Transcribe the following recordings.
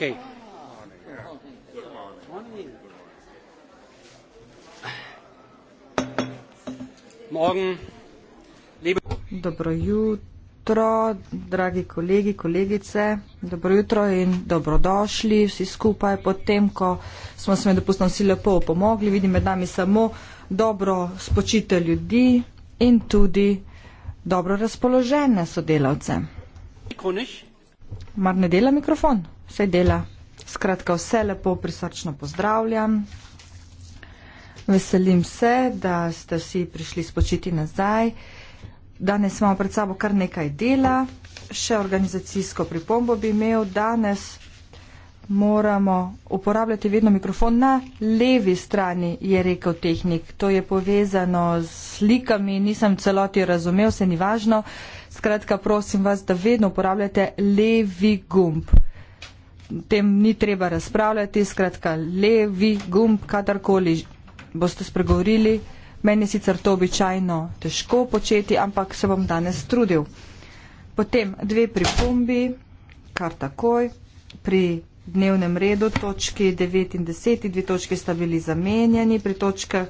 Okay. Morgen, liebe... Dobro jutro, dragi kolegi, kolegice. Dobro jutro in dobrodošli vsi skupaj. Potem, ko smo se med dopustom vsi lepo pomogli, vidim med nami samo dobro spočite ljudi in tudi dobro razpoložene sodelavce. Mar ne dela mikrofon? Vse dela. Skratka, vse lepo prisrčno pozdravljam. Veselim se, da ste vsi prišli spočiti nazaj. Danes imamo pred sabo kar nekaj dela. Še organizacijsko pripombo bi imel. Danes moramo uporabljati vedno mikrofon na levi strani, je rekel tehnik. To je povezano s slikami, nisem celoti razumel, se ni važno. Skratka, prosim vas, da vedno uporabljate levi gumb tem ni treba razpravljati, skratka, levi gumb, kadarkoli boste spregovorili, meni je sicer to običajno težko početi, ampak se bom danes trudil. Potem dve pripombi, kar takoj, pri dnevnem redu, točki 9 in 10, dve točke sta bili zamenjeni, pri točkah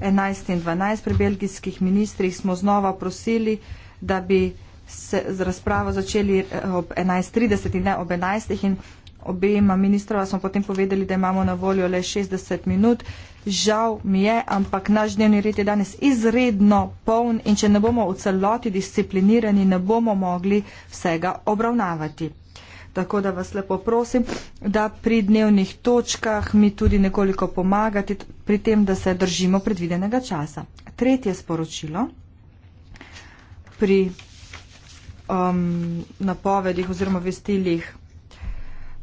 11 in 12 pri belgijskih ministrih smo znova prosili, da bi se z razpravo začeli eh, ob 11.30 in ne ob 11.00 in obema ministrova smo potem povedali, da imamo na voljo le 60 minut. Žal mi je, ampak naš dnevni red je danes izredno poln in če ne bomo v celoti disciplinirani, ne bomo mogli vsega obravnavati. Tako da vas lepo prosim, da pri dnevnih točkah mi tudi nekoliko pomagati pri tem, da se držimo predvidenega časa. Tretje sporočilo pri um, napovedih oziroma vestilih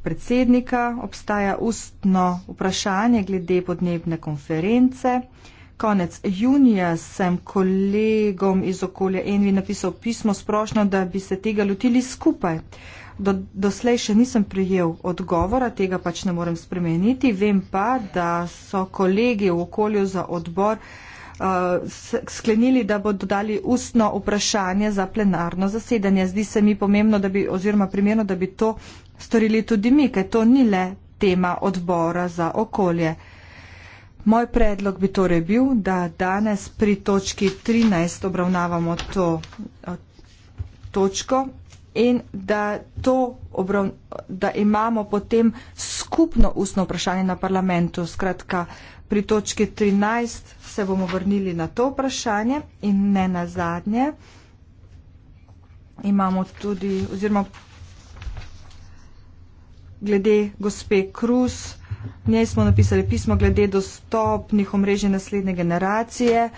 predsednika obstaja ustno vprašanje glede podnebne konference. Konec junija sem kolegom iz okolja Envi napisal pismo sprošno, da bi se tega lotili skupaj. Do, doslej še nisem prijel odgovora, tega pač ne morem spremeniti. Vem pa, da so kolegi v okolju za odbor uh, sklenili, da bodo dali ustno vprašanje za plenarno zasedanje. Zdi se mi pomembno, da bi, oziroma primerno, da bi to storili tudi mi, ker to ni le tema odbora za okolje. Moj predlog bi torej bil, da danes pri točki 13 obravnavamo to eh, točko in da, to obrav, da imamo potem skupno ustno vprašanje na parlamentu. Skratka, pri točki 13 se bomo vrnili na to vprašanje in ne na zadnje. Imamo tudi, oziroma glede gospe Cruz. Njej smo napisali pismo glede dostopnih omrežij naslednje generacije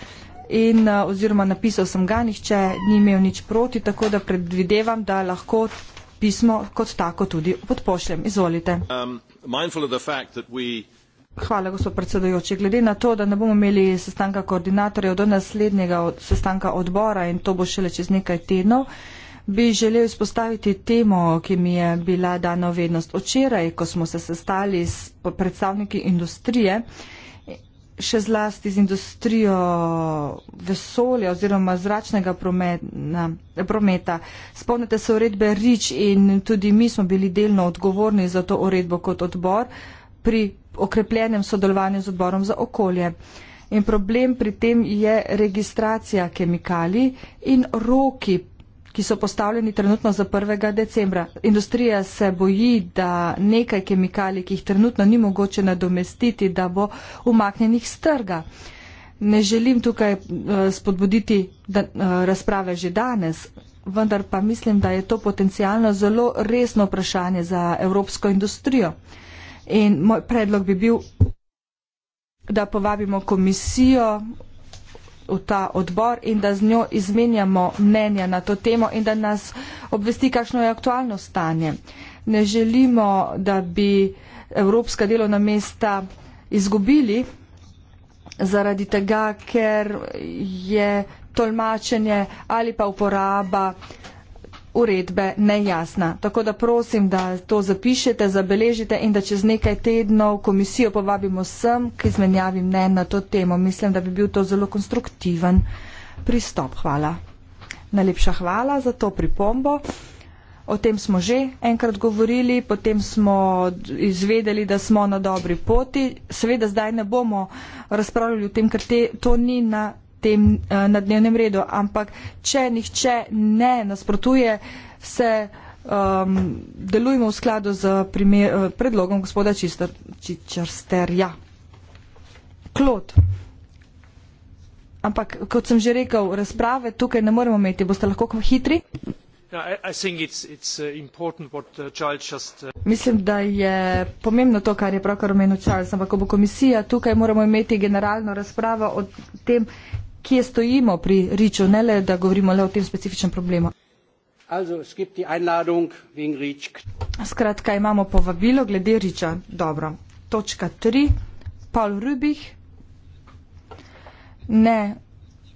in eh, oziroma napisal sem ga, nihče ni imel nič proti, tako da predvidevam, da lahko pismo kot tako tudi podpošljem. Izvolite. Um, Hvala, gospod predsedojoči. Glede na to, da ne bomo imeli sestanka koordinatorjev do naslednjega sestanka odbora in to bo šele čez nekaj tednov, bi želel izpostaviti temo, ki mi je bila dana vednost včeraj, ko smo se sestali s predstavniki industrije, še zlasti z industrijo vesolja oziroma zračnega prometa. prometa. Spomnite se uredbe RIČ in tudi mi smo bili delno odgovorni za to uredbo kot odbor pri okrepljenem sodelovanju z odborom za okolje. In problem pri tem je registracija kemikalij in roki ki so postavljeni trenutno za 1. decembra. Industrija se boji, da nekaj kemikalij, ki jih trenutno ni mogoče nadomestiti, da bo umaknjenih z trga. Ne želim tukaj eh, spodbuditi eh, razprave že danes, vendar pa mislim, da je to potencijalno zelo resno vprašanje za evropsko industrijo. In moj predlog bi bil, da povabimo komisijo v ta odbor in da z njo izmenjamo mnenja na to temo in da nas obvesti, kakšno je aktualno stanje. Ne želimo, da bi evropska delovna mesta izgubili zaradi tega, ker je tolmačenje ali pa uporaba uredbe nejasna. Tako da prosim, da to zapišete, zabeležite in da čez nekaj tednov komisijo povabimo sem k izmenjavi mnen na to temo. Mislim, da bi bil to zelo konstruktiven pristop. Hvala. Najlepša hvala za to pripombo. O tem smo že enkrat govorili, potem smo izvedeli, da smo na dobri poti. Seveda zdaj ne bomo razpravljali o tem, ker te, to ni na tem, eh, na dnevnem redu. Ampak, če nihče ne nasprotuje, se um, delujemo v skladu z primer, eh, predlogom gospoda Čičarsterja. Klot. Ampak, kot sem že rekel, razprave tukaj ne moremo imeti. Boste lahko hitri? Mislim, da je pomembno to, kar je pravkar omenil Charles, ampak ko bo komisija, tukaj moramo imeti generalno razpravo o tem, kje stojimo pri Riču, ne le da govorimo le o tem specifičnem problemu. Also, es gibt die Einladung wegen Rič. Skratka, imamo povabilo glede Riča. Dobro. Točka 3. Paul Rübich. Ne,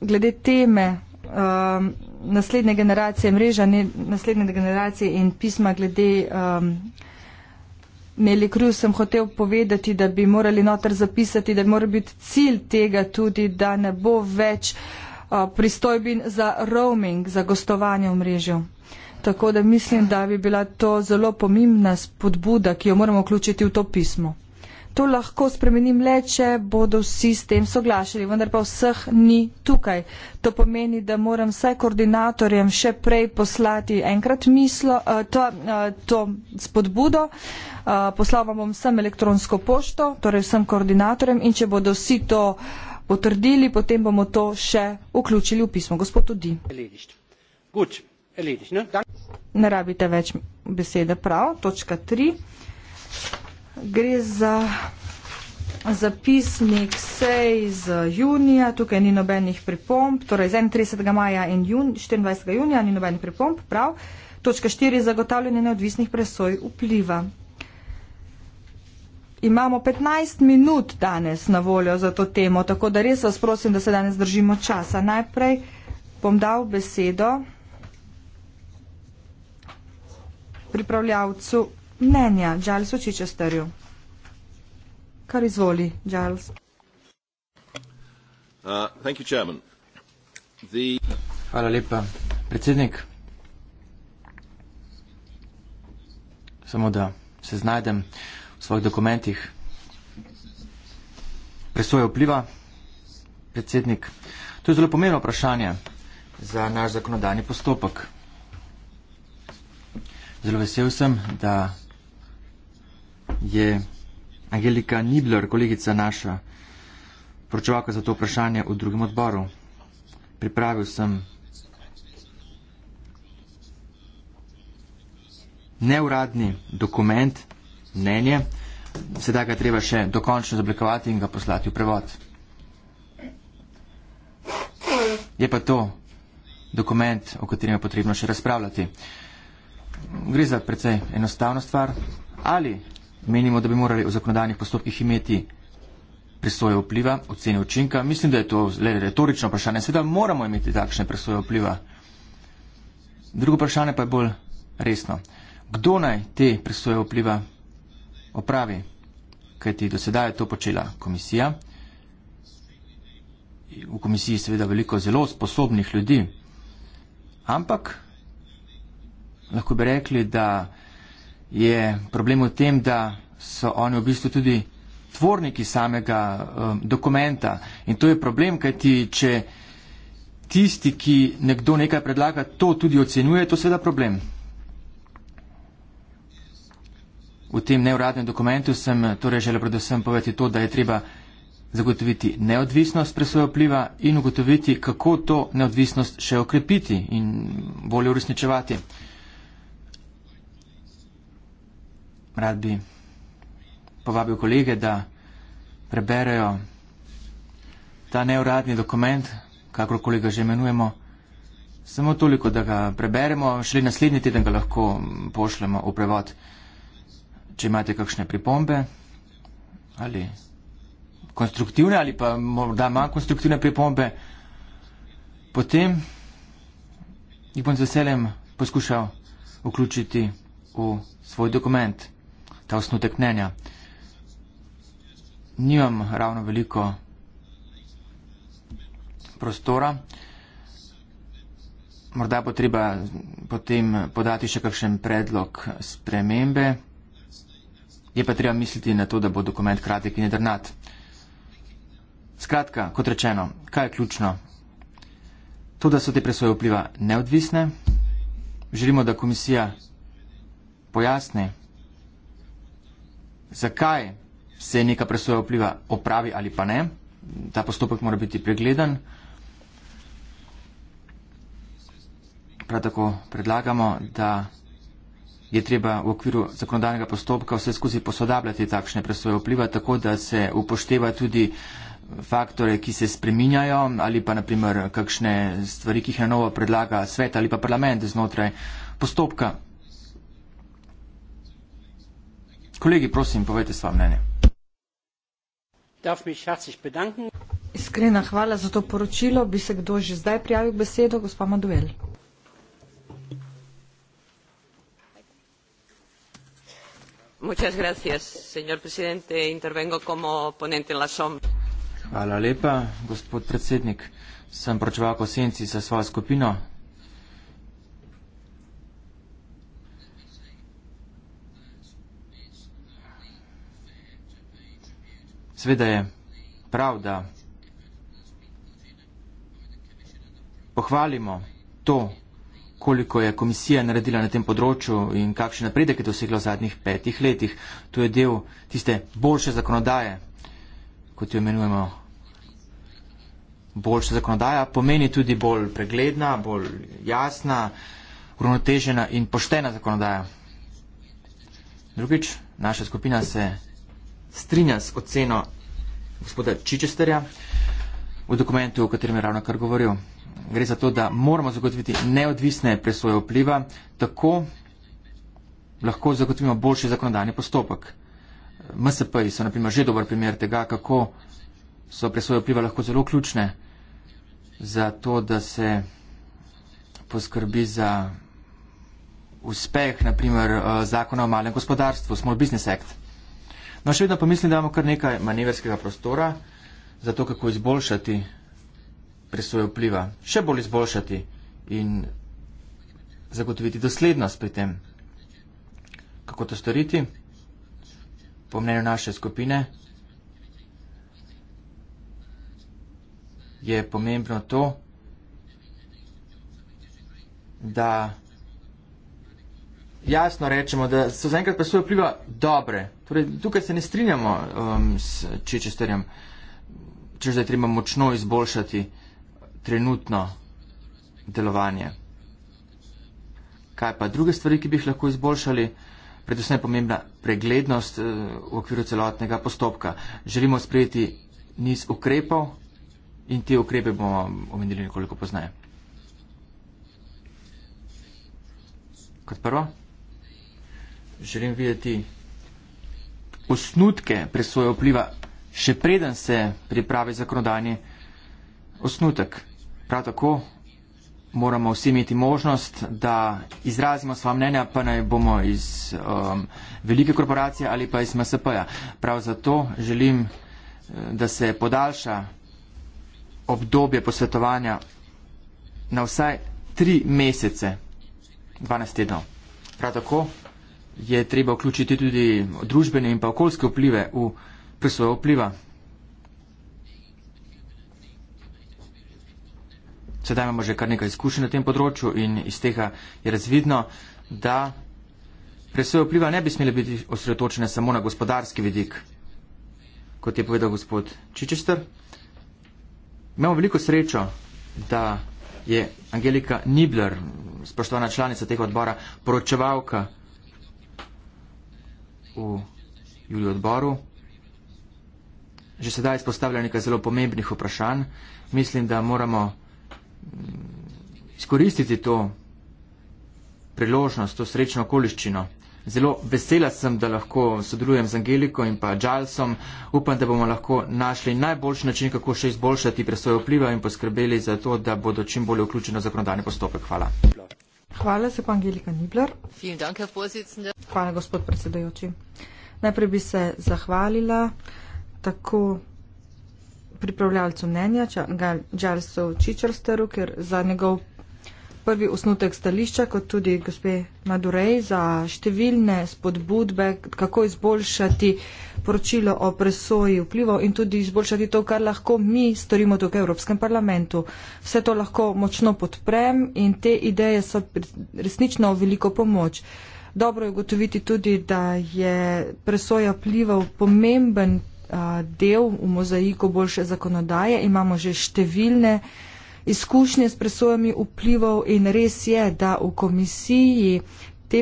glede teme um, naslednje generacije mreža, ne, naslednje generacije in pisma glede um, Meli Kriv sem hotel povedati, da bi morali noter zapisati, da mora biti cilj tega tudi, da ne bo več a, pristojbin za roaming, za gostovanje v mrežju. Tako da mislim, da bi bila to zelo pomembna spodbuda, ki jo moramo vključiti v to pismo. To lahko spremenim le, če bodo vsi s tem soglašali, vendar pa vseh ni tukaj. To pomeni, da moram vsaj koordinatorjem še prej poslati enkrat mislo, eh, to, eh, to spodbudo. Eh, poslal vam bom vsem elektronsko pošto, torej vsem koordinatorjem in če bodo vsi to potrdili, potem bomo to še vključili v pismo. Gospod Udi. Ne rabite več besede prav. Točka 3 gre za zapisnik sej z junija, tukaj ni nobenih pripomp, torej z 31. maja in jun, 24. junija ni nobenih pripomp, prav. Točka 4. Zagotavljanje neodvisnih presoj vpliva. Imamo 15 minut danes na voljo za to temo, tako da res vas prosim, da se danes držimo časa. Najprej bom dal besedo pripravljavcu mnenja Džalsu Čičestarju. Kar izvoli, Džals. Uh, The... Hvala lepa. Predsednik, samo da se znajdem v svojih dokumentih. Presoje vpliva, predsednik, to je zelo pomembno vprašanje za naš zakonodajni postopek. Zelo vesel sem, da je Angelika Nibler, kolegica naša, poročevalka za to vprašanje v drugem odboru. Pripravil sem neuradni dokument, mnenje, sedaj ga je treba še dokončno zablikovati in ga poslati v prevod. Je pa to dokument, o katerem je potrebno še razpravljati. Gre za precej enostavno stvar. Ali Menimo, da bi morali v zakonodajnih postopkih imeti presoje vpliva, ocene učinka. Mislim, da je to le retorično vprašanje. Sveda moramo imeti takšne presoje vpliva. Drugo vprašanje pa je bolj resno. Kdo naj te presoje vpliva opravi? Kaj ti do sedaj je to počela komisija? V komisiji seveda veliko zelo sposobnih ljudi. Ampak lahko bi rekli, da je problem v tem, da so oni v bistvu tudi tvorniki samega um, dokumenta. In to je problem, kaj ti, če tisti, ki nekdo nekaj predlaga, to tudi ocenjuje, to seveda problem. V tem neuradnem dokumentu sem torej želel predvsem povedati to, da je treba zagotoviti neodvisnost presoje vpliva in ugotoviti, kako to neodvisnost še okrepiti in bolje uresničevati. rad bi povabil kolege, da preberejo ta neuradni dokument, kakorkoli ga že imenujemo. Samo toliko, da ga preberemo, šli naslednji teden ga lahko pošljemo v prevod. Če imate kakšne pripombe ali konstruktivne ali pa morda manj konstruktivne pripombe, potem jih bom z veseljem poskušal vključiti v svoj dokument ta osnutek mnenja. Nimam ravno veliko prostora. Morda bo treba potem podati še kakšen predlog spremembe. Je pa treba misliti na to, da bo dokument kratek in jedrnat. Skratka, kot rečeno, kaj je ključno? To, da so te presoje vpliva neodvisne. Želimo, da komisija pojasni, zakaj se neka presoja vpliva opravi ali pa ne. Ta postopek mora biti pregledan. Prav tako predlagamo, da je treba v okviru zakonodajnega postopka vse skozi posodabljati takšne presoje vpliva, tako da se upošteva tudi faktore, ki se spreminjajo ali pa naprimer kakšne stvari, ki jih na novo predlaga svet ali pa parlament znotraj postopka. Kolegi, prosim, povejte svoje mnenje. Iskrena hvala za to poročilo. Bi se kdo že zdaj prijavil k besedo? Gospa Maduel. Hvala lepa, gospod predsednik. Sem pročeval kosenci za svojo skupino. Sveda je prav, da pohvalimo to, koliko je komisija naredila na tem področju in kakšen napredek je dosegla v zadnjih petih letih. To je del tiste boljše zakonodaje, kot jo imenujemo. Boljša zakonodaja pomeni tudi bolj pregledna, bolj jasna, uravnotežena in poštena zakonodaja. Drugič, naša skupina se strinja s oceno gospoda Čičesterja v dokumentu, o katerem je ravno kar govoril. Gre za to, da moramo zagotoviti neodvisne presoje vpliva, tako lahko zagotovimo boljši zakonodajni postopek. MSP-ji so naprimer že dober primer tega, kako so presoje vpliva lahko zelo ključne za to, da se poskrbi za uspeh, naprimer, eh, zakona o malem gospodarstvu, small business act. No, še vedno pa mislim, da imamo kar nekaj manevrskega prostora za to, kako izboljšati presojo vpliva, še bolj izboljšati in zagotoviti doslednost pri tem, kako to storiti. Po mnenju naše skupine je pomembno to, da jasno rečemo, da so zaenkrat presojo vpliva dobre. Torej, tukaj se ne strinjamo um, s Čečesterjem, če že treba močno izboljšati trenutno delovanje. Kaj pa druge stvari, ki bi jih lahko izboljšali? Predvsem je pomembna preglednost eh, v okviru celotnega postopka. Želimo sprejeti niz ukrepov in te ukrepe bomo omenili nekoliko poznaje. Kot prvo, želim videti osnutke presoje vpliva, še preden se pripravi zakonodajni osnutek. Prav tako moramo vsi imeti možnost, da izrazimo sva mnenja, pa naj bomo iz um, velike korporacije ali pa iz MSP-ja. Prav zato želim, eh, da se podaljša obdobje posvetovanja na vsaj tri mesece, 12 tednov. Prav tako je treba vključiti tudi družbene in pa okoljske vplive v presojo vpliva. Sedaj imamo že kar nekaj izkušenj na tem področju in iz tega je razvidno, da presoje vpliva ne bi smele biti osredotočene samo na gospodarski vidik, kot je povedal gospod Čičester. Imamo veliko srečo, da je Angelika Nibler, spoštovana članica tega odbora, poročevalka v Juliju odboru. Že sedaj izpostavlja nekaj zelo pomembnih vprašanj. Mislim, da moramo mm, izkoristiti to priložnost, to srečno okoliščino. Zelo vesela sem, da lahko sodelujem z Angeliko in pa Džalsom. Upam, da bomo lahko našli najboljši način, kako še izboljšati presojo vpliva in poskrbeli za to, da bodo čim bolje vključeni v zakonodajni postopek. Hvala. Hvala, se pa Angelika Nibler. Dank, Hvala, gospod predsedajoči. Najprej bi se zahvalila tako pripravljalcu mnenja, Čarlsu Čičarsteru, ker za njegov prvi osnutek stališča, kot tudi gospe Madurej za številne spodbudbe, kako izboljšati poročilo o presoji vplivov in tudi izboljšati to, kar lahko mi storimo tukaj v Evropskem parlamentu. Vse to lahko močno podprem in te ideje so resnično veliko pomoč. Dobro je ugotoviti tudi, da je presoja vplivov pomemben del v mozaiku boljše zakonodaje. Imamo že številne izkušnje s presojami vplivov in res je, da v komisiji te,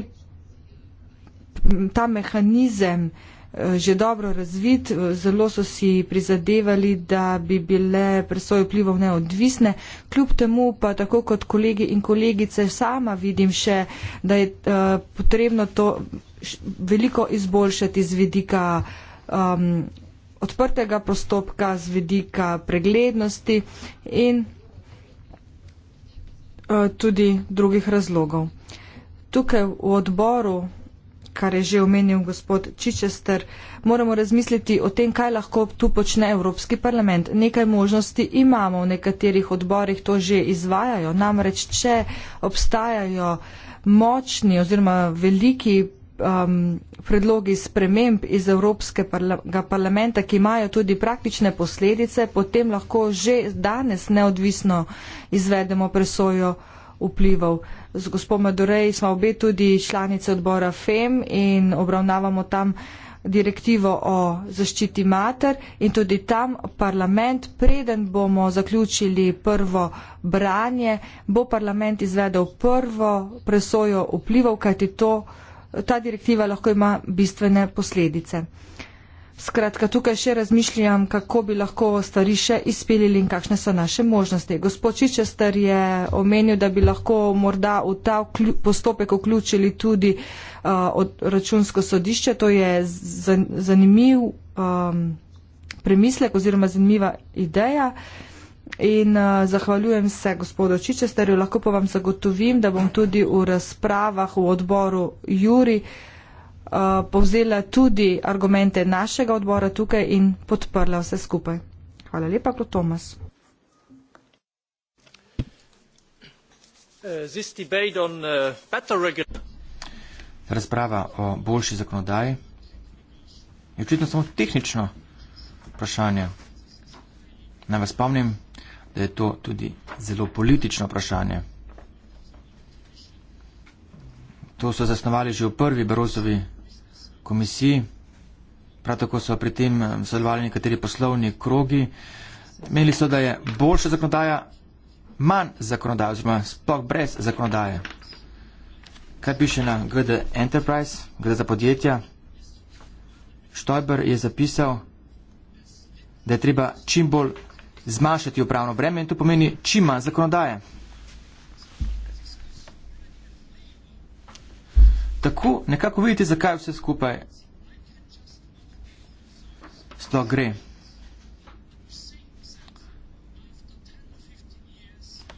ta mehanizem eh, že dobro razvit, eh, zelo so si prizadevali, da bi bile presoje vplivov neodvisne. Kljub temu pa tako kot kolegi in kolegice sama vidim še, da je uh, potrebno to veliko izboljšati z vidika um, odprtega postopka, z vidika preglednosti in Eh, tudi drugih razlogov. Tukaj v odboru, kar je že omenil gospod Čičester, moramo razmisliti o tem, kaj lahko tu počne Evropski parlament. Nekaj možnosti imamo, v nekaterih odborih to že izvajajo, namreč če obstajajo močni oziroma veliki um, predlogi sprememb iz Evropskega parlamenta, ki imajo tudi praktične posledice, potem lahko že danes neodvisno izvedemo presojo vplivov. Z gospod Madurej smo obe tudi članice odbora FEM in obravnavamo tam direktivo o zaščiti mater in tudi tam parlament, preden bomo zaključili prvo branje, bo parlament izvedel prvo presojo vplivov, kajti to ta direktiva lahko ima bistvene posledice. Skratka, tukaj še razmišljam, kako bi lahko stvari še izpilili in kakšne so naše možnosti. Gospod Čičester je omenil, da bi lahko morda v ta vklju, postopek vključili tudi uh, računsko sodišče. To je zanimiv um, premislek oziroma zanimiva ideja. Uh, In uh, zahvaljujem se gospodu Čičesterju. Lahko pa vam zagotovim, da bom tudi v razpravah v odboru Juri uh, povzela tudi argumente našega odbora tukaj in podprla vse skupaj. Hvala lepa, klo Tomas. Uh, uh, Razprava o boljši zakonodaji je očitno samo tehnično vprašanje. Naj vas spomnim, da je to tudi zelo politično vprašanje. To so zasnovali že v prvi Barozovi komisiji, prav tako so pri tem eh, sodelovali nekateri poslovni krogi. Menili so, da je boljša zakonodaja manj zakonodaja, oziroma spok brez zakonodaje. Kaj piše na GD Enterprise, GD za podjetja? Štojber je zapisal, da je treba čim bolj zmanjšati upravno breme in to pomeni čim manj zakonodaje. Tako nekako vidite, zakaj vse skupaj sploh gre.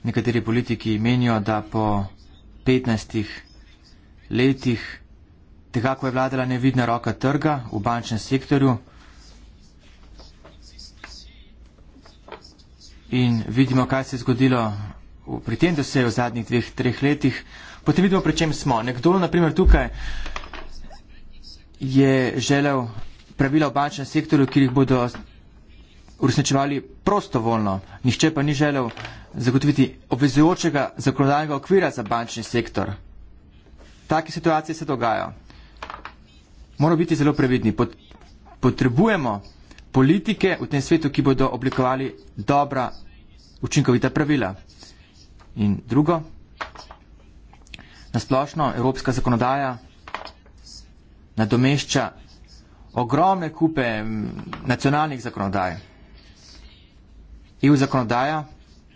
Nekateri politiki menijo, da po 15 letih tega, ko je vladala nevidna roka trga v bančnem sektorju, in vidimo, kaj se je zgodilo pri tem, da se je v zadnjih dveh, treh letih, potem vidimo, pri čem smo. Nekdo, naprimer tukaj, je želel pravila v bančnem sektorju, ki jih bodo uresničevali prostovoljno. Nihče pa ni želel zagotoviti obvezujočega zakonodajnega okvira za bančni sektor. Take situacije se dogajajo. Moramo biti zelo previdni. Potrebujemo politike v tem svetu, ki bodo oblikovali dobra, učinkovita pravila. In drugo, nasplošno evropska zakonodaja nadomešča ogromne kupe nacionalnih zakonodaj. EU zakonodaja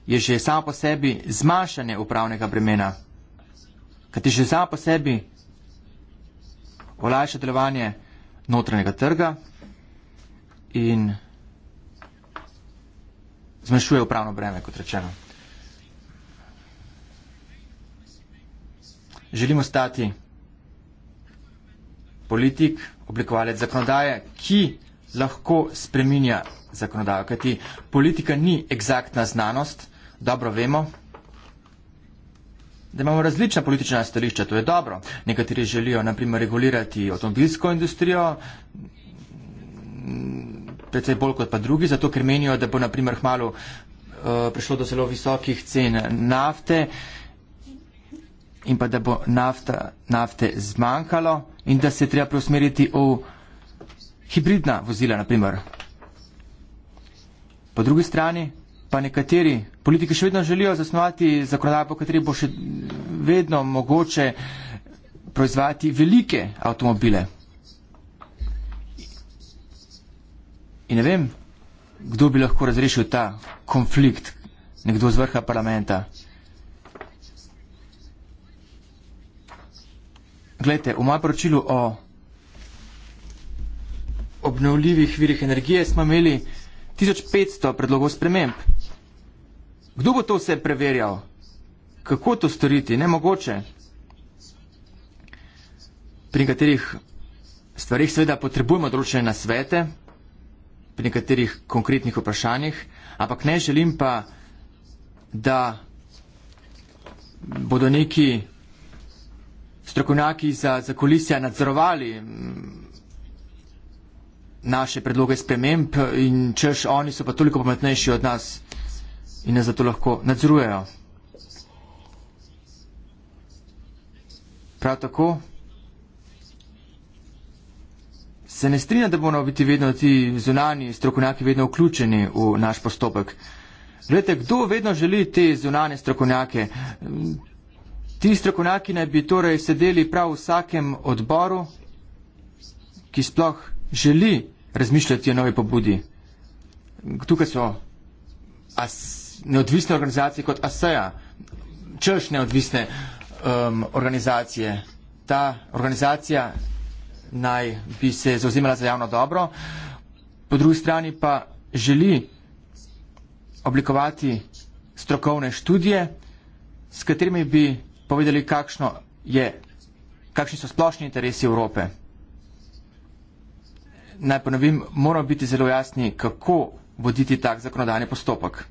je že samo po sebi zmanjšanje upravnega bremena, kajti že samo po sebi olajša delovanje notranjega trga, in zmanjšuje upravno breme, kot rečeno. Želimo stati politik, oblikovalec zakonodaje, ki lahko spreminja zakonodajo, kajti politika ni egzaktna znanost, dobro vemo, da imamo različna politična stališča, to je dobro. Nekateri želijo, naprimer, regulirati avtomobilsko industrijo, precej bolj kot pa drugi, zato ker menijo, da bo naprimer hmalo eh, prišlo do zelo visokih cen nafte in pa da bo nafta, nafte zmanjkalo in da se treba preusmeriti v hibridna vozila naprimer. Po drugi strani pa nekateri politiki še vedno želijo zasnovati zakonodajo, po kateri bo še vedno mogoče proizvati velike avtomobile. In ne vem, kdo bi lahko razrešil ta konflikt, nekdo z vrha parlamenta. Glejte, v mojem poročilu o obnovljivih virih energije smo imeli 1500 predlogov sprememb. Kdo bo to vse preverjal? Kako to storiti? Nemogoče. Pri katerih stvarih seveda potrebujemo določene nasvete, pri nekaterih konkretnih vprašanjih, ampak ne želim pa, da bodo neki strokovnjaki za, za kulisija nadzorovali mm, naše predloge sprememb in češ, oni so pa toliko pametnejši od nas in nas zato lahko nadzorujejo. Prav tako se ne strinja, da moramo biti vedno ti zunani strokovnjaki vedno vključeni v naš postopek. Glede, kdo vedno želi te zunane strokovnjake? Ti strokovnjaki naj bi torej sedeli prav v vsakem odboru, ki sploh želi razmišljati o novi pobudi. Tukaj so as, neodvisne organizacije kot ASEA, češ neodvisne um, organizacije. Ta organizacija naj bi se zauzemala za javno dobro, po drugi strani pa želi oblikovati strokovne študije, s katerimi bi povedali, kakšno je, kakšni so splošni interesi Evrope. Naj ponovim, moramo biti zelo jasni, kako voditi tak zakonodajni postopek.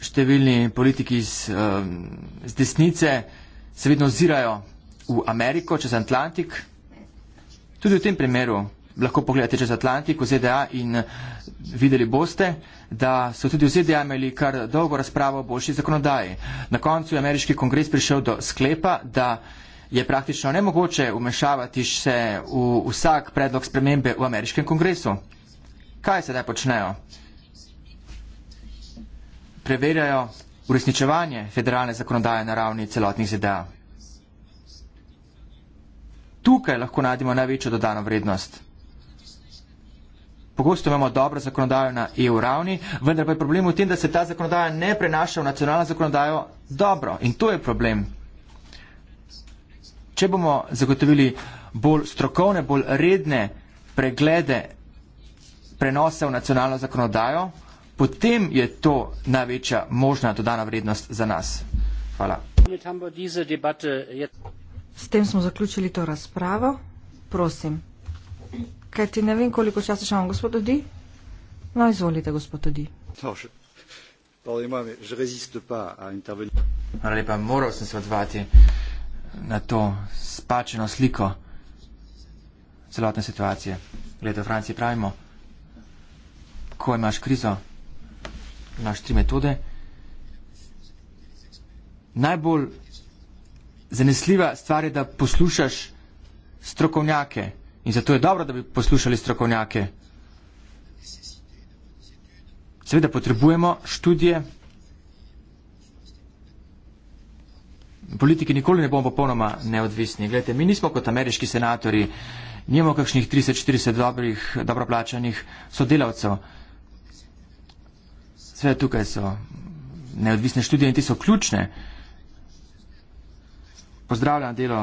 Številni politiki z, eh, z desnice se vedno ozirajo v Ameriko, čez Atlantik. Tudi v tem primeru lahko pogledate čez Atlantik v ZDA in eh, videli boste, da so tudi v ZDA imeli kar dolgo razpravo o boljši zakonodaji. Na koncu je ameriški kongres prišel do sklepa, da je praktično nemogoče umešavati se v vsak predlog spremembe v ameriškem kongresu. Kaj sedaj počnejo? Preverjajo uresničevanje federalne zakonodaje na ravni celotnih ZDA. Tukaj lahko najdemo največjo dodano vrednost. Pogosto imamo dobro zakonodajo na EU ravni, vendar pa je problem v tem, da se ta zakonodaja ne prenaša v nacionalno zakonodajo dobro. In to je problem. Če bomo zagotovili bolj strokovne, bolj redne preglede prenose v nacionalno zakonodajo, potem je to največja možna dodana vrednost za nas. Hvala. S tem smo zaključili to razpravo. Prosim. Kaj ti ne vem, koliko časa še imam, gospod Odi? No, izvolite, gospod Odi. No, Hvala lepa, moral sem se odvati na to spačeno sliko celotne situacije. Glede v Franciji pravimo, ko imaš krizo, imaš tri metode. Najbolj zanesljiva stvar je, da poslušaš strokovnjake. In zato je dobro, da bi poslušali strokovnjake. Seveda potrebujemo študije. Politiki nikoli ne bomo popolnoma neodvisni. Glede, mi nismo kot ameriški senatori, nimamo kakšnih 30-40 dobrih, dobro plačanih sodelavcev. Sve tukaj so neodvisne študije in ti so ključne pozdravljam delo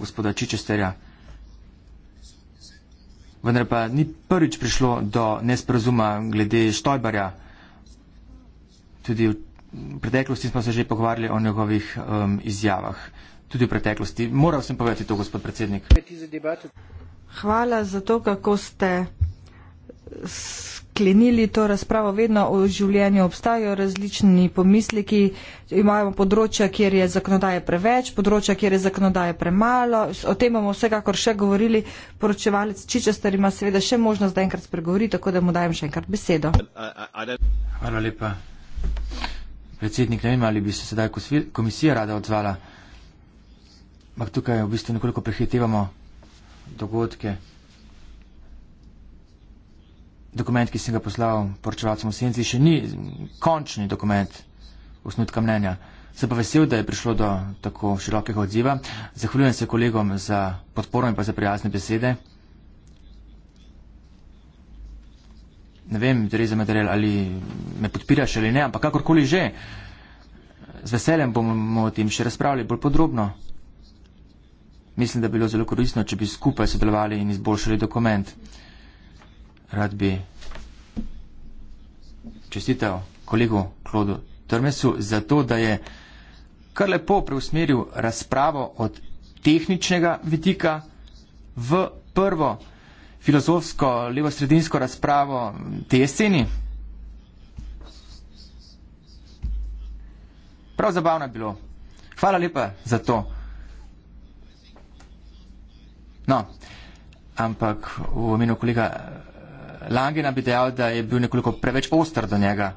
gospoda Čičesterja. Vendar pa ni prvič prišlo do nesporazuma glede Štojbarja. Tudi v preteklosti smo se že pogovarjali o njegovih um, izjavah. Tudi v preteklosti. Moral sem povedati to, gospod predsednik. Hvala za to, kako ste sklenili to razpravo vedno o življenju. Obstajajo različni pomisliki, imamo področja, kjer je zakonodaje preveč, področja, kjer je zakonodaje premalo. O tem bomo vsekakor še govorili. Poročevalec Čičester ima seveda še možnost, da enkrat spregovori, tako da mu dajem še enkrat besedo. Hvala lepa. Predsednik, ne vem, ali bi se sedaj komisija rada odzvala. Ampak tukaj v bistvu nekoliko prehitevamo dogodke dokument, ki sem ga poslal poročevalcem v senci, še ni končni dokument osnutka mnenja. Sem pa vesel, da je prišlo do tako širokega odziva. Zahvaljujem se kolegom za podporo in pa za prijazne besede. Ne vem, Tereza Materel, ali me podpiraš ali ne, ampak kakorkoli že, z veseljem bomo o tem še razpravljali bolj podrobno. Mislim, da bi bilo zelo koristno, če bi skupaj sodelovali in izboljšali dokument rad bi čestital kolegu Klodu Trmesu za to, da je kar lepo preusmeril razpravo od tehničnega vidika v prvo filozofsko levosredinsko razpravo te jeseni. Prav zabavno je bilo. Hvala lepa za to. No, ampak v imenu kolega Langina bi dejal, da je bil nekoliko preveč ostar do njega.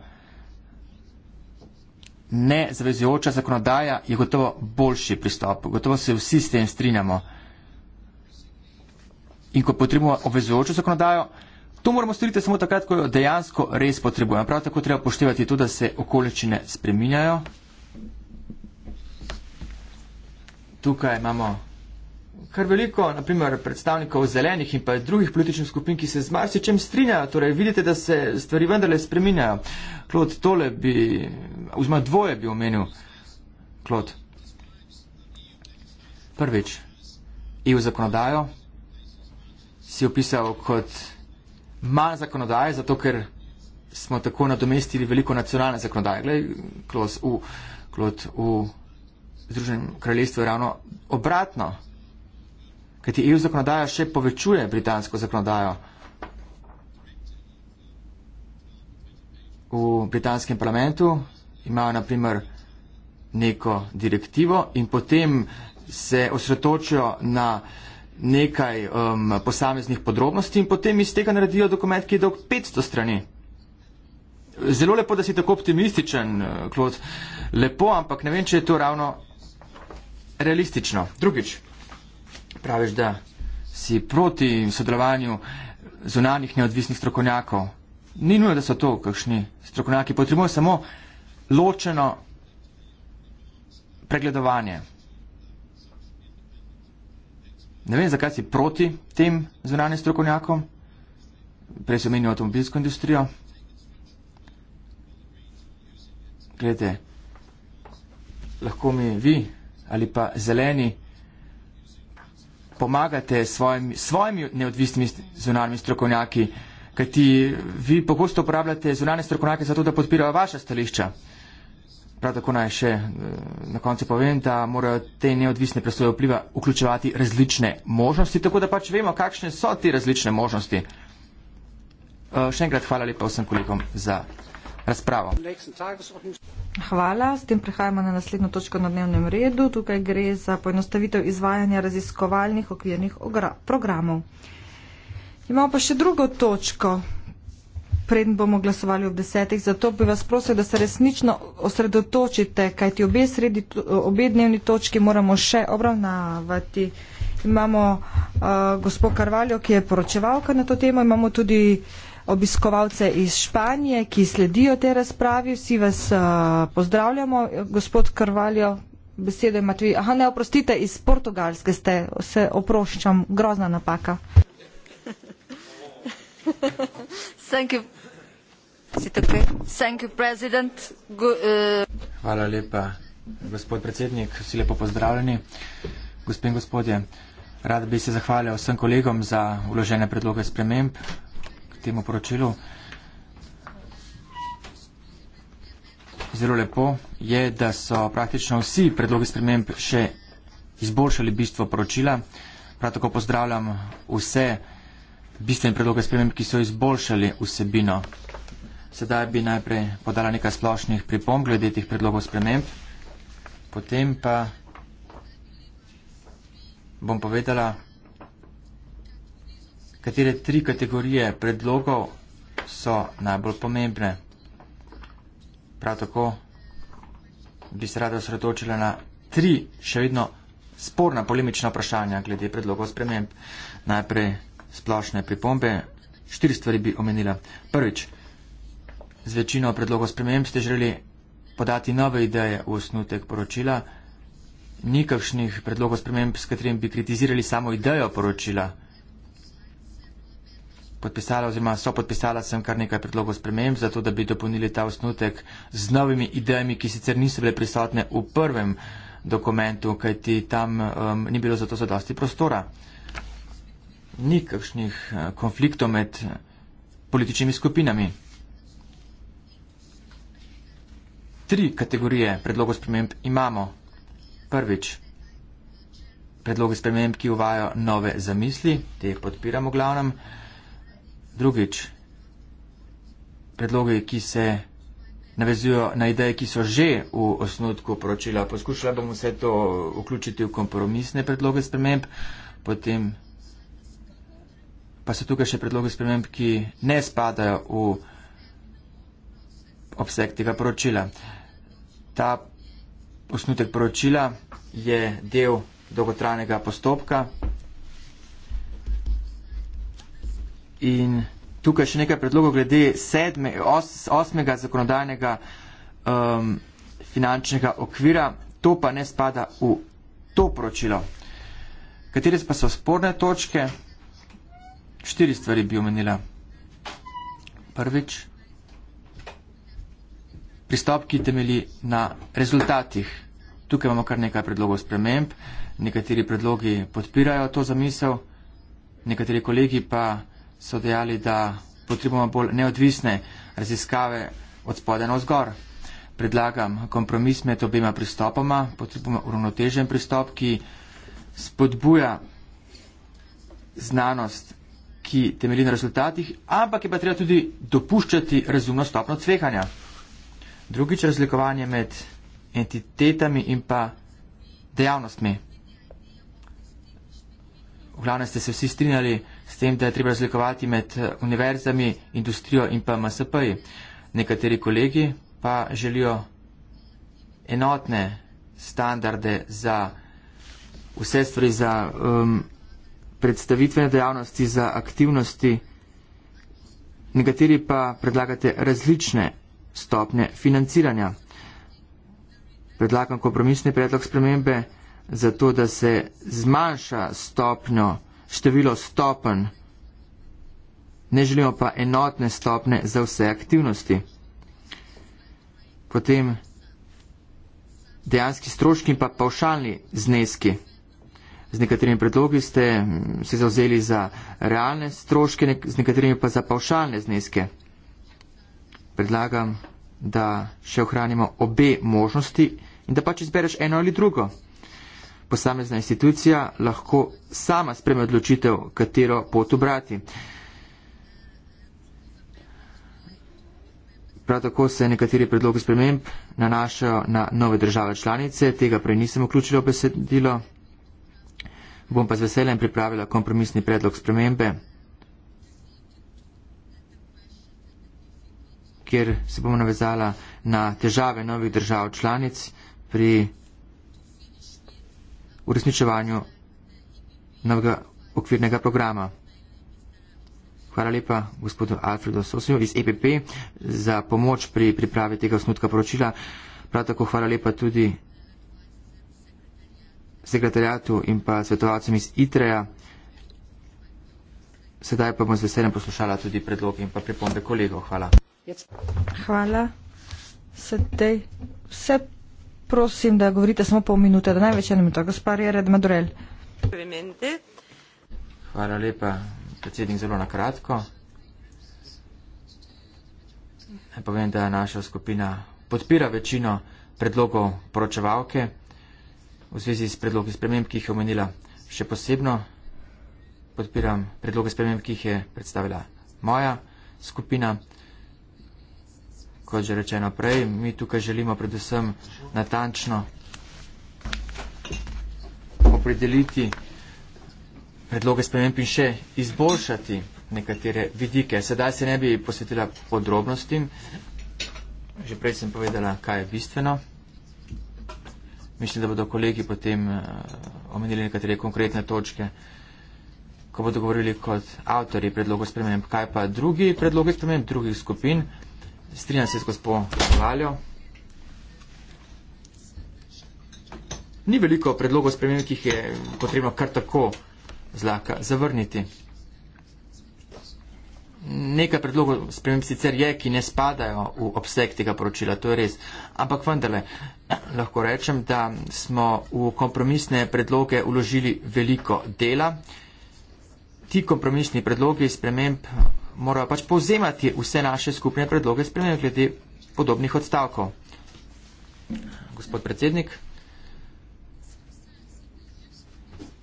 Nezavezujoča zakonodaja je gotovo boljši pristop, gotovo se vsi s tem strinjamo. In ko potrebujemo obvezujočo zakonodajo, to moramo storiti samo takrat, ko jo dejansko res potrebujemo. Prav tako treba poštevati tudi, da se okoličine spreminjajo. Tukaj imamo kar veliko, naprimer, predstavnikov zelenih in pa drugih političnih skupin, ki se z marsičem strinjajo. Torej, vidite, da se stvari vendarle spreminjajo. Klod, tole bi, vzma dvoje bi omenil. Klod. Prvič, EU zakonodajo si opisal kot manj zakonodaje, zato ker smo tako nadomestili veliko nacionalne zakonodaje. Glej, klod, v, klod, v Združenem kraljestvu je ravno obratno kajti EU zakonodaja še povečuje britansko zakonodajo. V britanskem parlamentu imajo naprimer neko direktivo in potem se osredotočijo na nekaj um, posameznih podrobnosti in potem iz tega naredijo dokument, ki je dolg 500 strani. Zelo lepo, da si tako optimističen, Klod. Uh, lepo, ampak ne vem, če je to ravno realistično. Drugič praviš, da si proti sodelovanju zunanih neodvisnih strokovnjakov. Ni nujno, da so to kakšni strokovnjaki, potrebujejo samo ločeno pregledovanje. Ne vem, zakaj si proti tem zunanim strokovnjakom, prej sem menil avtomobilsko industrijo. Gledajte, lahko mi vi ali pa zeleni pomagate s svojimi, svojimi neodvisnimi zunanimi strokovnjaki, kajti vi pogosto uporabljate zunane strokovnjake za to, da podpirajo vaše stališča. Prav tako naj še eh, na koncu povem, da morajo te neodvisne presoje vpliva vključevati različne možnosti, tako da pač vemo, kakšne so te različne možnosti. Eh, še enkrat hvala lepa vsem kolegom za razpravo. Hvala. S tem prehajamo na naslednjo točko na dnevnem redu. Tukaj gre za poenostavitev izvajanja raziskovalnih okvirnih programov. Imamo pa še drugo točko, preden bomo glasovali ob desetih. Zato bi vas prosil, da se resnično osredotočite, kajti obe, sredi, obe dnevni točki moramo še obravnavati. Imamo uh, eh, gospod Karvaljo, ki je poročevalka na to temo, imamo tudi uh, obiskovalce iz Španije, ki sledijo te razpravi. Vsi vas uh, pozdravljamo, gospod Krvaljo. Besedo imate vi. Aha, ne, oprostite, iz Portugalske ste, se oproščam, grozna napaka. Thank you. Okay? Thank you, president. Go, uh... Hvala lepa, gospod predsednik, vsi lepo pozdravljeni. Gospod in gospodje, rad bi se zahvalil vsem kolegom za uložene predloge sprememb tem poročilu. Zelo lepo je, da so praktično vsi predlogi sprememb še izboljšali bistvo poročila. Prav tako pozdravljam vse bistvene predloge sprememb, ki so izboljšali vsebino. Sedaj bi najprej podala nekaj splošnih pripomb glede teh predlogov sprememb, potem pa bom povedala, katere tri kategorije predlogov so najbolj pomembne. Prav tako bi se rada osredotočila na tri še vedno sporna polemična vprašanja glede predlogov sprememb. Najprej splošne pripombe. Štiri stvari bi omenila. Prvič, z večino predlogov sprememb ste želeli podati nove ideje v osnutek poročila. Nikakšnih predlogov sprememb, s katerim bi kritizirali samo idejo poročila podpisala oziroma so podpisala sem kar nekaj predlogov sprememb, zato da bi dopolnili ta osnutek z novimi idejami, ki sicer niso bile prisotne v prvem dokumentu, kajti tam um, ni bilo zato zadosti prostora. Ni kakšnih uh, konfliktov med eh, političnimi skupinami. Tri kategorije predlogov sprememb imamo. Prvič, predloge sprememb, ki uvajo nove zamisli, te podpiramo glavnem. Uh, Drugič, predloge, ki se navezujo na ideje, ki so že v osnutku poročila. Poskušala bom vse to vključiti v kompromisne predloge sprememb, potem pa so tukaj še predloge sprememb, ki ne spadajo v obseg tega poročila. Ta osnutek poročila je del dolgotranega postopka. In tukaj še nekaj predlogov glede sedme, os, osmega zakonodajnega um, finančnega okvira. To pa ne spada v to poročilo. Katere pa so sporne točke? Štiri stvari bi omenila. Prvič, pristop, ki temeli na rezultatih. Tukaj imamo kar nekaj predlogov sprememb, nekateri predlogi podpirajo to zamisel, nekateri kolegi pa so dejali, da potrebujemo bolj neodvisne raziskave od spodaj na vzgor. Predlagam kompromis med obema pristopoma, potrebujemo uravnotežen pristop, ki spodbuja znanost, ki temelji na rezultatih, ampak je pa treba tudi dopuščati razumno stopno cvehanja. Drugič, razlikovanje med entitetami in pa dejavnostmi. V glavnem ste se vsi strinjali, s tem, da je treba razlikovati med eh, univerzami, industrijo in pa MSP-ji. Nekateri kolegi pa želijo enotne standarde za vse stvari, za um, predstavitvene dejavnosti, za aktivnosti. Nekateri pa predlagate različne stopnje financiranja. Predlagam kompromisni predlog spremembe za to, da se zmanjša stopnjo financiranja število stopen, ne želimo pa enotne stopne za vse aktivnosti. Potem dejanski stroški in pa pavšalni zneski. Z nekaterimi predlogi ste mm, se zauzeli za realne stroške, z nekaterimi pa za pavšalne zneske. Predlagam, da še ohranimo obe možnosti in da pač izbereš eno ali drugo posamezna institucija lahko sama spreme odločitev, katero pot obrati. Prav tako se nekateri predlogi sprememb nanašajo na nove države članice, tega prej nisem vključila v besedilo. Bom pa z veseljem pripravila kompromisni predlog spremembe, kjer se bom navezala na težave novih držav članic pri uresničevanju novega okvirnega programa. Hvala lepa gospodu Alfredu Sosiju iz EPP za pomoč pri pripravi tega osnutka poročila. Prav tako hvala lepa tudi sekretarjatu in pa svetovalcem iz ITREA. Sedaj pa bom z veseljem poslušala tudi predloge in pa pripombe kolegov. Hvala. Hvala. Sedaj vse prosim, da govorite samo pol minute, da največ eno minuto. Gospar Jared Madurel. Hvala lepa, predsednik, zelo na kratko. Naj povem, da naša skupina podpira večino predlogov poročevalke v zvezi s predlogi sprememb, ki jih je omenila še posebno. Podpiram predloge sprememb, ki jih je predstavila moja skupina kot že rečeno prej. Mi tukaj želimo predvsem natančno opredeliti predloge sprememb in še izboljšati nekatere vidike. Sedaj se ne bi posvetila podrobnostim. Že prej sem povedala, kaj je bistveno. Mislim, da bodo kolegi potem uh, omenili nekatere konkretne točke, ko bodo govorili kot avtori predlogov sprememb. Kaj pa drugi predloge sprememb drugih skupin? Uh, Strinjam se z gospod Valjo. Ni veliko predlogov spremenj, ki jih je potrebno kar tako zlaka zavrniti. Nekaj predlogov spremenj sicer je, ki ne spadajo v obseg tega poročila, to je res. Ampak vendarle, lahko rečem, da smo v kompromisne predloge uložili veliko dela. Ti kompromisni predlogi spremenj morajo pač povzemati vse naše skupne predloge spremenja glede podobnih odstavkov. Gospod predsednik,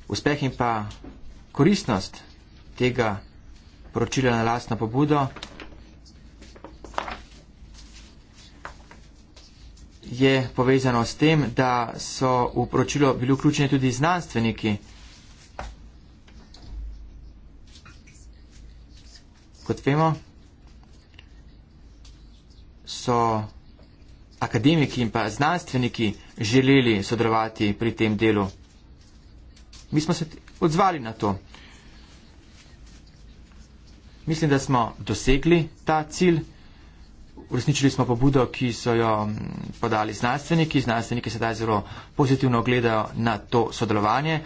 uspeh in pa koristnost tega poročila na lastno pobudo je povezano s tem, da so v poročilo bili vključeni tudi znanstveniki. kot vemo, so akademiki in pa znanstveniki želeli sodelovati pri tem delu. Mi smo se odzvali na to. Mislim, da smo dosegli ta cilj. Uresničili smo pobudo, ki so jo podali znanstveniki. Znanstveniki sedaj zelo pozitivno gledajo na to sodelovanje.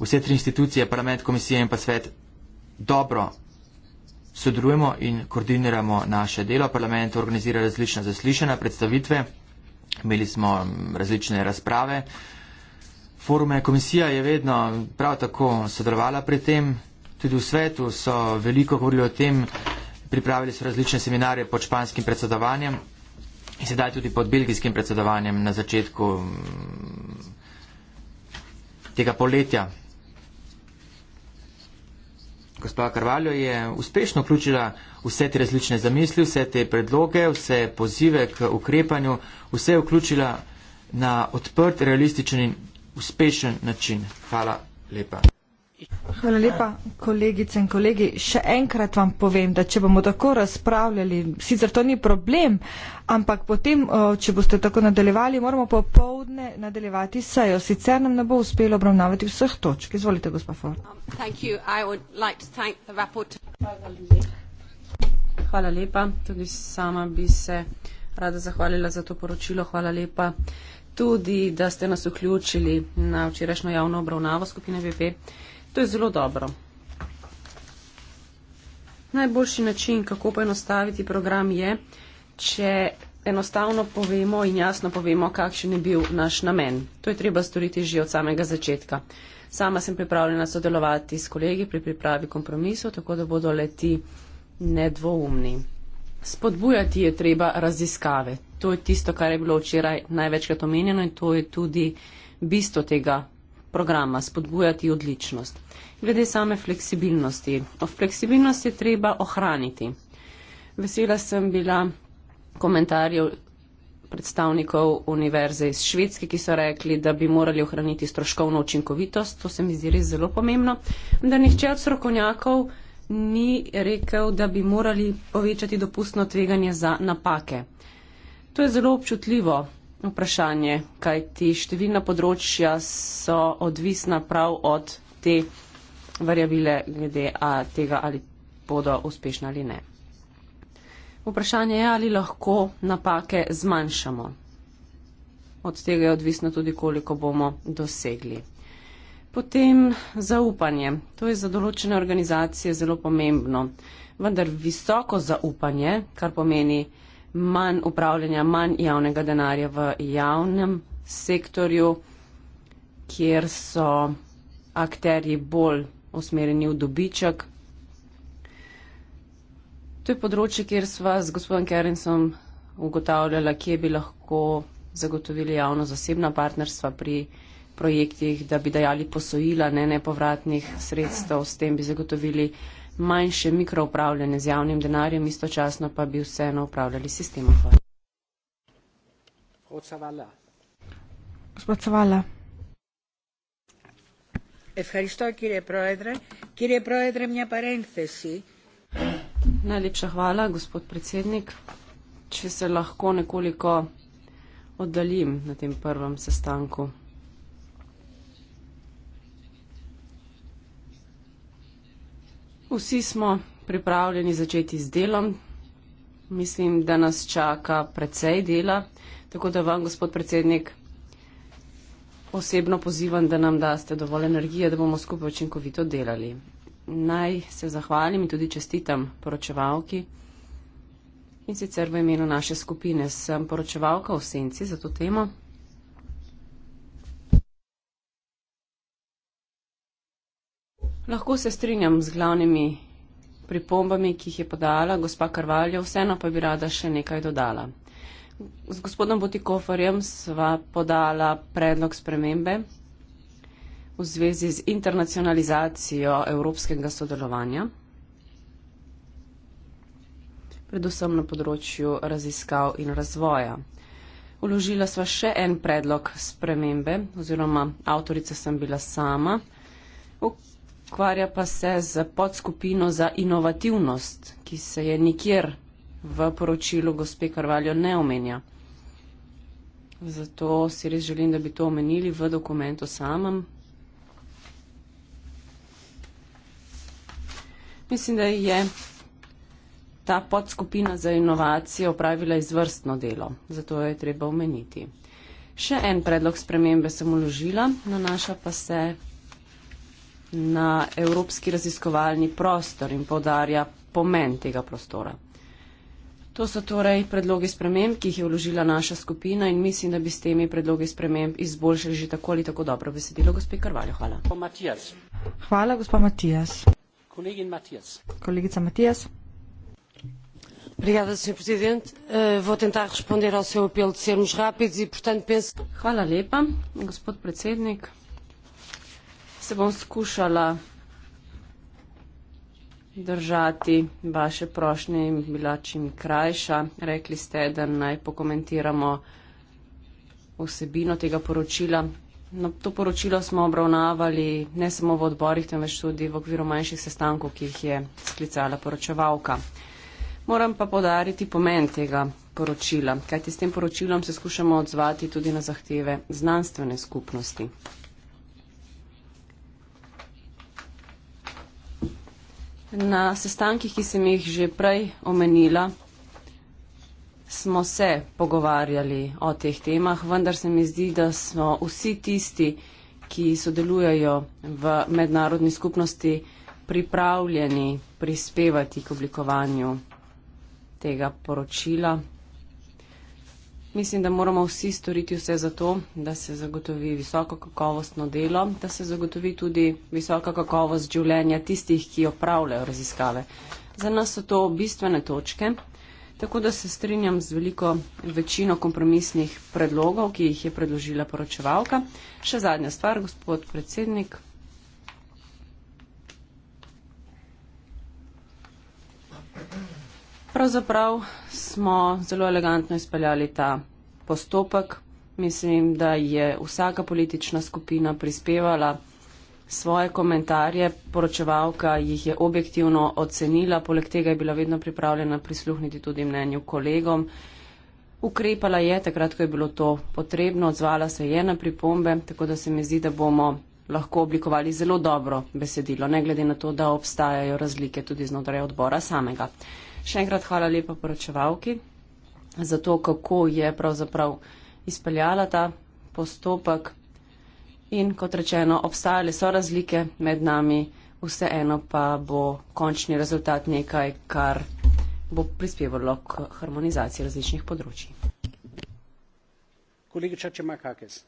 Vse tri institucije, parlament, komisije in pa svet dobro sodelujemo in koordiniramo naše delo. Parlament organizira različna zaslišanja, predstavitve, imeli smo različne razprave, forume. Komisija je vedno prav tako sodelovala pri tem. Tudi v svetu so veliko govorili o tem, pripravili so različne seminarje pod španskim predsedovanjem in sedaj tudi pod belgijskim predsedovanjem na začetku tega poletja gospoda Karvaljo je uspešno vključila vse te različne zamisli, vse te predloge, vse pozive k ukrepanju, vse je vključila na odprt, realističen in uspešen način. Hvala lepa. Hvala lepa, kolegice in kolegi. Še enkrat vam povem, da če bomo tako razpravljali, sicer to ni problem, ampak potem, če boste tako nadaljevali, moramo popovdne nadaljevati sejo. Sicer nam ne bo uspelo obravnavati vseh točk. Izvolite, gospa Ford. Um, Hvala lepa. Tudi sama bi se rada zahvalila za to poročilo. Hvala lepa tudi, da ste nas vključili na včerajšnjo javno obravnavo skupine VP. To je zelo dobro. Najboljši način, kako poenostaviti program je, če enostavno povemo in jasno povemo, kakšen je bil naš namen. To je treba storiti že od samega začetka. Sama sem pripravljena sodelovati s kolegi pri pripravi kompromisov, tako da bodo leti nedvoumni. Spodbujati je treba raziskave. To je tisto, kar je bilo včeraj največkrat omenjeno in to je tudi bistvo tega programa spodbujati odličnost. Glede same fleksibilnosti. O fleksibilnosti je treba ohraniti. Vesela sem bila komentarjev predstavnikov univerze iz Švedske, ki so rekli, da bi morali ohraniti stroškovno učinkovitost. To se mi zdi res zelo pomembno. Da nihče od strokovnjakov ni rekel, da bi morali povečati dopustno tveganje za napake. To je zelo občutljivo vprašanje, kaj ti številna področja so odvisna prav od te variabile glede a, tega, ali bodo uspešna ali ne. Vprašanje je, ali lahko napake zmanjšamo. Od tega je odvisno tudi, koliko bomo dosegli. Potem zaupanje. To je za določene organizacije zelo pomembno. Vendar visoko zaupanje, kar pomeni, manj upravljanja, manj javnega denarja v javnem sektorju, kjer so akterji bolj usmerjeni v dobiček. To je področje, kjer sva z gospodom Kerensom ugotavljala, kje bi lahko zagotovili javno-zasebna partnerstva pri projektih, da bi dajali posojila ne nepovratnih sredstev, s tem bi zagotovili manjše mikroupravljanje z javnim denarjem, istočasno pa bi vseeno upravljali sistem. Hvala. Gospod Cavala. Najlepša hvala, gospod predsednik. Če se lahko nekoliko oddaljim na tem prvem sestanku. Vsi smo pripravljeni začeti z delom. Mislim, da nas čaka precej dela, tako da vam, gospod predsednik, osebno pozivam, da nam daste dovolj energije, da bomo skupaj učinkovito delali. Naj se zahvalim in tudi čestitam poročevalki in sicer v imenu naše skupine sem poročevalka v senci za to temo. Lahko se strinjam z glavnimi pripombami, ki jih je podala gospa Karvaljo, vseeno pa bi rada še nekaj dodala. Z gospodom Botikofarjem sva podala predlog spremembe v zvezi z internacionalizacijo evropskega sodelovanja, predvsem na področju raziskav in razvoja. Uložila sva še en predlog spremembe, oziroma avtorica sem bila sama, ukvarja pa se z podskupino za inovativnost, ki se je nikjer v poročilu gospe Karvaljo ne omenja. Zato si res želim, da bi to omenili v dokumentu samem. Mislim, da je ta podskupina za inovacije opravila izvrstno delo, zato jo je treba omeniti. Še en predlog spremembe sem uložila, nanaša pa se na evropski raziskovalni prostor in povdarja pomen tega prostora. To so torej predlogi sprememb, ki jih je vložila naša skupina in mislim, da bi s temi predlogi sprememb izboljšali že tako ali tako dobro besedilo. Gospod Krvaljo, hvala. Hvala, gospod Matijas. Kolegin Matijas. Kolegica Matijas. Obrigada, senhor Presidente. Uh, vou tentar responder ao seu apelo de sermos rápidos e, portanto, penso. Hvala lepa, gospod predsednik se bom skušala držati vaše prošnje in bila čim krajša. Rekli ste, da naj pokomentiramo vsebino tega poročila. No, to poročilo smo obravnavali ne samo v odborih, temveč tudi v okviru manjših sestankov, ki jih je sklicala poročevalka. Moram pa podariti pomen tega poročila, kajti s tem poročilom se skušamo odzvati tudi na zahteve znanstvene skupnosti. Na sestankih, ki sem jih že prej omenila, smo se pogovarjali o teh temah, vendar se mi zdi, da smo vsi tisti, ki sodelujejo v mednarodni skupnosti, pripravljeni prispevati k oblikovanju tega poročila, Mislim, da moramo vsi storiti vse za to, da se zagotovi visoko kakovostno delo, da se zagotovi tudi visoka kakovost življenja tistih, ki opravljajo raziskave. Za nas so to bistvene točke, tako da se strinjam z veliko večino kompromisnih predlogov, ki jih je predložila poročevalka. Še zadnja stvar, gospod predsednik, pravzaprav smo zelo elegantno izpeljali ta postopek. Mislim, da je vsaka politična skupina prispevala svoje komentarje, poročevalka jih je objektivno ocenila, poleg tega je bila vedno pripravljena prisluhniti tudi mnenju kolegom. Ukrepala je takrat, ko je bilo to potrebno, odzvala se je na pripombe, tako da se mi zdi, da bomo lahko oblikovali zelo dobro besedilo, ne glede na to, da obstajajo razlike tudi znotraj odbora samega. Še enkrat hvala lepa poročevalki za to, kako je pravzaprav izpeljala ta postopek. In kot rečeno, obstajale so razlike med nami, vseeno pa bo končni rezultat nekaj, kar bo prispevalo k harmonizaciji različnih področji. Kolegica Čemarkakis.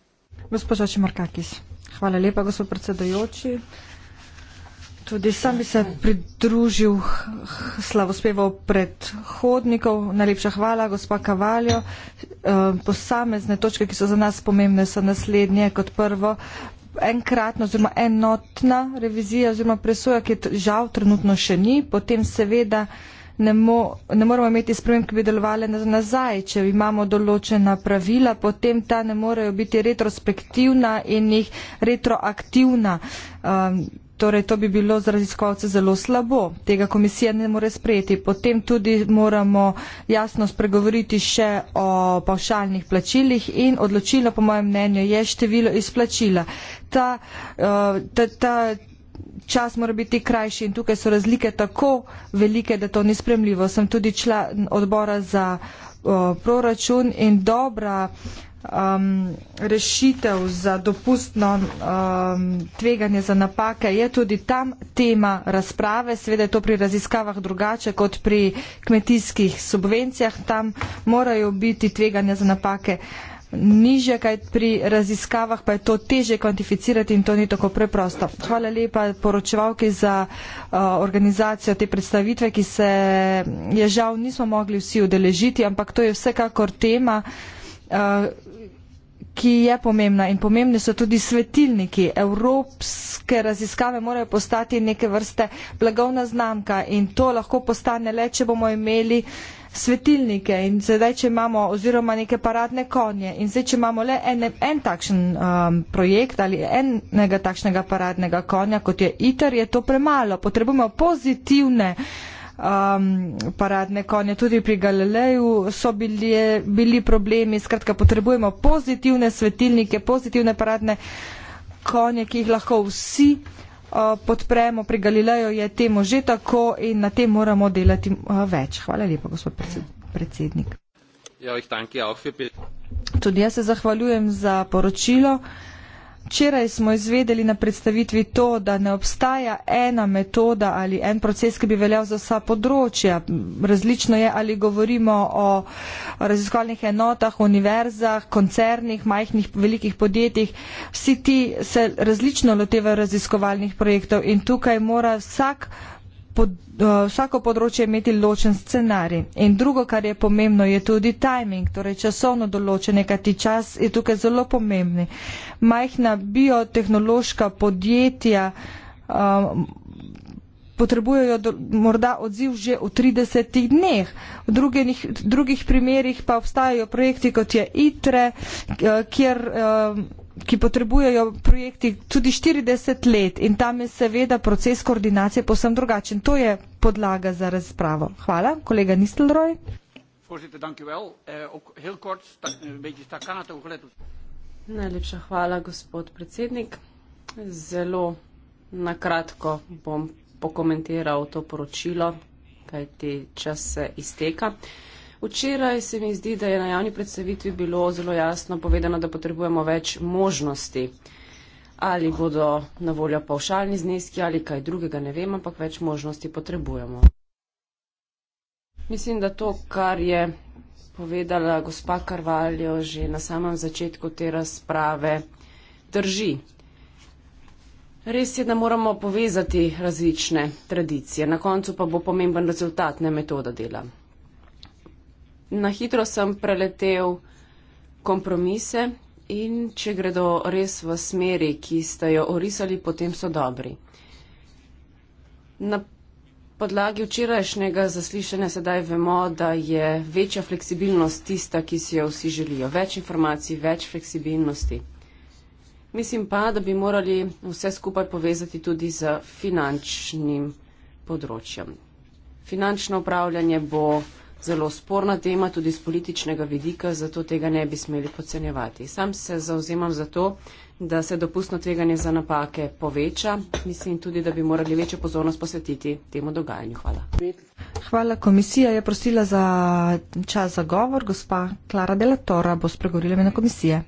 Gospod Čemarkakis, hvala lepa, gospod predsedajoči. Tudi sam bi se pridružil slavospevov predhodnikov. Najlepša hvala, gospa Kavaljo. E, posamezne točke, ki so za nas pomembne, so naslednje kot prvo. Enkratna oziroma enotna revizija oziroma presoja, ki žal trenutno še ni, potem seveda ne, mo ne moramo imeti sprememb, ki bi delovali nazaj. Če imamo določena pravila, potem ta ne morejo biti retrospektivna in jih retroaktivna. Um, Torej, to bi bilo za raziskovalce zelo slabo. Tega komisija ne more sprejeti. Potem tudi moramo jasno spregovoriti še o pavšalnih plačilih in odločilo, po mojem mnenju, je število izplačila. Ta, eh, ta, ta čas mora biti krajši in tukaj so razlike tako velike, da to ni spremljivo. Sem tudi član odbora za eh, proračun in dobra um, rešitev za dopustno um, tveganje za napake, je tudi tam tema razprave. Sveda je to pri raziskavah drugače kot pri kmetijskih subvencijah. Tam morajo biti tveganja za napake niže, kaj pri raziskavah pa je to teže kvantificirati in to ni tako preprosto. Hvala lepa poročevalki za uh, organizacijo te predstavitve, ki se je žal nismo mogli vsi udeležiti, ampak to je vsekakor tema. Uh, ki je pomembna in pomembni so tudi svetilniki. Evropske raziskave morajo postati neke vrste blagovna znamka in to lahko postane le, če bomo imeli svetilnike in zdaj, če imamo oziroma neke paradne konje in zdaj, če imamo le en, en takšen um, projekt ali enega takšnega paradnega konja, kot je ITER, je to premalo. Potrebujemo pozitivne uh, um, paradne konje. Tudi pri Galileju so bili, bili problemi. Skratka, potrebujemo pozitivne svetilnike, pozitivne paradne konje, ki jih lahko vsi uh, podpremo pri Galileju, je temu že tako in na tem moramo delati uh, več. Hvala lepa, gospod predsednik. Ja, tudi jaz se zahvaljujem za poročilo. Včeraj smo izvedeli na predstavitvi to, da ne obstaja ena metoda ali en proces, ki bi veljal za vsa področja. Različno je, ali govorimo o raziskovalnih enotah, univerzah, koncernih, majhnih, velikih podjetjih. Vsi ti se različno lotevajo raziskovalnih projektov in tukaj mora vsak pod, uh, vsako področje imeti ločen scenarij. In drugo, kar je pomembno, je tudi timing, torej časovno določene, kajti čas je tukaj zelo pomembni. Majhna biotehnološka podjetja um, potrebujejo do, morda odziv že v 30 dneh. V drugih, drugih primerih pa obstajajo projekti, kot je ITRE, eh, kjer. Um, ki potrebujejo projekti tudi 40 let in tam je seveda proces koordinacije posebno drugačen. To je podlaga za razpravo. Hvala, kolega Nistelroj. Voorzitter, dank u wel. Uh, ook heel kort, sta, een beetje staccato gelet. Najlepša hvala, gospod predsednik. Zelo nakratko bom pokomentiral to poročilo, kajti čas se izteka. Uh, Včeraj se mi zdi, da je na javni predstavitvi bilo zelo jasno povedano, da potrebujemo več možnosti. Ali bodo na voljo paušalni zneski ali kaj drugega, ne vem, ampak več možnosti potrebujemo. Mislim, da to, kar je povedala gospa Karvaljo že na samem začetku te razprave, drži. Res je, da moramo povezati različne tradicije, na koncu pa bo pomemben rezultat, ne metoda dela na hitro sem preletel kompromise in če gredo res v smeri, ki ste jo orisali, potem so dobri. Na podlagi včerajšnjega zaslišanja sedaj vemo, da je večja fleksibilnost tista, ki si jo vsi želijo. Več informacij, več fleksibilnosti. Mislim pa, da bi morali vse skupaj povezati tudi z finančnim področjem. Finančno upravljanje bo zelo sporna tema tudi z političnega vidika, zato tega ne bi smeli podcenjevati. Sam se zauzemam za to, da se dopustno tveganje za napake poveča. Mislim tudi, da bi morali večjo pozornost posvetiti temu dogajanju. Hvala. Hvala. Komisija je prosila za čas za govor. Gospa Klara Delatora bo spregovorila mene komisije.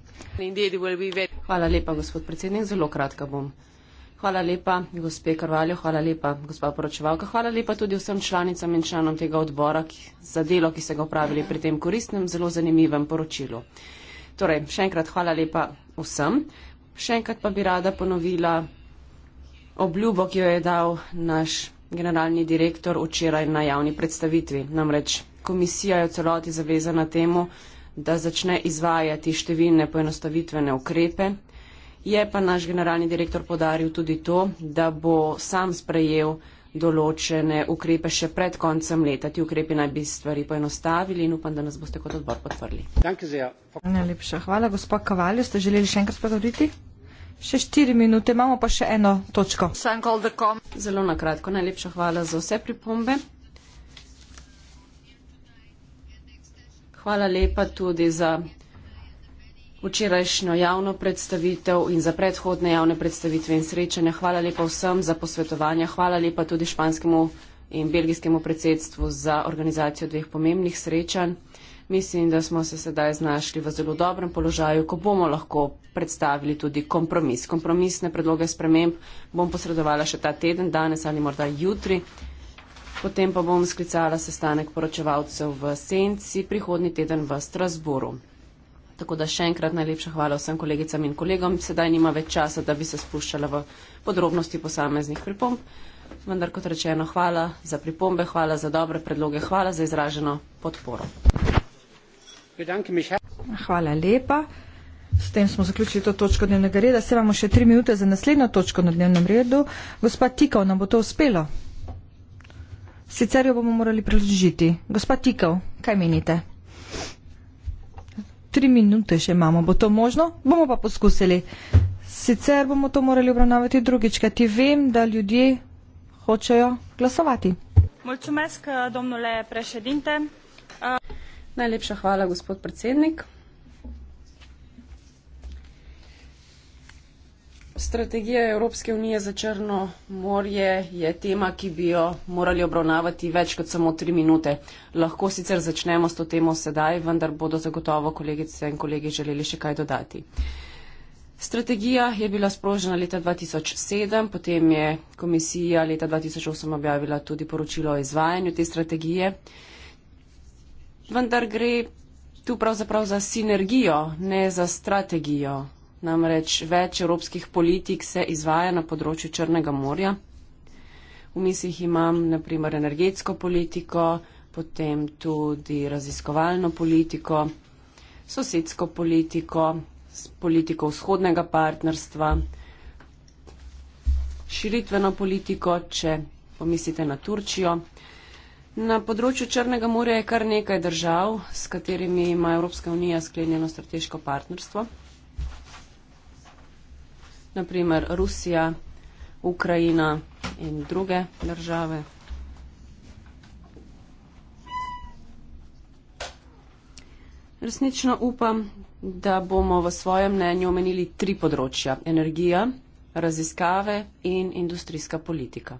Hvala lepa, gospod predsednik. Zelo kratka bom. Hvala lepa, gospe Karvaljo, hvala lepa, gospa poročevalka, hvala lepa tudi vsem članicam in članom tega odbora ki, za delo, ki ste ga upravili pri tem koristnem, zelo zanimivem poročilu. Torej, še enkrat hvala lepa vsem. Še enkrat pa bi rada ponovila obljubo, ki jo je dal naš generalni direktor včeraj na javni predstavitvi. Namreč komisija je v celoti zavezana temu, da začne izvajati številne poenostavitvene ukrepe, Je pa naš generalni direktor podaril tudi to, da bo sam sprejel določene ukrepe še pred koncem leta. Ti ukrepi naj bi stvari poenostavili in upam, da nas boste kot odbor podprli. Najlepša hvala, gospa Kavalju. Ste želeli še enkrat spregovoriti? Še štiri minute, imamo pa še eno točko. Zelo na kratko. Najlepša hvala za vse pripombe. Hvala lepa tudi za včerajšnjo javno predstavitev in za predhodne javne predstavitve in srečanja. Hvala lepa vsem za posvetovanje, hvala lepa tudi španskemu in belgijskemu predsedstvu za organizacijo dveh pomembnih srečanj. Mislim, da smo se sedaj znašli v zelo dobrem položaju, ko bomo lahko predstavili tudi kompromis. Kompromisne predloge sprememb bom posredovala še ta teden, danes ali morda jutri. Potem pa bom sklicala sestanek poročevalcev v Senci prihodni teden v Strasburu. Tako da še enkrat najlepša hvala vsem kolegicam in kolegom. Sedaj nima več časa, da bi se spuščala v podrobnosti posameznih pripomb. Vendar kot rečeno, hvala za pripombe, hvala za dobre predloge, hvala za izraženo podporo. Hvala lepa. S tem smo zaključili to točko dnevnega reda. Se imamo še tri minute za naslednjo točko na dnevnem redu. Gospa Tikov, nam bo to uspelo? Sicer jo bomo morali preložiti. Gospa Tikov, kaj menite? tri minute še imamo. Bo to možno? Bomo pa poskusili. Sicer bomo to morali obravnavati drugič, kaj ti vem, da ljudje hočejo glasovati. Mulčumesk, domnule prešedinte. Uh... Najlepša hvala, gospod predsednik. Strategija Evropske unije za Črno morje je tema, ki bi jo morali obravnavati več kot samo tri minute. Lahko sicer začnemo s to temo sedaj, vendar bodo zagotovo kolegice in kolegi želeli še kaj dodati. Strategija je bila sprožena leta 2007, potem je komisija leta 2008 objavila tudi poročilo o izvajanju te strategije. Vendar gre tu pravzaprav za sinergijo, ne za strategijo. Namreč več evropskih politik se izvaja na področju Črnega morja. V mislih imam naprimer energetsko politiko, potem tudi raziskovalno politiko, sosedsko politiko, politiko vzhodnega partnerstva, širitveno politiko, če pomislite na Turčijo. Na področju Črnega morja je kar nekaj držav, s katerimi ima Evropska unija sklenjeno strateško partnerstvo naprimer Rusija, Ukrajina in druge države. Resnično upam, da bomo v svojem mnenju omenili tri področja - energija, raziskave in industrijska politika.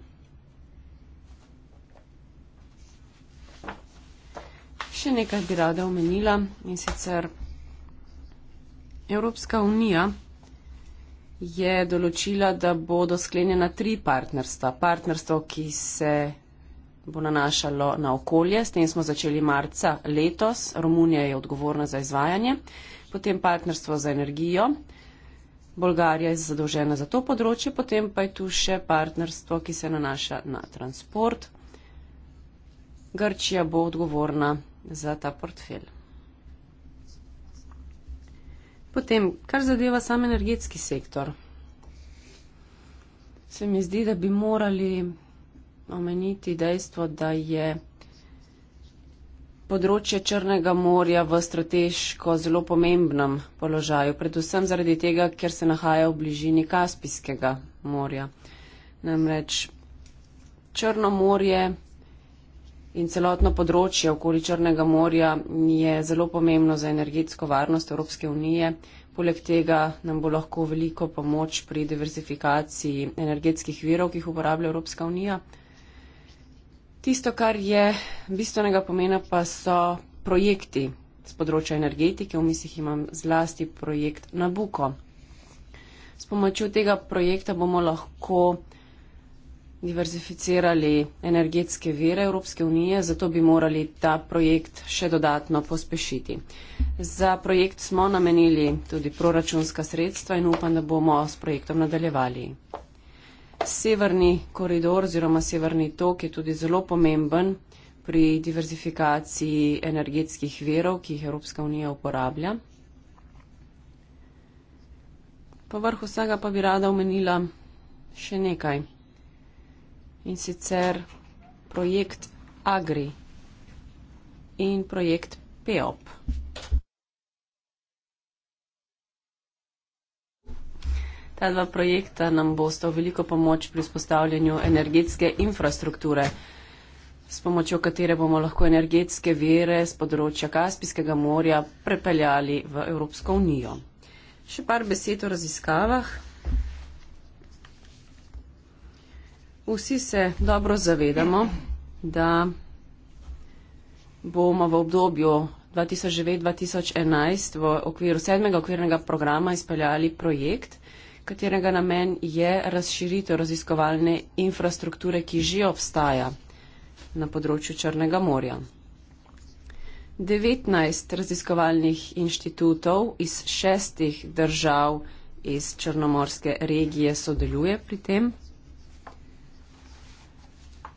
Še nekaj bi rada omenila, in sicer Evropska unija je določila, da bodo sklenjena tri partnerstva. Partnerstvo, ki se bo nanašalo na okolje, s tem smo začeli marca letos, Romunija je odgovorna za izvajanje, potem partnerstvo za energijo, Bolgarija je zadolžena za to področje, potem pa je tu še partnerstvo, ki se nanaša na transport. Grčija bo odgovorna za ta portfelj. Potem, kar zadeva sam energetski sektor, se mi zdi, da bi morali omeniti dejstvo, da je področje Črnega morja v strateško zelo pomembnem položaju, predvsem zaradi tega, ker se nahaja v bližini Kaspijskega morja. Namreč Črno morje in celotno področje okoli Črnega morja je zelo pomembno za energetsko varnost Evropske unije. Poleg tega nam bo lahko veliko pomoč pri diversifikaciji energetskih virov, ki jih uporablja Evropska unija. Tisto, kar je bistvenega pomena, pa so projekti z področja energetike. V mislih imam zlasti projekt Nabuko. S pomočjo tega projekta bomo lahko diverzificirali energetske vire Evropske unije, zato bi morali ta projekt še dodatno pospešiti. Za projekt smo namenili tudi proračunska sredstva in upam, da bomo s projektom nadaljevali. Severni koridor oziroma severni tok je tudi zelo pomemben pri diverzifikaciji energetskih virov, ki jih Evropska unija uporablja. Povrh vsega pa bi rada omenila še nekaj in sicer projekt Agri in projekt Peop. Ta dva projekta nam bosta v veliko pomoč pri vzpostavljanju energetske infrastrukture, s pomočjo katere bomo lahko energetske vere z področja Kaspijskega morja prepeljali v Evropsko unijo. Še par besed o raziskavah. Vsi se dobro zavedamo, da bomo v obdobju 2009-2011 v okviru sedmega okvirnega programa izpeljali projekt, katerega namen je razširitev raziskovalne infrastrukture, ki že obstaja na področju Črnega morja. 19 raziskovalnih inštitutov iz šestih držav iz Črnomorske regije sodeluje pri tem.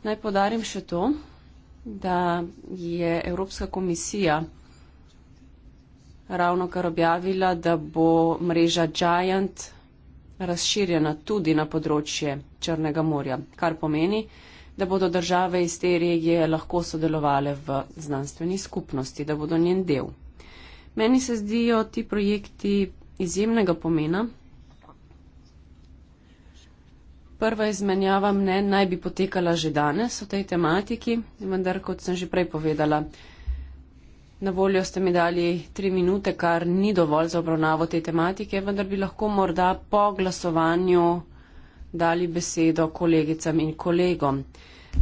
Naj podarim še to, da je Evropska komisija ravno kar objavila, da bo mreža Giant razširjena tudi na področje Črnega morja, kar pomeni, da bodo države iz te regije lahko sodelovale v znanstveni skupnosti, da bodo njen del. Meni se zdijo ti projekti izjemnega pomena, Prva izmenjava mnen naj bi potekala že danes o tej tematiki, vendar, kot sem že prej povedala, na voljo ste mi dali tri minute, kar ni dovolj za obravnavo te tematike, vendar bi lahko morda po glasovanju dali besedo kolegicam in kolegom.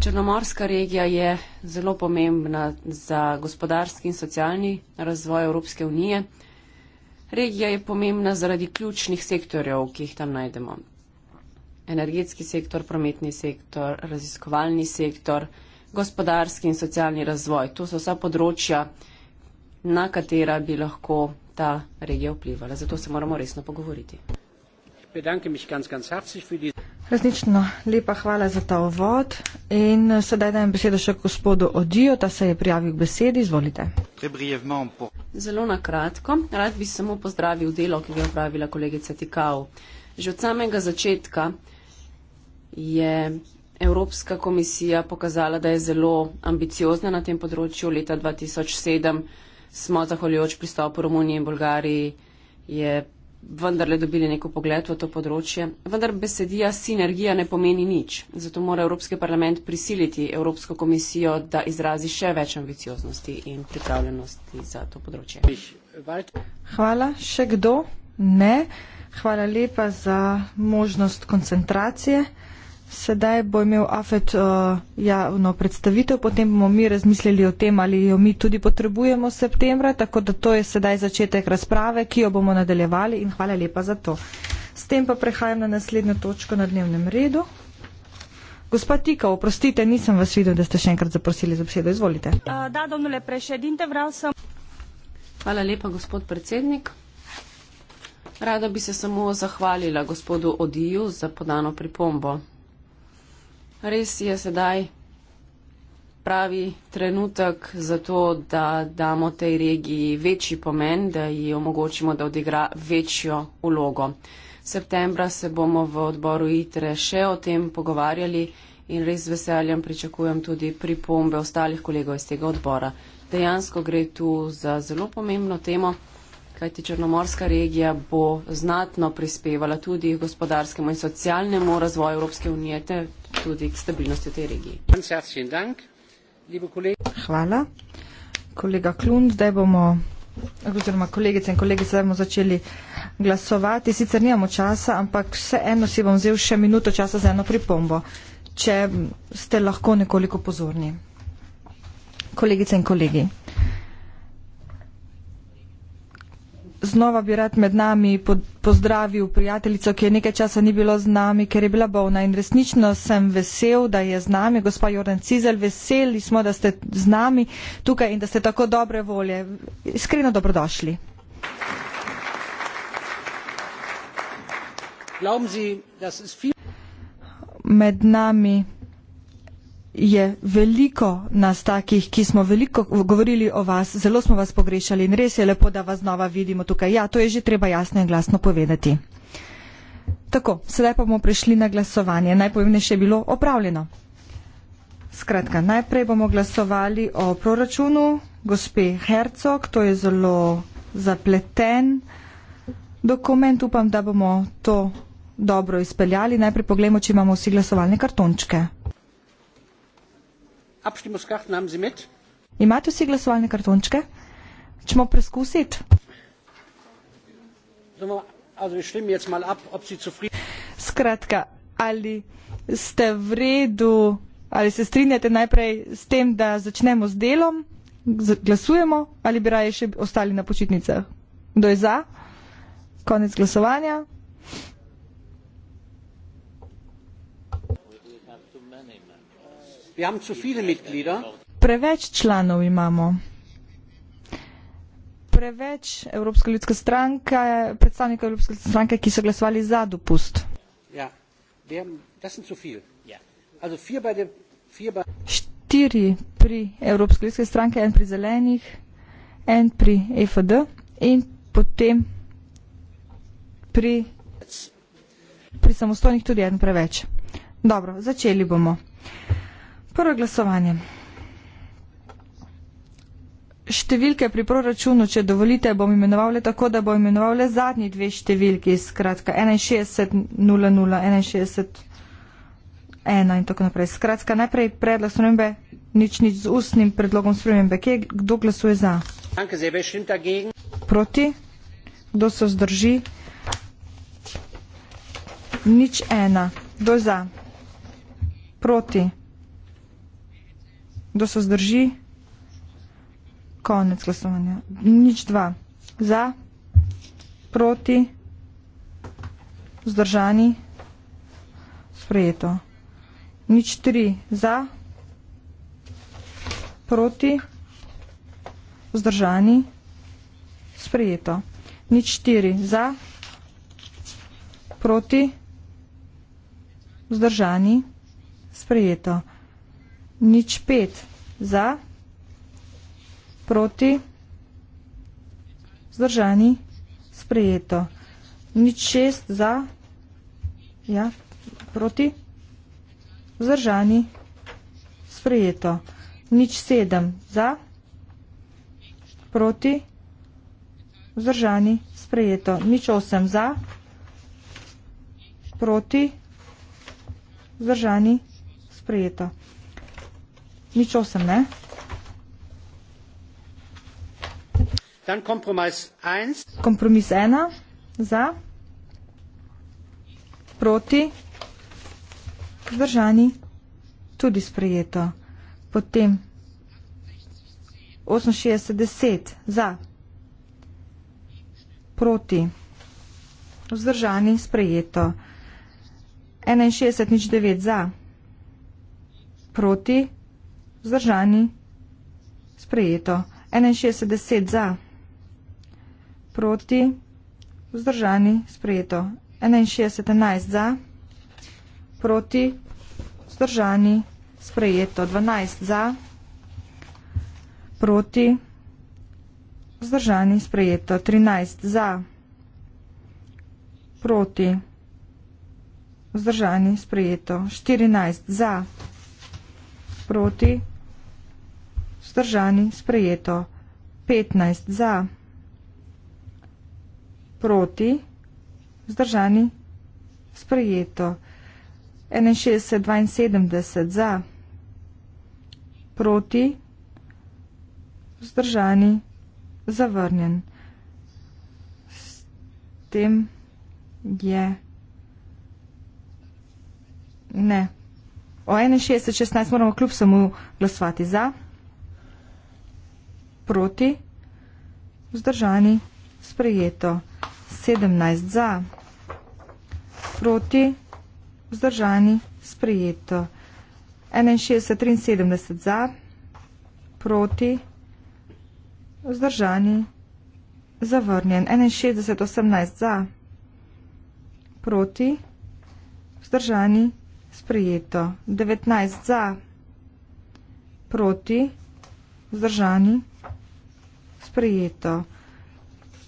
Črnomorska regija je zelo pomembna za gospodarski in socialni razvoj Evropske unije. Regija je pomembna zaradi ključnih sektorjev, ki jih tam najdemo energetski sektor, prometni sektor, raziskovalni sektor, gospodarski in socialni razvoj. To so vsa področja, na katera bi lahko ta regija vplivala. Zato se moramo resno pogovoriti. Resnično lepa hvala za ta uvod in eh, sedaj dajem besedo še gospodu Odijo, da se je prijavil k besedi. Izvolite. Zelo na kratko. Rad bi samo pozdravil delo, ki ga je upravila kolegica Tikau. Že od samega začetka je Evropska komisija pokazala, da je zelo ambiciozna na tem področju. Leta 2007 smo zahvaljujoč pristopu Romuniji in Bolgariji je vendarle dobili neko pogled v to področje. Vendar besedija sinergija ne pomeni nič. Zato mora Evropski parlament prisiliti Evropsko komisijo, da izrazi še več ambicioznosti in pripravljenosti za to področje. Hvala. Še kdo? Ne. Hvala lepa za možnost koncentracije. Sedaj bo imel Afet uh, javno predstavitev, potem bomo mi razmislili o tem, ali jo mi tudi potrebujemo v septembra, tako da to je sedaj začetek razprave, ki jo bomo nadaljevali in hvala lepa za to. S tem pa prehajam na naslednjo točko na dnevnem redu. Gospa Tika, oprostite, nisem vas videl, da ste še enkrat zaprosili za besedo. Izvolite. Uh, da, domnule, prešedinte, vral sem. Hvala lepa, gospod predsednik. Rada bi se samo zahvalila gospodu Odiju za podano pripombo. Res je sedaj pravi trenutek za to, da damo tej regiji večji pomen, da ji omogočimo, da odigra večjo ulogo. Septembra se bomo v odboru ITRE še o tem pogovarjali in res z veseljem pričakujem tudi pripombe ostalih kolegov iz tega odbora. Dejansko gre tu za zelo pomembno temo, kajti Črnomorska regija bo znatno prispevala tudi gospodarskemu in socialnemu razvoju Evropske unije, tudi k stabilnosti v tej regiji. Hvala. Kolega Klund, zdaj bomo, oziroma kolegice in kolegi, zdaj bomo začeli glasovati. Sicer nimamo časa, ampak vseeno si bom vzel še minuto časa za eno pripombo, če ste lahko nekoliko pozorni. Kolegice in kolegi. Znova bi rad med nami pozdravil prijateljico, ki je nekaj časa ni bilo z nami, ker je bila bolna. In resnično sem vesel, da je z nami, gospa Jordan Cizel. Veseli smo, da ste z nami tukaj in da ste tako dobre volje. Iskreno dobrodošli. Med nami je veliko nas takih, ki smo veliko govorili o vas, zelo smo vas pogrešali in res je lepo, da vas znova vidimo tukaj. Ja, to je že treba jasno in glasno povedati. Tako, sedaj pa bomo prišli na glasovanje. Najpomembnejše je bilo opravljeno. Skratka, najprej bomo glasovali o proračunu gospe Hercog. To je zelo zapleten dokument. Upam, da bomo to dobro izpeljali. Najprej pogledamo, če imamo vsi glasovalne kartončke abstimmungskarten haben sie mit? Imate vsi glasovalne kartončke? Čemo preskusiti? Skratka, ali ste v redu, ali se strinjate najprej s tem, da začnemo z delom, glasujemo ali bi raje še ostali na počitnicah? Kdo je za? Konec glasovanja. Preveč članov imamo. Preveč Evropske ljudske stranke, predstavnikov Evropske ljudske stranke, ki so glasovali za dopust. Ja, ja. Štiri pri Evropske ljudske stranke, en pri zelenih, en pri EFD in potem pri, pri samostojnih tudi en preveč. Dobro, začeli bomo. Prvo glasovanje. Številke pri proračunu, če dovolite, bom imenoval le tako, da bom imenoval le zadnji dve številki, skratka 61.00.61.1 in tako naprej. Skratka, najprej predlog spremembe, nič nič z ustnim predlogom spremembe. Kje, kdo glasuje za? Proti? Kdo se vzdrži? Nič ena. Kdo za? Proti? Kdo se zdrži? Konec glasovanja. Nič dva. Za, proti, zdržani, sprejeto. Nič tri. Za, proti, zdržani, sprejeto. Nič štiri. Za, proti, zdržani, sprejeto nič pet za, proti, vzdržani, sprejeto. Nič šest za, ja, proti, vzdržani, sprejeto. Nič sedem za, proti, vzdržani, sprejeto. Nič osem za, proti, vzdržani, sprejeto nič osem ne. Dann kompromis, eins. kompromis ena za, proti, vzdržani, tudi sprejeto. Potem 68-10 za, proti, vzdržani, sprejeto. 61-9 za, proti, vzdržani. Vzdržani. Sprejeto. 61 za. Proti. Vzdržani. Sprejeto. 61 11 za. Proti. Vzdržani. Sprejeto. 12 za. Proti. Vzdržani. Sprejeto. 13 za. Proti. Vzdržani. Sprejeto. 14 za. Proti. Vzdržani. Sprejeto. 14 za. Proti vzdržani, sprejeto 15 za, proti, vzdržani, sprejeto 61-72 za, proti, vzdržani, zavrnjen. S tem je ne. O 61-16 moramo kljub samo glasovati za proti, vzdržani, sprejeto. 17 za, proti, vzdržani, sprejeto. 61, 73 za, proti, vzdržani, zavrnjen. 61, 18 za, proti, vzdržani, sprejeto. 19 za, proti, vzdržani, sprejeto sprejeto.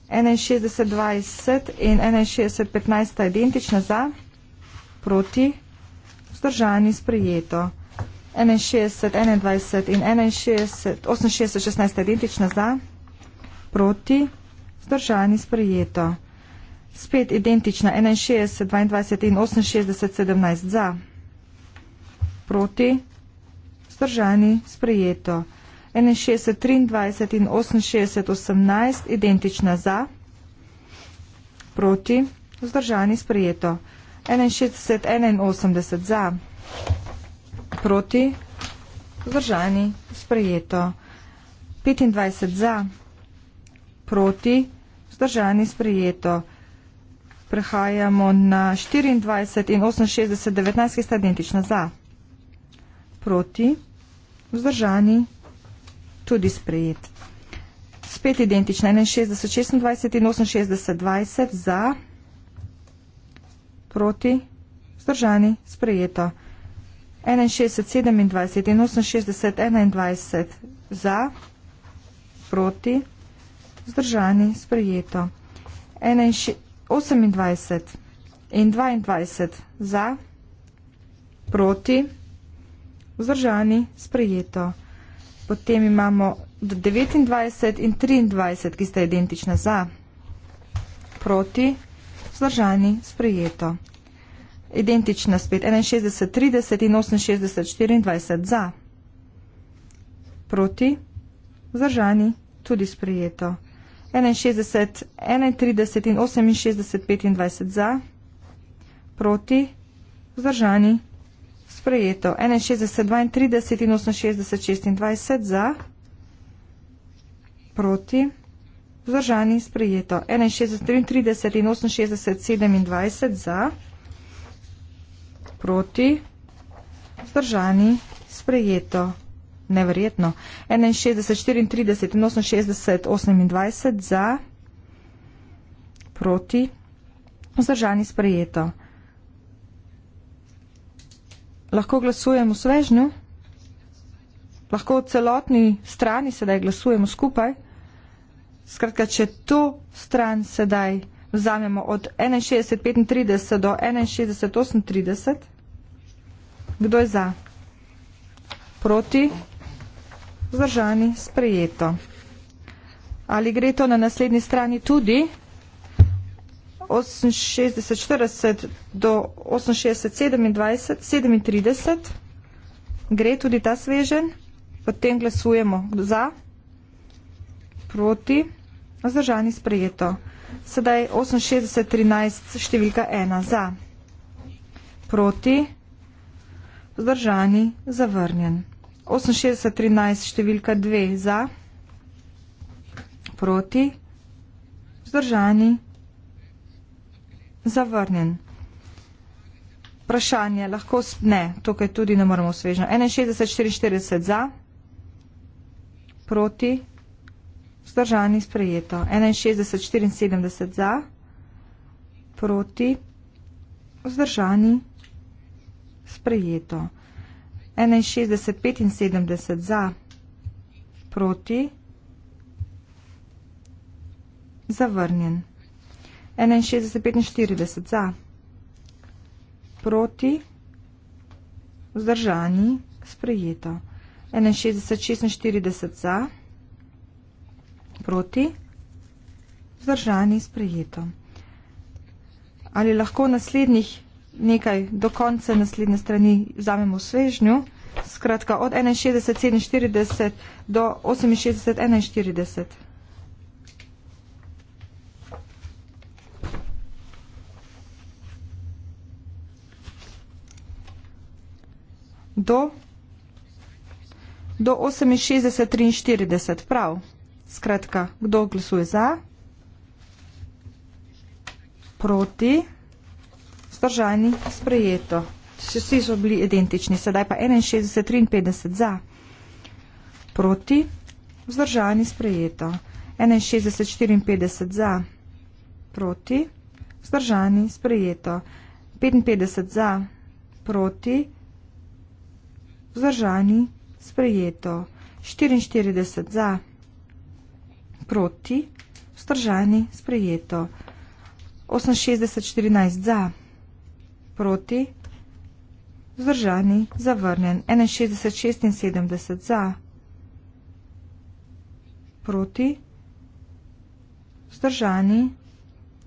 61-20 in 61-15 sta identična za, proti, vzdržani sprejeto. 61-21 in 61-68-16 sta identična za, proti, vzdržani sprejeto. Spet identična 61-22 in 68-17 za, proti, vzdržani sprejeto. 61-23. 61, 23 in 68, 18, identična za, proti, vzdržani sprejeto. 61, 81 za, proti, vzdržani sprejeto. 25 za, proti, vzdržani sprejeto. Prehajamo na 24 in 68, 19, ki sta identična za, proti, vzdržani sprejeto tudi sprejet. Spet identična, 61, 26 in 68, 20 za, proti, vzdržani, sprejeto. 61, 27 in 68, 21 za, proti, vzdržani, sprejeto. 28 in 22 za, proti, vzdržani, sprejeto. Potem imamo 29 in 23, ki sta identična za, proti, vzdržani, sprejeto. Identična spet 61, 30 in 68, 24 za, proti, vzdržani, tudi sprejeto. 61, 31 in 68, 25 za, proti, vzdržani, sprejeto. 61, 32 in 68, 26 za, proti, vzdržani sprejeto. 61, 33 in 68, 27 za, proti, vzdržani sprejeto. Neverjetno. 61, 34 in 68, 28 za, proti, vzdržani sprejeto lahko glasujem v svežnju, lahko v celotni strani sedaj glasujemo skupaj. Skratka, če to stran sedaj vzamemo od 61.35 do 61.38, kdo je za? Proti? Zdržani? Sprejeto. Ali gre to na naslednji strani tudi? 6840 do 6837 gre tudi ta svežen, potem glasujemo za, proti, vzdržani sprejeto. Sedaj 6813 številka 1 za, proti, vzdržani, zavrnjen. 6813 številka 2 za, proti, vzdržani, zavrnjen. Zavrnjen. Vprašanje lahko, ne, tukaj tudi ne moramo svežno. 61-44 za, proti, vzdržani sprejeto. 61-74 za, proti, vzdržani sprejeto. 61-75 za, proti, zavrnjen. 61-45 za, proti, vzdržani, sprejeto. 61-46 za, proti, vzdržani, sprejeto. Ali lahko naslednjih nekaj do konca naslednje strani vzamemo v svežnju? Skratka, od 61-47 do 68-41. do, do 68, 43, prav. Skratka, kdo glasuje za, proti, vzdržani, sprejeto. Vsi so bili identični, sedaj pa 61, 53 za, proti, vzdržani, sprejeto. 61, 54 za, proti, vzdržani, sprejeto. 55 za, proti, vzdržani, sprejeto vzdržani, sprejeto. 44 za, proti, vzdržani, sprejeto. 68, 14 za, proti, vzdržani, zavrnen. 61, 76 za, proti, vzdržani,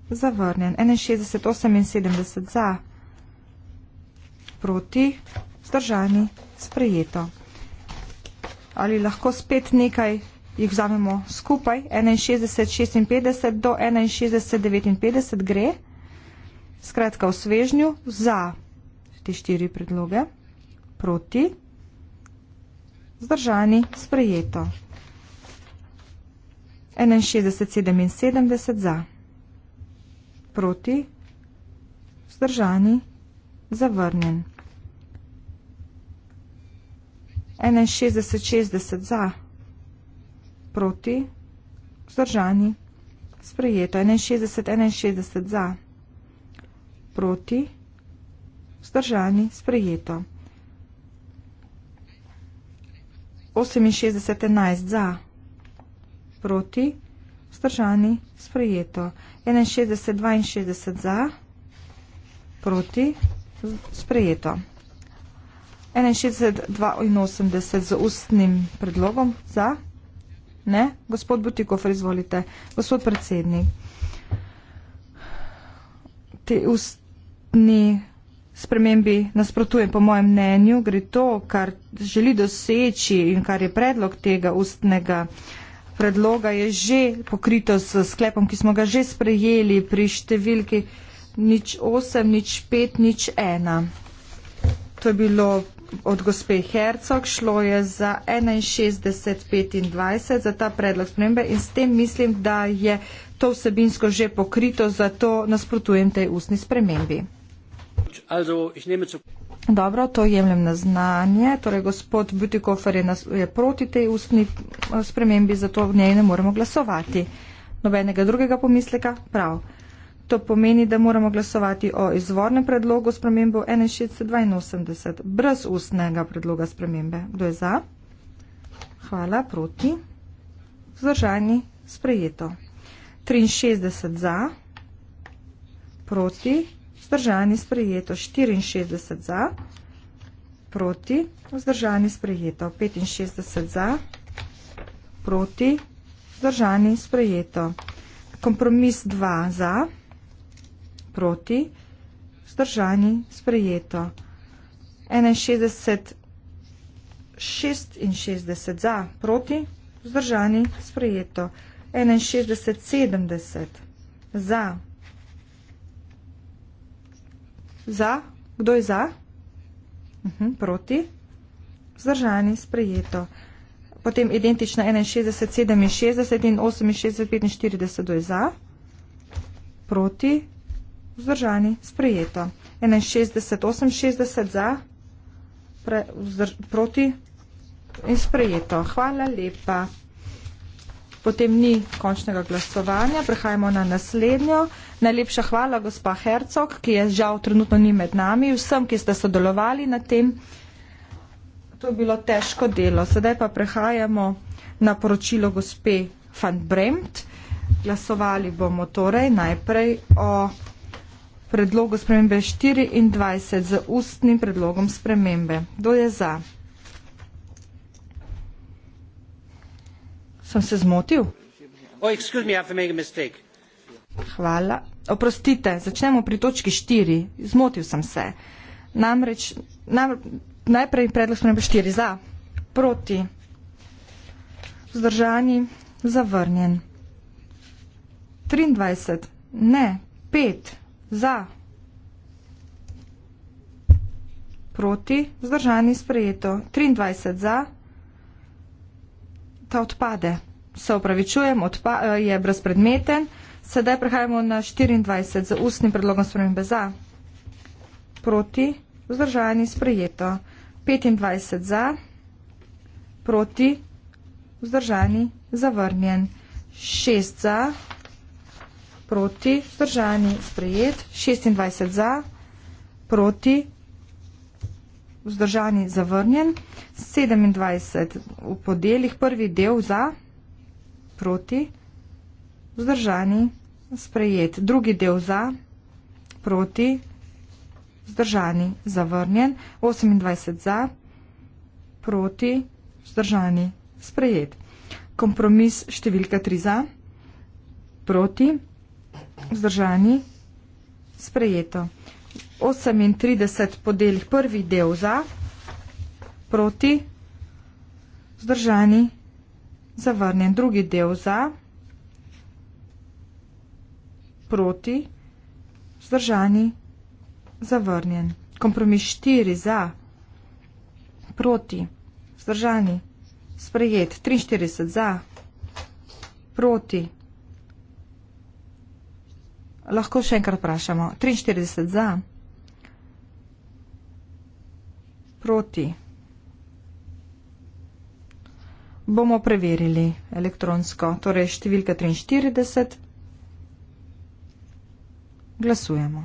zavrnen. 61, 78 za, proti, vzdržani vzdržani, sprejeto. Ali lahko spet nekaj jih vzamemo skupaj, 61.56 do 61.59 gre, skratka v svežnju, za te štiri predloge, proti, vzdržani, sprejeto. 61.77 za, proti, vzdržani, zavrnjen. 61, 60 za, proti, vzdržani, sprejeto. 61, 61 za, proti, vzdržani, sprejeto. 68, 11 za, proti, vzdržani, sprejeto. 61, 62 za, proti, sprejeto. 61-82 z ustnim predlogom za. Ne, gospod Butikofer, izvolite. Gospod predsednik, te ustni spremembi nasprotujem po mojem mnenju, gre to, kar želi doseči in kar je predlog tega ustnega predloga, je že pokrito s sklepom, ki smo ga že sprejeli pri številki nič 8, nič 5, nič 1. To je bilo od gospe Hercog, šlo je za 61.25 za ta predlog spremembe in s tem mislim, da je to vsebinsko že pokrito, zato nasprotujem tej ustni spremembi. Also, Dobro, to jemljem na znanje. Torej, gospod Butikofer je, nas, je proti tej ustni eh, spremembi, zato v njej ne moremo glasovati. Nobenega drugega pomisleka? Prav. To pomeni, da moramo glasovati o izvornem predlogu spremembo 6182, brez ustnega predloga spremembe. Kdo je za? Hvala, proti. Vzdržani, sprejeto. 63 za, proti. Vzdržani, sprejeto. 64 za, proti. Vzdržani, sprejeto. 65 za, proti. Vzdržani, sprejeto. Kompromis 2 za proti, vzdržani, sprejeto. 61, 66 za, proti, vzdržani, sprejeto. 61, 70 za, za, kdo je za, mhm, proti, vzdržani, sprejeto. Potem identična 61, 67 in 68, 45 do je za, proti, vzdržani, sprejeto vzdržani, sprejeto. 61, 68 za, pre, vzdrž, proti in sprejeto. Hvala lepa. Potem ni končnega glasovanja, prehajamo na naslednjo. Najlepša hvala gospa Hercog, ki je žal trenutno ni med nami, vsem, ki ste sodelovali na tem. To je bilo težko delo. Sedaj pa prehajamo na poročilo gospe van Bremt. Glasovali bomo torej najprej o predlogu spremembe 24 z ustnim predlogom spremembe. Kdo je za? Sem se zmotil? Oh, Hvala. Oprostite, začnemo pri točki 4. Zmotil sem se. Namreč nam, najprej predlog spremembe 4 za, proti, vzdržani, zavrnjen. 23. Ne. 5. Za. Proti. Zdržani sprejeto. 23 za. Ta odpade. Se upravičujem, odpa eh, je brezpredmeten. Sedaj prehajamo na 24 za ustnim predlogom spremembe za. Proti. Vzdržani sprejeto. 25 za. Proti. Vzdržani zavrnjen. 6 za proti, vzdržani, sprejet, 26 za, proti, vzdržani, zavrnjen, 27 v podeljih, prvi del za, proti, vzdržani, sprejet, drugi del za, proti, vzdržani, zavrnjen, 28 za, proti, vzdržani, sprejet. Kompromis številka 3 za, proti, vzdržani, sprejet vzdržani, sprejeto. 38 podelih prvi del za, proti, vzdržani, zavrnjen. Drugi del za, proti, vzdržani, zavrnjen. Kompromis 4 za, proti, vzdržani, sprejet. 43 za, proti, vzdržani. Lahko še enkrat vprašamo. 43 za. Proti. Bomo preverili elektronsko. Torej številka 43. Glasujemo.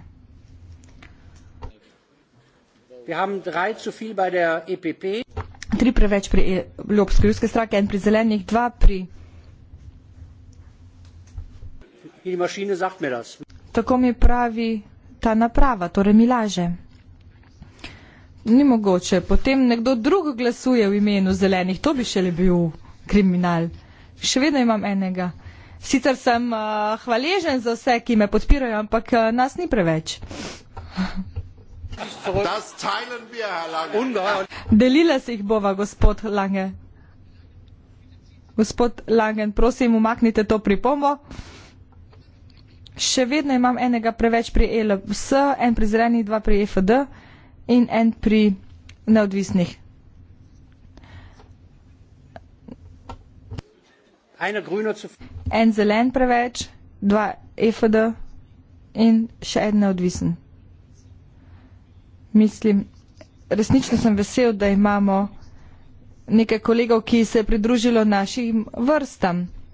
E Tri preveč pri Ljubske ljudske strake, en pri zelenih, dva pri tako mi pravi ta naprava, torej mi laže. Ni mogoče, potem nekdo drug glasuje v imenu zelenih, to bi šele bil kriminal. Še vedno imam enega. Sicer sem uh, hvaležen za vse, ki me podpirajo, ampak uh, nas ni preveč. Delila se jih bova, gospod Lange. Gospod Langen, prosim, umaknite to pripombo še vedno imam enega preveč pri e LPS, en pri zreni, dva pri e FD in en pri neodvisnih. En zelen preveč, dva e FD in še en neodvisen. Mislim, resnično sem vesel, da imamo nekaj kolegov, ki se je pridružilo našim vrstam.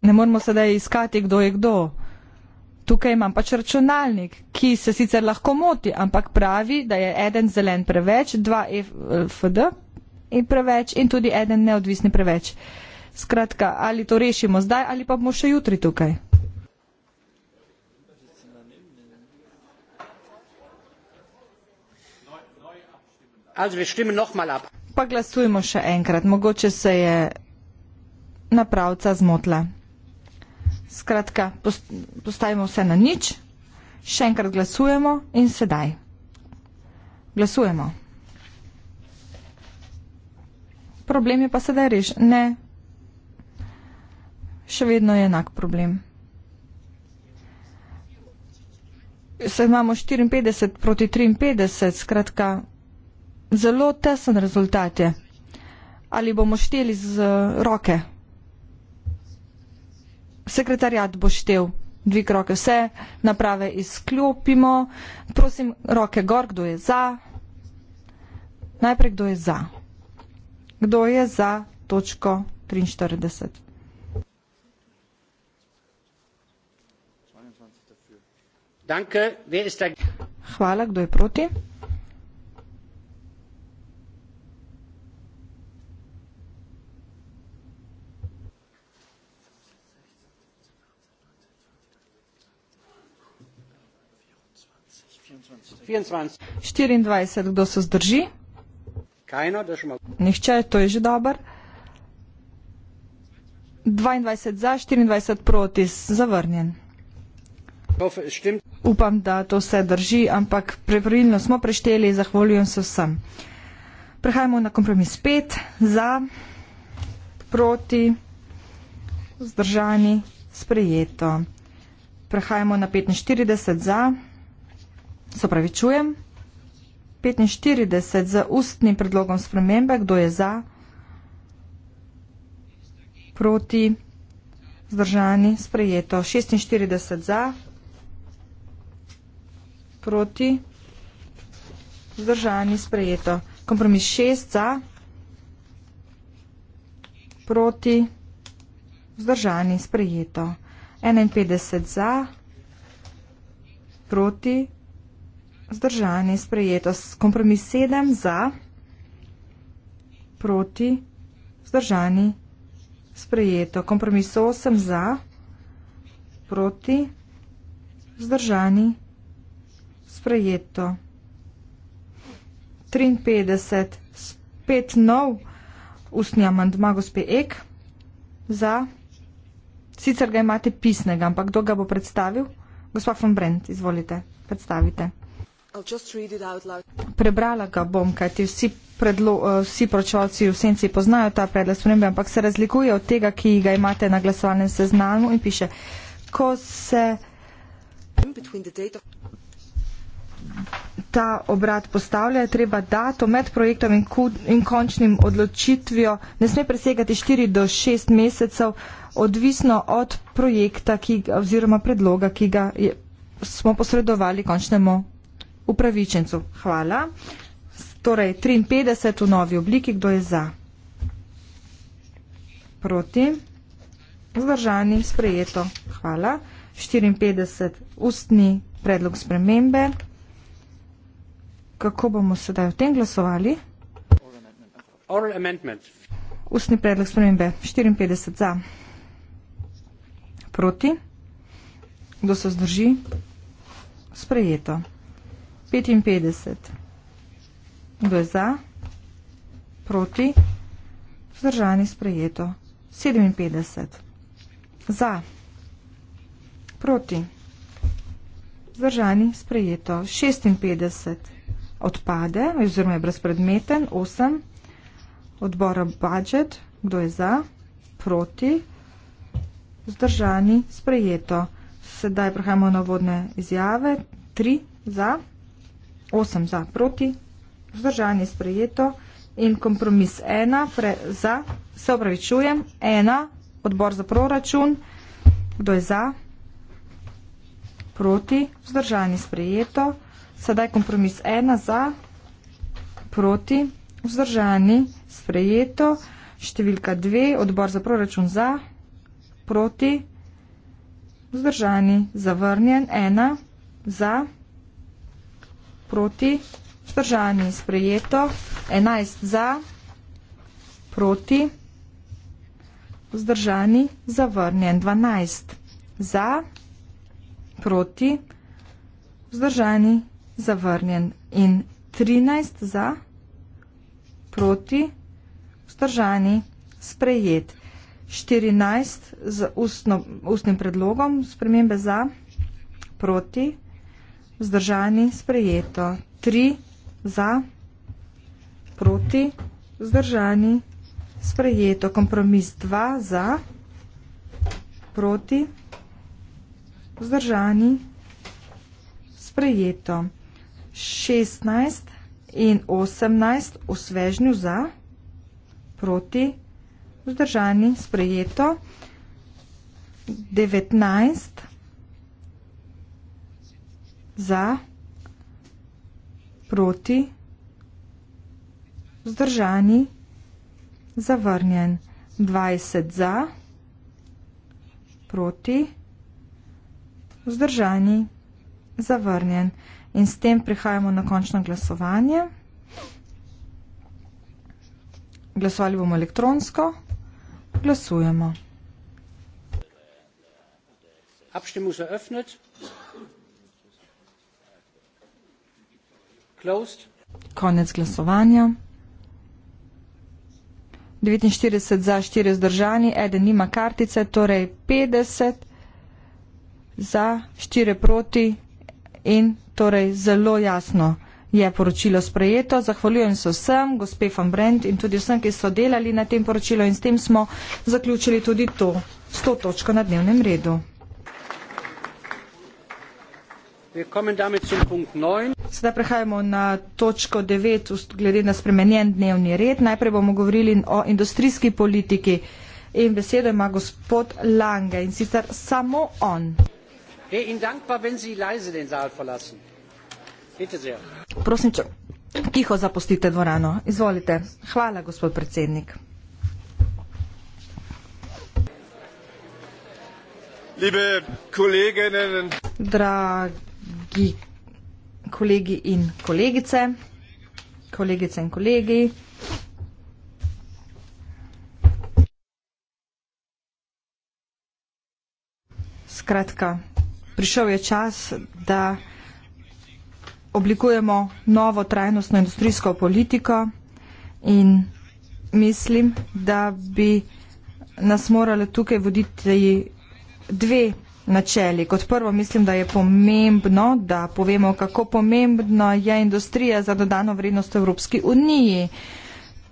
ne moramo sedaj iskati, kdo je kdo. Tukaj imam pač računalnik, ki se sicer lahko moti, ampak pravi, da je eden zelen preveč, dva FD in preveč in tudi eden neodvisni preveč. Skratka, ali to rešimo zdaj ali pa bomo še jutri tukaj. Pa glasujmo še enkrat, mogoče se je napravca zmotla skratka, postavimo vse na nič, še enkrat glasujemo in sedaj. Glasujemo. Problem je pa sedaj reš. Ne. Še vedno je enak problem. Sedaj imamo 54 proti 53, skratka, zelo tesen rezultat je. Ali bomo šteli z roke? sekretarjat bo štev. Dvig roke vse, naprave izklopimo. Prosim, roke gor, kdo je za. Najprej, kdo je za. Kdo je za točko 43? Danke, Hvala, kdo je proti? 24, kdo se zdrži? Nihče, to je že dober. 22 za, 24 proti, zavrnjen. Upam, da to vse drži, ampak pravilno smo prešteli, zahvaljujem se vsem. Prehajamo na kompromis 5, za, proti, zdržani, sprejeto. Prehajamo na 45 za se pravi čujem. 45 z ustnim predlogom spremembe, kdo je za, proti, zdržani, sprejeto. 46 za, proti, zdržani, sprejeto. Kompromis 6 za, proti, zdržani, sprejeto. 51 za, proti, zdržani, sprejeto zdržani, sprejeto kompromis 7 za, proti, zdržani, sprejeto kompromis 8 za, proti, zdržani, sprejeto. 53, spet nov ustni amandma gospe Ek za, sicer ga imate pisnega, ampak kdo ga bo predstavil? Gospa von Brent, izvolite, predstavite. Prebrala ga bom, kajti vsi, eh, vsi pročevalci v senci poznajo ta predlog spremembe, ampak se razlikuje od tega, ki ga imate na glasovalnem seznamu in piše, ko se ta obrat postavlja, je treba dato med projektom in, in končnim odločitvijo, ne sme presegati 4 do 6 mesecev, odvisno od projekta ki, oziroma predloga, ki ga je, smo posredovali končnemu upravičencu. Hvala. Torej, 53 v novi obliki, kdo je za? Proti? Zdržani, sprejeto. Hvala. 54 ustni predlog spremembe. Kako bomo sedaj v tem glasovali? Oral amendment. Ustni predlog spremembe. 54 za. Proti? Kdo se zdrži? Sprejeto. 55. Kdo je za? Proti? Vzdržani sprejeto. 57. Za? Proti? Vzdržani sprejeto. 56. Odpade oziroma je brezpredmeten. 8. Odbora budžet. Kdo je za? Proti? Vzdržani sprejeto. Sedaj prehajamo na vodne izjave. 3. Za? 8 za, proti, vzdržanje sprejeto in kompromis 1 pre, za, se opravičujem, 1, odbor za proračun, kdo je za, proti, vzdržanje sprejeto, sedaj kompromis 1 za, proti, vzdržanje sprejeto, številka 2, odbor za proračun za, proti, vzdržanje zavrnjen, 1 za, proti, proti, vzdržani, sprejeto, 11 za, proti, vzdržani, zavrnjen, 12 za, proti, vzdržani, zavrnjen in 13 za, proti, vzdržani, sprejet. 14 z ustnim predlogom, spremembe za, proti, vzdržani, zavrnjen vzdržani, sprejeto. Tri za, proti, vzdržani, sprejeto. Kompromis dva za, proti, vzdržani, sprejeto. 16 in 18 v svežnju za, proti, vzdržani, sprejeto. 19 in 18 za, proti, vzdržani, zavrnjen. 20 za, proti, vzdržani, zavrnjen. In s tem prihajamo na končno glasovanje. Glasovali bomo elektronsko. Glasujemo. Abstimmung ist eröffnet. Konec glasovanja. 49 za, 4 zdržani, eden nima kartice, torej 50 za, 4 proti in torej zelo jasno je poročilo sprejeto. Zahvaljujem se vsem, gospe Van Brent in tudi vsem, ki so delali na tem poročilu in s tem smo zaključili tudi to, 100 točko na dnevnem redu. Sedaj prehajamo na točko 9 glede na spremenjen dnevni red. Najprej bomo govorili o industrijski politiki in besedo ima gospod Lange in sicer samo on. Prosim, če tiho zapustite dvorano. Izvolite. Hvala, gospod predsednik. Liebe Kolleginnen, Drag dragi kolegi in kolegice, kolegice in kolegi. Skratka, prišel je čas, da oblikujemo novo trajnostno industrijsko politiko in mislim, da bi nas morali tukaj voditi dve načeli. Kot prvo mislim, da je pomembno, da povemo, kako pomembna je industrija za dodano vrednost v Evropski uniji.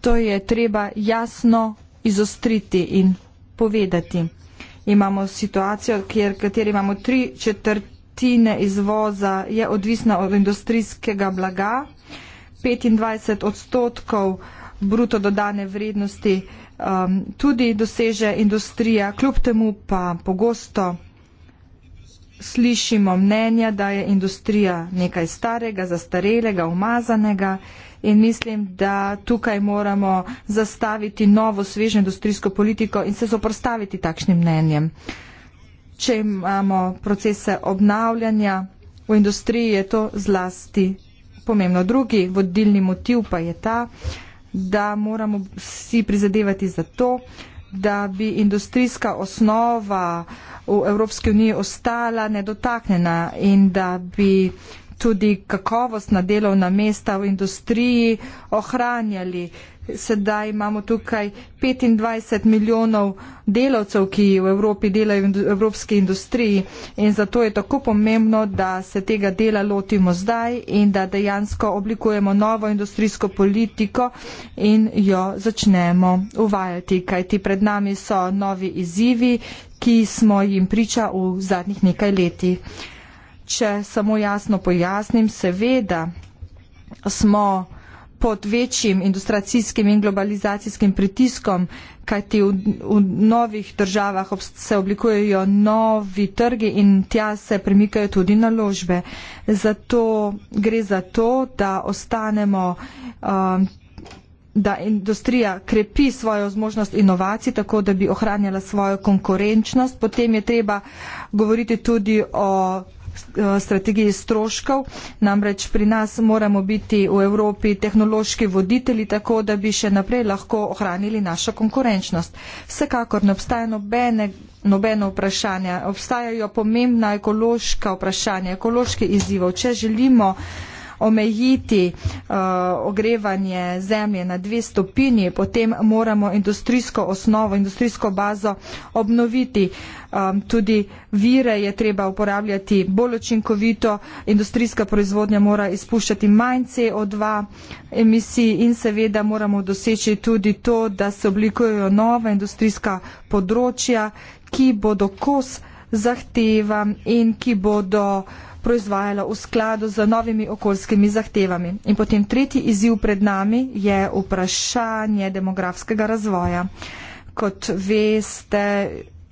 To je treba jasno izostriti in povedati. Imamo situacijo, kjer, kateri imamo tri četrtine izvoza, je odvisna od industrijskega blaga, 25 odstotkov bruto dodane vrednosti um, tudi doseže industrija, kljub temu pa pogosto slišimo mnenja, da je industrija nekaj starega, zastarelega, umazanega in mislim, da tukaj moramo zastaviti novo svežo industrijsko politiko in se zoprstaviti takšnim mnenjem. Če imamo procese obnavljanja v industriji, je to zlasti pomembno. Drugi vodilni motiv pa je ta, da moramo vsi prizadevati za to, da bi industrijska osnova v Evropski uniji ostala nedotaknjena in da bi tudi kakovostna delovna mesta v industriji ohranjali. Sedaj imamo tukaj 25 milijonov delavcev, ki v Evropi delajo v evropski industriji in zato je tako pomembno, da se tega dela lotimo zdaj in da dejansko oblikujemo novo industrijsko politiko in jo začnemo uvajati, kajti pred nami so novi izzivi, ki smo jim priča v zadnjih nekaj letih če samo jasno pojasnim, seveda smo pod večjim industracijskim in globalizacijskim pritiskom, kajti v, v novih državah se oblikujejo novi trgi in tja se premikajo tudi naložbe. Zato gre za to, da ostanemo, um, da industrija krepi svojo zmožnost inovacij, tako da bi ohranjala svojo konkurenčnost. Potem je treba govoriti tudi o strategiji stroškov. Namreč pri nas moramo biti v Evropi tehnološki voditelji, tako da bi še naprej lahko ohranili našo konkurenčnost. Vsekakor ne obstaja nobene, nobeno vprašanje. Obstajajo pomembna ekološka vprašanja, ekološki izzivov. Če želimo uh, omejiti uh, ogrevanje zemlje na dve stopinji, potem moramo industrijsko osnovo, industrijsko bazo obnoviti. Um, tudi vire je treba uporabljati bolj učinkovito, industrijska proizvodnja mora izpuščati manj CO2 emisij in seveda moramo doseči tudi to, da se oblikujejo nova industrijska področja, ki bodo kos zahtevam in ki bodo uh, proizvajala v skladu z novimi okoljskimi zahtevami. In potem tretji izziv pred nami je vprašanje demografskega razvoja. Kot veste,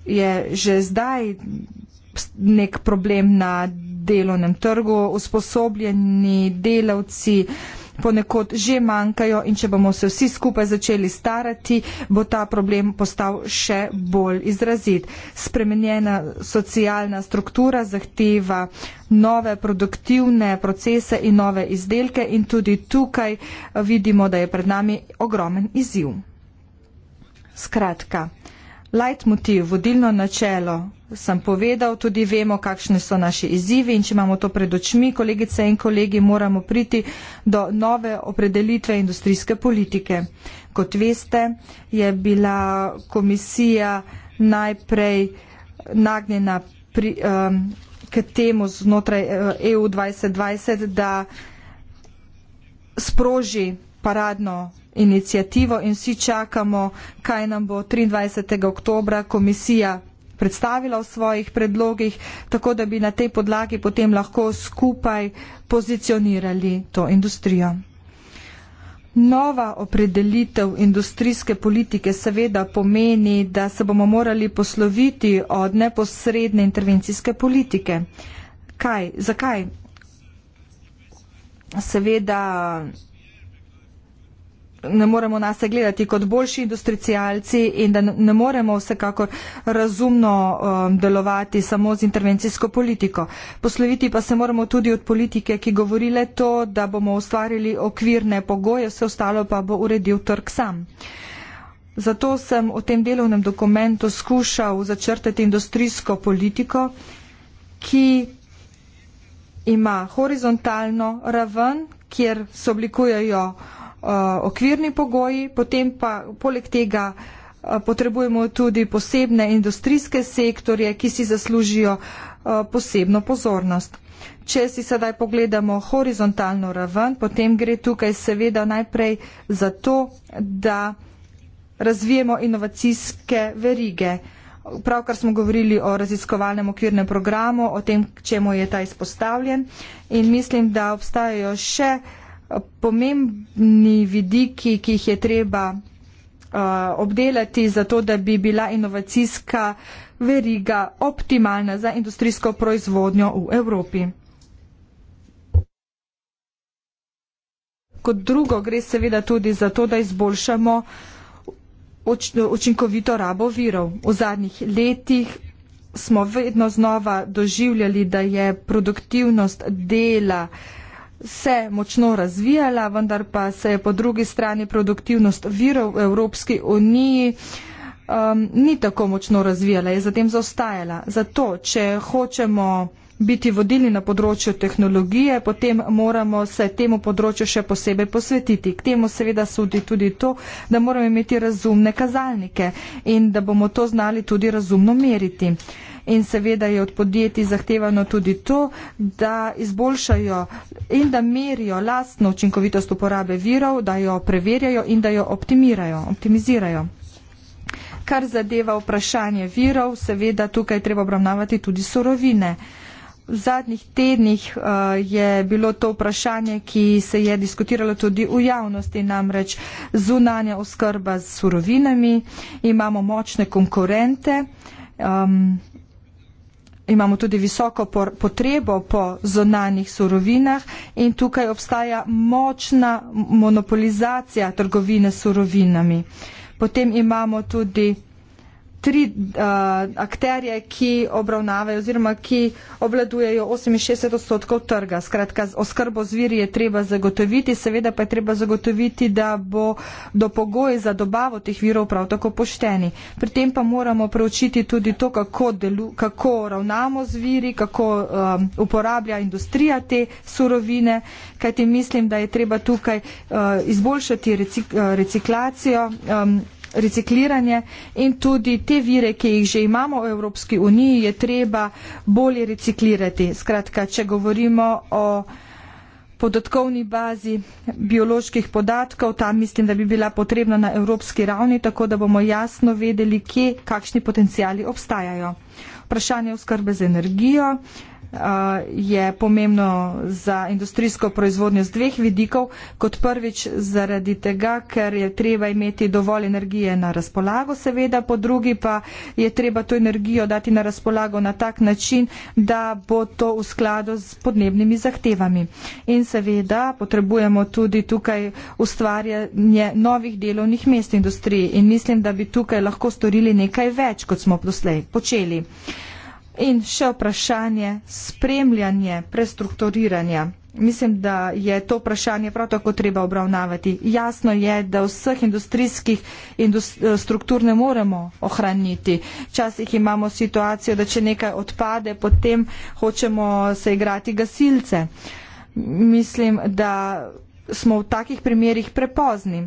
je že zdaj nek problem na delovnem trgu, usposobljeni delavci ponekod že manjkajo in če bomo se vsi skupaj začeli starati, bo ta problem postal še bolj izrazit. Spremenjena socialna struktura zahteva nove produktivne procese in nove izdelke in tudi tukaj vidimo, da je pred nami ogromen izziv. Skratka, lajt motiv, vodilno načelo sem povedal, tudi vemo, kakšne so naši izzivi in če imamo to pred očmi, kolegice in kolegi, moramo priti do nove opredelitve industrijske politike. Kot veste, je bila komisija najprej nagnjena pri, um, k temu znotraj EU eh, e 2020, da sproži paradno inicijativo in vsi čakamo, kaj nam bo 23. oktobra komisija predstavila v svojih predlogih, tako da bi na tej podlagi potem lahko skupaj pozicionirali to industrijo. Nova opredelitev industrijske politike seveda pomeni, da se bomo morali posloviti od neposredne intervencijske politike. Kaj? Zakaj? Seveda ne moremo nas gledati kot boljši industrijalci in da ne moremo vsekakor razumno um, delovati samo z intervencijsko politiko. Posloviti pa se moramo tudi od politike, ki govori le to, da bomo ustvarili okvirne pogoje, vse ostalo pa bo uredil trg sam. Zato sem v tem delovnem dokumentu skušal začrtati industrijsko politiko, ki ima horizontalno raven, kjer se oblikujejo Eh, okvirni pogoji, potem pa poleg tega eh, potrebujemo tudi posebne industrijske sektorje, ki si zaslužijo eh, posebno pozornost. Če si sedaj pogledamo horizontalno raven, potem gre tukaj seveda najprej za to, da razvijemo inovacijske verige. Pravkar smo govorili o raziskovalnem okvirnem programu, o tem, čemu je ta izpostavljen in mislim, da obstajajo še uh, pomembni vidiki, ki jih je treba eh, obdelati za to, da bi bila inovacijska veriga optimalna za industrijsko proizvodnjo v Evropi. Kot drugo gre seveda tudi za to, da izboljšamo učinkovito rabo virov. V zadnjih letih smo vedno znova doživljali, da je produktivnost dela se močno razvijala, vendar pa se je po drugi strani produktivnost virov v Evropski uniji um, ni tako močno razvijala, je zatem zaostajala. Zato, če hočemo biti vodilni na področju tehnologije, potem moramo se temu področju še posebej posvetiti. K temu seveda sodi tudi to, da moramo imeti razumne kazalnike in da bomo to znali tudi razumno meriti. Uh, in seveda je od podjetij zahtevano tudi to, da izboljšajo in da merijo lastno učinkovitost uporabe virov, da jo preverjajo in da jo optimirajo, optimizirajo. Kar zadeva vprašanje virov, seveda tukaj treba obravnavati tudi sorovine. V zadnjih tednih eh, je bilo to vprašanje, ki se je diskutiralo tudi v javnosti, namreč zunanja oskrba z surovinami, imamo močne konkurente. Um, imamo tudi visoko potrebo po zonanih surovinah in tukaj obstaja močna monopolizacija trgovine s surovinami. Potem imamo tudi tri uh, akterje, ki obravnavajo oziroma ki obladujejo 68 odstotkov trga. Skratka, oskrbo z viri je treba zagotoviti, seveda pa je treba zagotoviti, da bo do pogoj za dobavo teh virov prav tako pošteni. Pri tem pa moramo preučiti tudi to, kako, delu, kako ravnamo z viri, kako um, uporablja industrija te surovine, kajti mislim, da je treba tukaj uh, izboljšati recik, uh, reciklacijo. Um, recikliranje in tudi te vire, ki jih že imamo v Evropski uniji, je treba bolje reciklirati. Skratka, če govorimo o podatkovni bazi bioloških podatkov, tam mislim, da bi bila potrebna na evropski ravni, tako da bomo jasno vedeli, kje kakšni potencijali obstajajo. Vprašanje oskrbe z energijo je pomembno za industrijsko proizvodnjo z dveh vidikov. Kot prvič zaradi tega, ker je treba imeti dovolj energije na razpolago, seveda, po drugi pa je treba to energijo dati na razpolago na tak način, da bo to v skladu z podnebnimi zahtevami. In seveda potrebujemo tudi tukaj ustvarjanje novih delovnih mest industriji in mislim, da bi tukaj lahko storili nekaj več, kot smo doslej počeli. In še vprašanje spremljanje prestrukturiranja. Mislim, da je to vprašanje prav tako treba obravnavati. Jasno je, da vseh industrijskih industri struktur ne moremo ohraniti. Včasih imamo situacijo, da če nekaj odpade, potem hočemo se igrati gasilce. Mislim, da smo v takih primerjih prepozni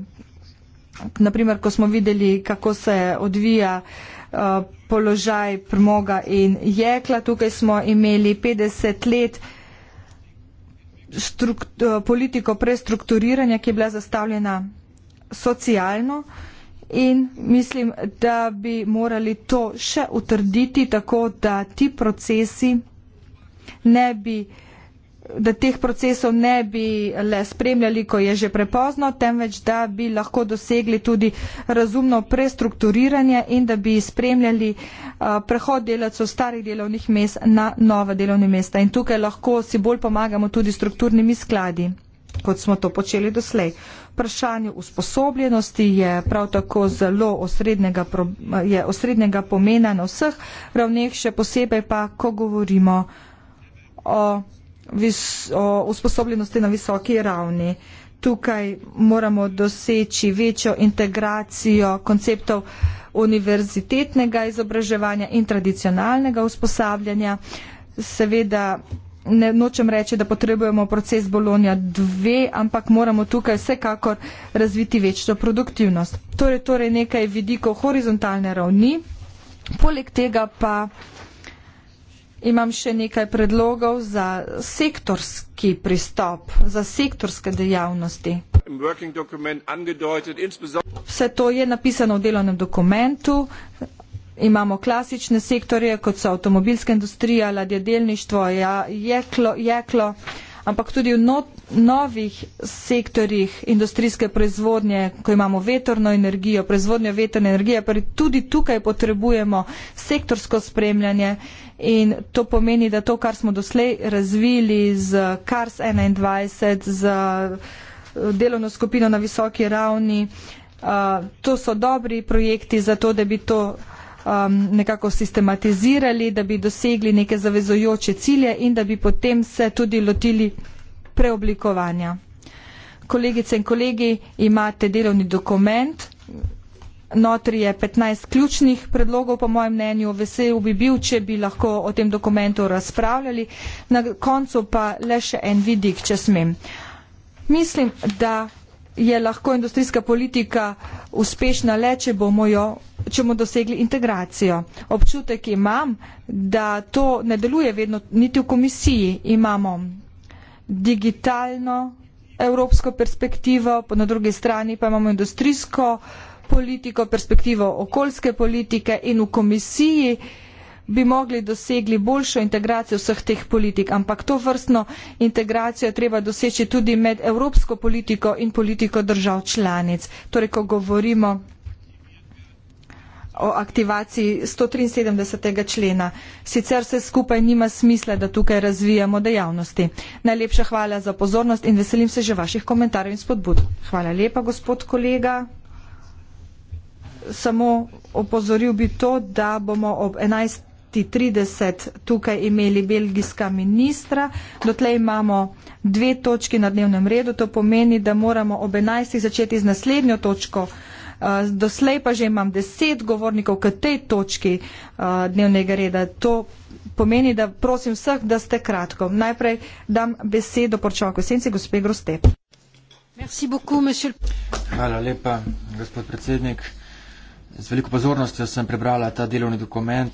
naprimer, ko smo videli, kako se odvija uh, položaj premoga in jekla. Tukaj smo imeli 50 let uh, politiko prestrukturiranja, ki je bila zastavljena socialno in mislim, da bi morali to še utrditi tako, da ti procesi ne bi uh, da teh procesov ne bi le spremljali, ko je že prepozno, temveč da bi lahko dosegli tudi razumno prestrukturiranje in da bi spremljali uh, prehod delavcev starih delovnih mest na nova delovna mesta. In tukaj lahko si bolj pomagamo tudi strukturnimi skladi, kot smo to počeli doslej. Vprašanje usposobljenosti je prav tako zelo osrednjega, je osrednjega pomena na vseh ravneh, še posebej pa, ko govorimo o vis, o, usposobljenosti na visoki ravni. Tukaj moramo doseči večjo integracijo konceptov univerzitetnega izobraževanja in tradicionalnega usposabljanja. Seveda ne nočem reči, da potrebujemo proces Bolonja 2, ampak moramo tukaj vsekakor razviti večjo produktivnost. Torej, torej nekaj vidikov horizontalne ravni, poleg tega pa Imam še nekaj predlogov za sektorski pristop, za sektorske dejavnosti. Vse to je napisano v delovnem dokumentu. Imamo klasične sektorje, kot so avtomobilska industrija, ladjedelništvo, ja, jeklo. jeklo ampak tudi v no, novih sektorjih industrijske proizvodnje, ko imamo vetrno energijo, proizvodnjo vetrne energije, pa tudi tukaj potrebujemo sektorsko spremljanje in to pomeni, da to, kar smo doslej razvili z CARS 21, z eh, delovno skupino na visoki ravni, uh, to so dobri projekti za to, da bi to um, nekako sistematizirali, da bi dosegli neke zavezojoče cilje in da bi potem se tudi lotili preoblikovanja. Kolegice in kolegi, imate delovni dokument. Notri je 15 ključnih predlogov, po mojem mnenju, vesel bi bil, če bi lahko o tem dokumentu razpravljali. Na koncu pa le še en vidik, če smem. Mislim, da je lahko industrijska politika uspešna le, če bomo, jo, če bomo dosegli integracijo. Občutek imam, da to ne deluje vedno, niti v komisiji imamo digitalno evropsko perspektivo, pa na drugi strani pa imamo industrijsko politiko, perspektivo okoljske politike in v komisiji bi mogli dosegli boljšo integracijo vseh teh politik, ampak to vrstno integracijo je treba doseči tudi med evropsko politiko in politiko držav članic. Torej, ko govorimo o aktivaciji 173. člena. Sicer se skupaj nima smisla, da tukaj razvijamo dejavnosti. Najlepša hvala za pozornost in veselim se že vaših komentarjev in spodbud. Hvala lepa, gospod kolega. Samo opozoril bi to, da bomo ob 11. 20.30 tukaj imeli belgijska ministra. Dotlej imamo dve točki na dnevnem redu, to pomeni, da moramo ob 11. začeti z naslednjo točko. Eh, doslej pa že imam deset govornikov k tej točki eh, dnevnega reda. To pomeni, da prosim vseh, da ste kratko. Najprej dam besedo poročevalko senci, gospe Grostep. Merci beaucoup, monsieur... Hvala lepa, gospod predsednik. Z veliko pozornostjo sem prebrala ta delovni dokument,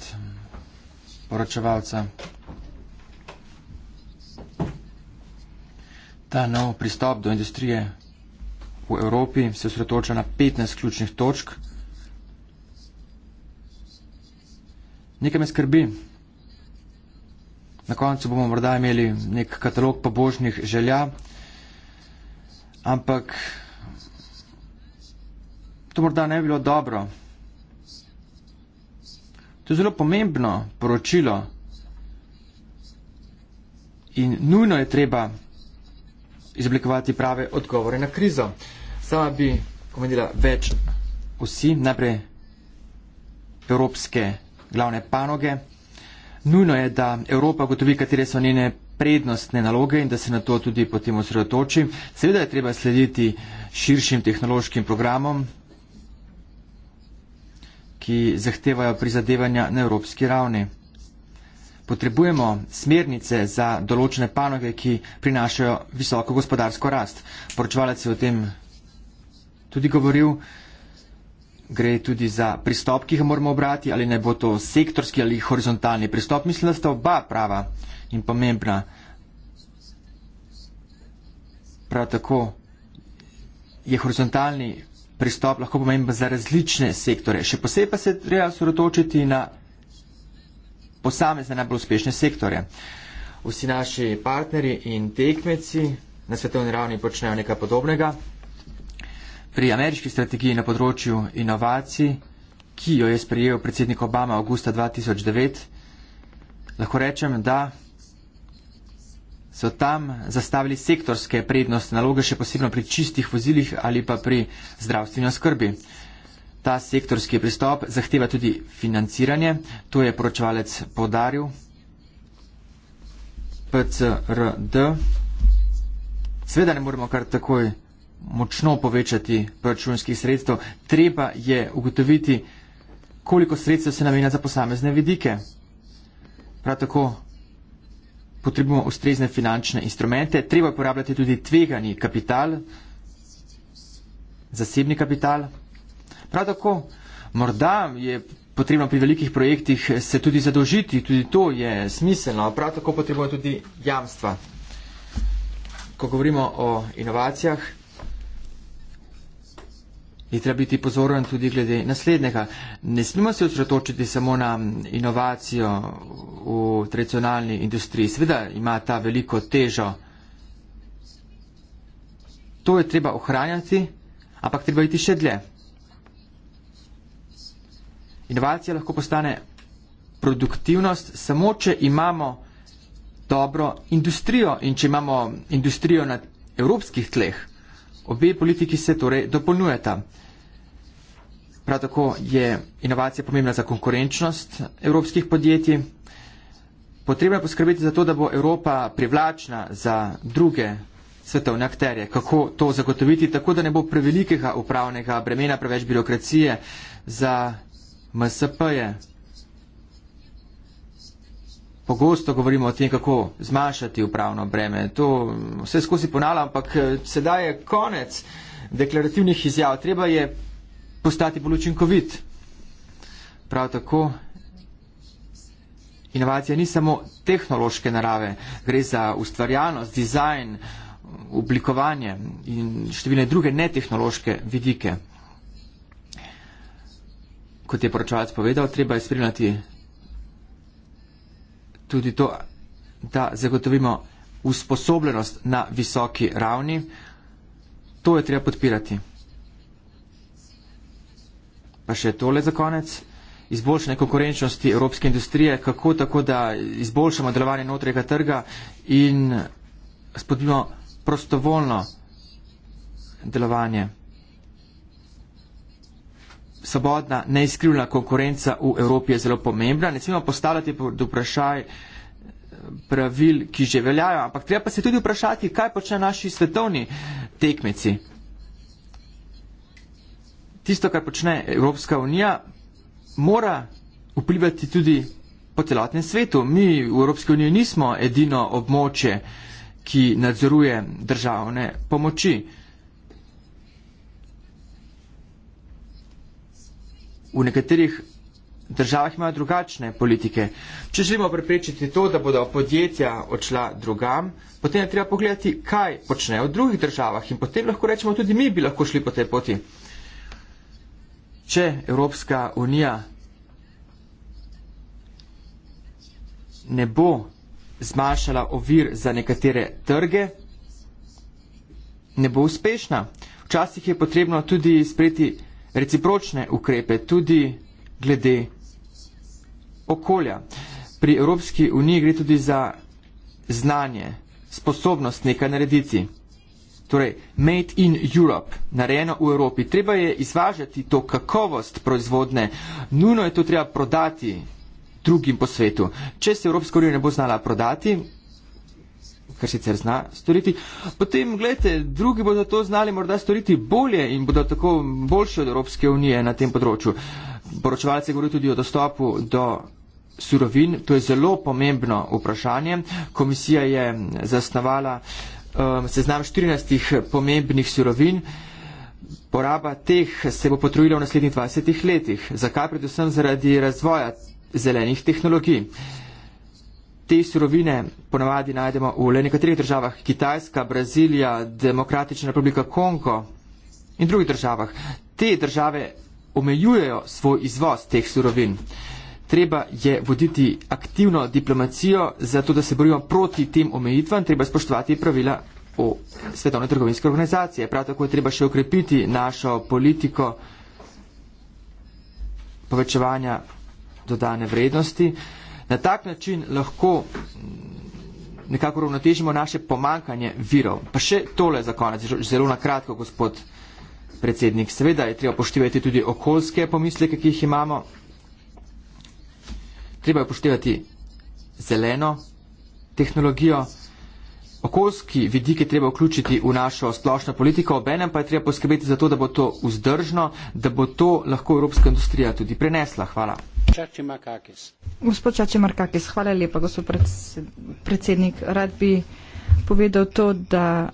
poročevalca. Ta nov pristop do industrije v Evropi se osredotoča na 15 ključnih točk. Nekaj me skrbi. Na koncu bomo morda imeli nek katalog pobožnih želja, ampak to morda ne bi bilo dobro. To je zelo pomembno poročilo in nujno je treba izoblikovati prave odgovore na krizo. Sama bi omenila več vsi, najprej evropske glavne panoge. Nujno je, da Evropa gotovi, katere so njene prednostne naloge in da se na to tudi potem osredotoči. Seveda je treba slediti širšim tehnološkim programom, ki zahtevajo prizadevanja na evropski ravni. Potrebujemo smernice za določene panoge, ki prinašajo visoko gospodarsko rast. Poročvalec je o tem tudi govoril. Gre tudi za pristop, ki ga moramo obrati, ali ne bo to sektorski ali horizontalni pristop. Mislim, da sta oba prava in pomembna. Prav tako je horizontalni pristop lahko pomemben za različne sektore. Še posebej pa se treba sorotočiti na posamezne najbolj uspešne sektore. Vsi naši partneri in tekmeci na svetovni ravni počnejo nekaj podobnega. Pri ameriški strategiji na področju inovacij, ki jo je sprejel predsednik Obama avgusta 2009, lahko rečem, da so tam zastavili sektorske prednostne naloge, še posebno pri čistih vozilih ali pa pri zdravstveni oskrbi. Ta sektorski pristop zahteva tudi financiranje, to je poročevalec podaril. PCRD. Sveda ne moremo kar takoj močno povečati proračunskih sredstev, treba je ugotoviti, koliko sredstev se namenja za posamezne vidike. Prav tako potrebujemo ustrezne finančne instrumente, treba uporabljati tudi tvegani kapital, zasebni kapital. Prav tako, morda je potrebno pri velikih projektih se tudi zadolžiti, tudi to je smiselno, prav tako potrebujemo tudi jamstva. Ko govorimo o inovacijah, Je treba biti pozoren tudi glede naslednjega. Ne smemo se osredotočiti samo na inovacijo v tradicionalni industriji. Sveda ima ta veliko težo. To je treba ohranjati, ampak treba iti še dlje. Inovacija lahko postane produktivnost samo, če imamo dobro industrijo in če imamo industrijo na evropskih tleh. Obe politiki se torej dopolnjujeta. Prav tako je inovacija pomembna za konkurenčnost evropskih podjetij. Potrebno je poskrbeti za to, da bo Evropa privlačna za druge svetovne akterje. Kako to zagotoviti, tako da ne bo prevelikega upravnega bremena, preveč birokracije za MSP-je, pogosto govorimo o tem, kako zmanjšati upravno breme. To vse skozi ponala, ampak eh, sedaj je konec deklarativnih izjav. Treba je postati bolj učinkovit. Prav tako. Inovacija ni samo tehnološke narave, gre za ustvarjalnost, dizajn, oblikovanje in številne druge netehnološke vidike. Kot je poročalec povedal, treba je spremljati tudi to, da zagotovimo usposobljenost na visoki ravni. To je treba podpirati. Pa še tole za konec. Izboljšanje konkurenčnosti evropske industrije, kako tako, da izboljšamo delovanje notrega trga in spodbimo prostovoljno delovanje svobodna, neizkrivljena konkurenca v Evropi je zelo pomembna. Ne smemo postavljati pod vprašaj eh, pravil, ki že veljajo, ampak treba pa se tudi vprašati, kaj počne naši svetovni tekmeci. Tisto, kar počne Evropska unija, mora vplivati tudi po celotnem svetu. Mi v Evropski uniji nismo edino območje, ki nadzoruje državne pomoči. v nekaterih državah imajo drugačne politike. Če želimo preprečiti to, da bodo podjetja odšla drugam, potem je treba pogledati, kaj počnejo v drugih državah in potem lahko rečemo, tudi mi bi lahko šli po tej poti. Če Evropska unija ne bo zmanjšala ovir za nekatere trge, ne bo uspešna. Včasih je potrebno tudi sprejeti recipročne ukrepe tudi glede okolja. Pri Evropski uniji gre tudi za znanje, sposobnost nekaj narediti. Torej, made in Europe, narejeno v Evropi. Treba je izvažati to kakovost proizvodne, nujno je to treba prodati drugim po svetu. Če se Evropska unija ne bo znala prodati, kar sicer zna storiti. Potem, gledajte, drugi bodo to znali morda storiti bolje in bodo tako boljši od Evropske unije na tem področju. Poročevalce govorijo tudi o dostopu do surovin. To je zelo pomembno vprašanje. Komisija je zasnovala um, seznam 14 pomembnih surovin. Poraba teh se bo potrujila v naslednjih 20 letih. Zakaj predvsem zaradi razvoja zelenih tehnologij? Te surovine ponavadi najdemo v le nekaterih državah Kitajska, Brazilija, Demokratična republika Kongo in drugih državah. Te države omejujejo svoj izvoz teh surovin. Treba je voditi aktivno diplomacijo, zato da se borimo proti tem omejitvam, treba spoštovati pravila o svetovne trgovinske organizacije. Prav tako je treba še ukrepiti našo politiko povečevanja dodane vrednosti. Na tak način lahko nekako ravnotežimo naše pomankanje virov. Pa še tole za konec, zelo na kratko, gospod predsednik. Seveda je treba poštevati tudi okoljske pomisleke, ki jih imamo. Treba je poštevati zeleno tehnologijo. Okoljski vidik je treba vključiti v našo splošno politiko, obenem pa je treba poskrbeti za to, da bo to vzdržno, da bo to lahko evropska industrija tudi prenesla. Hvala. Gospod Čačemarkakis, hvala lepa, gospod predsednik. Rad bi povedal to, da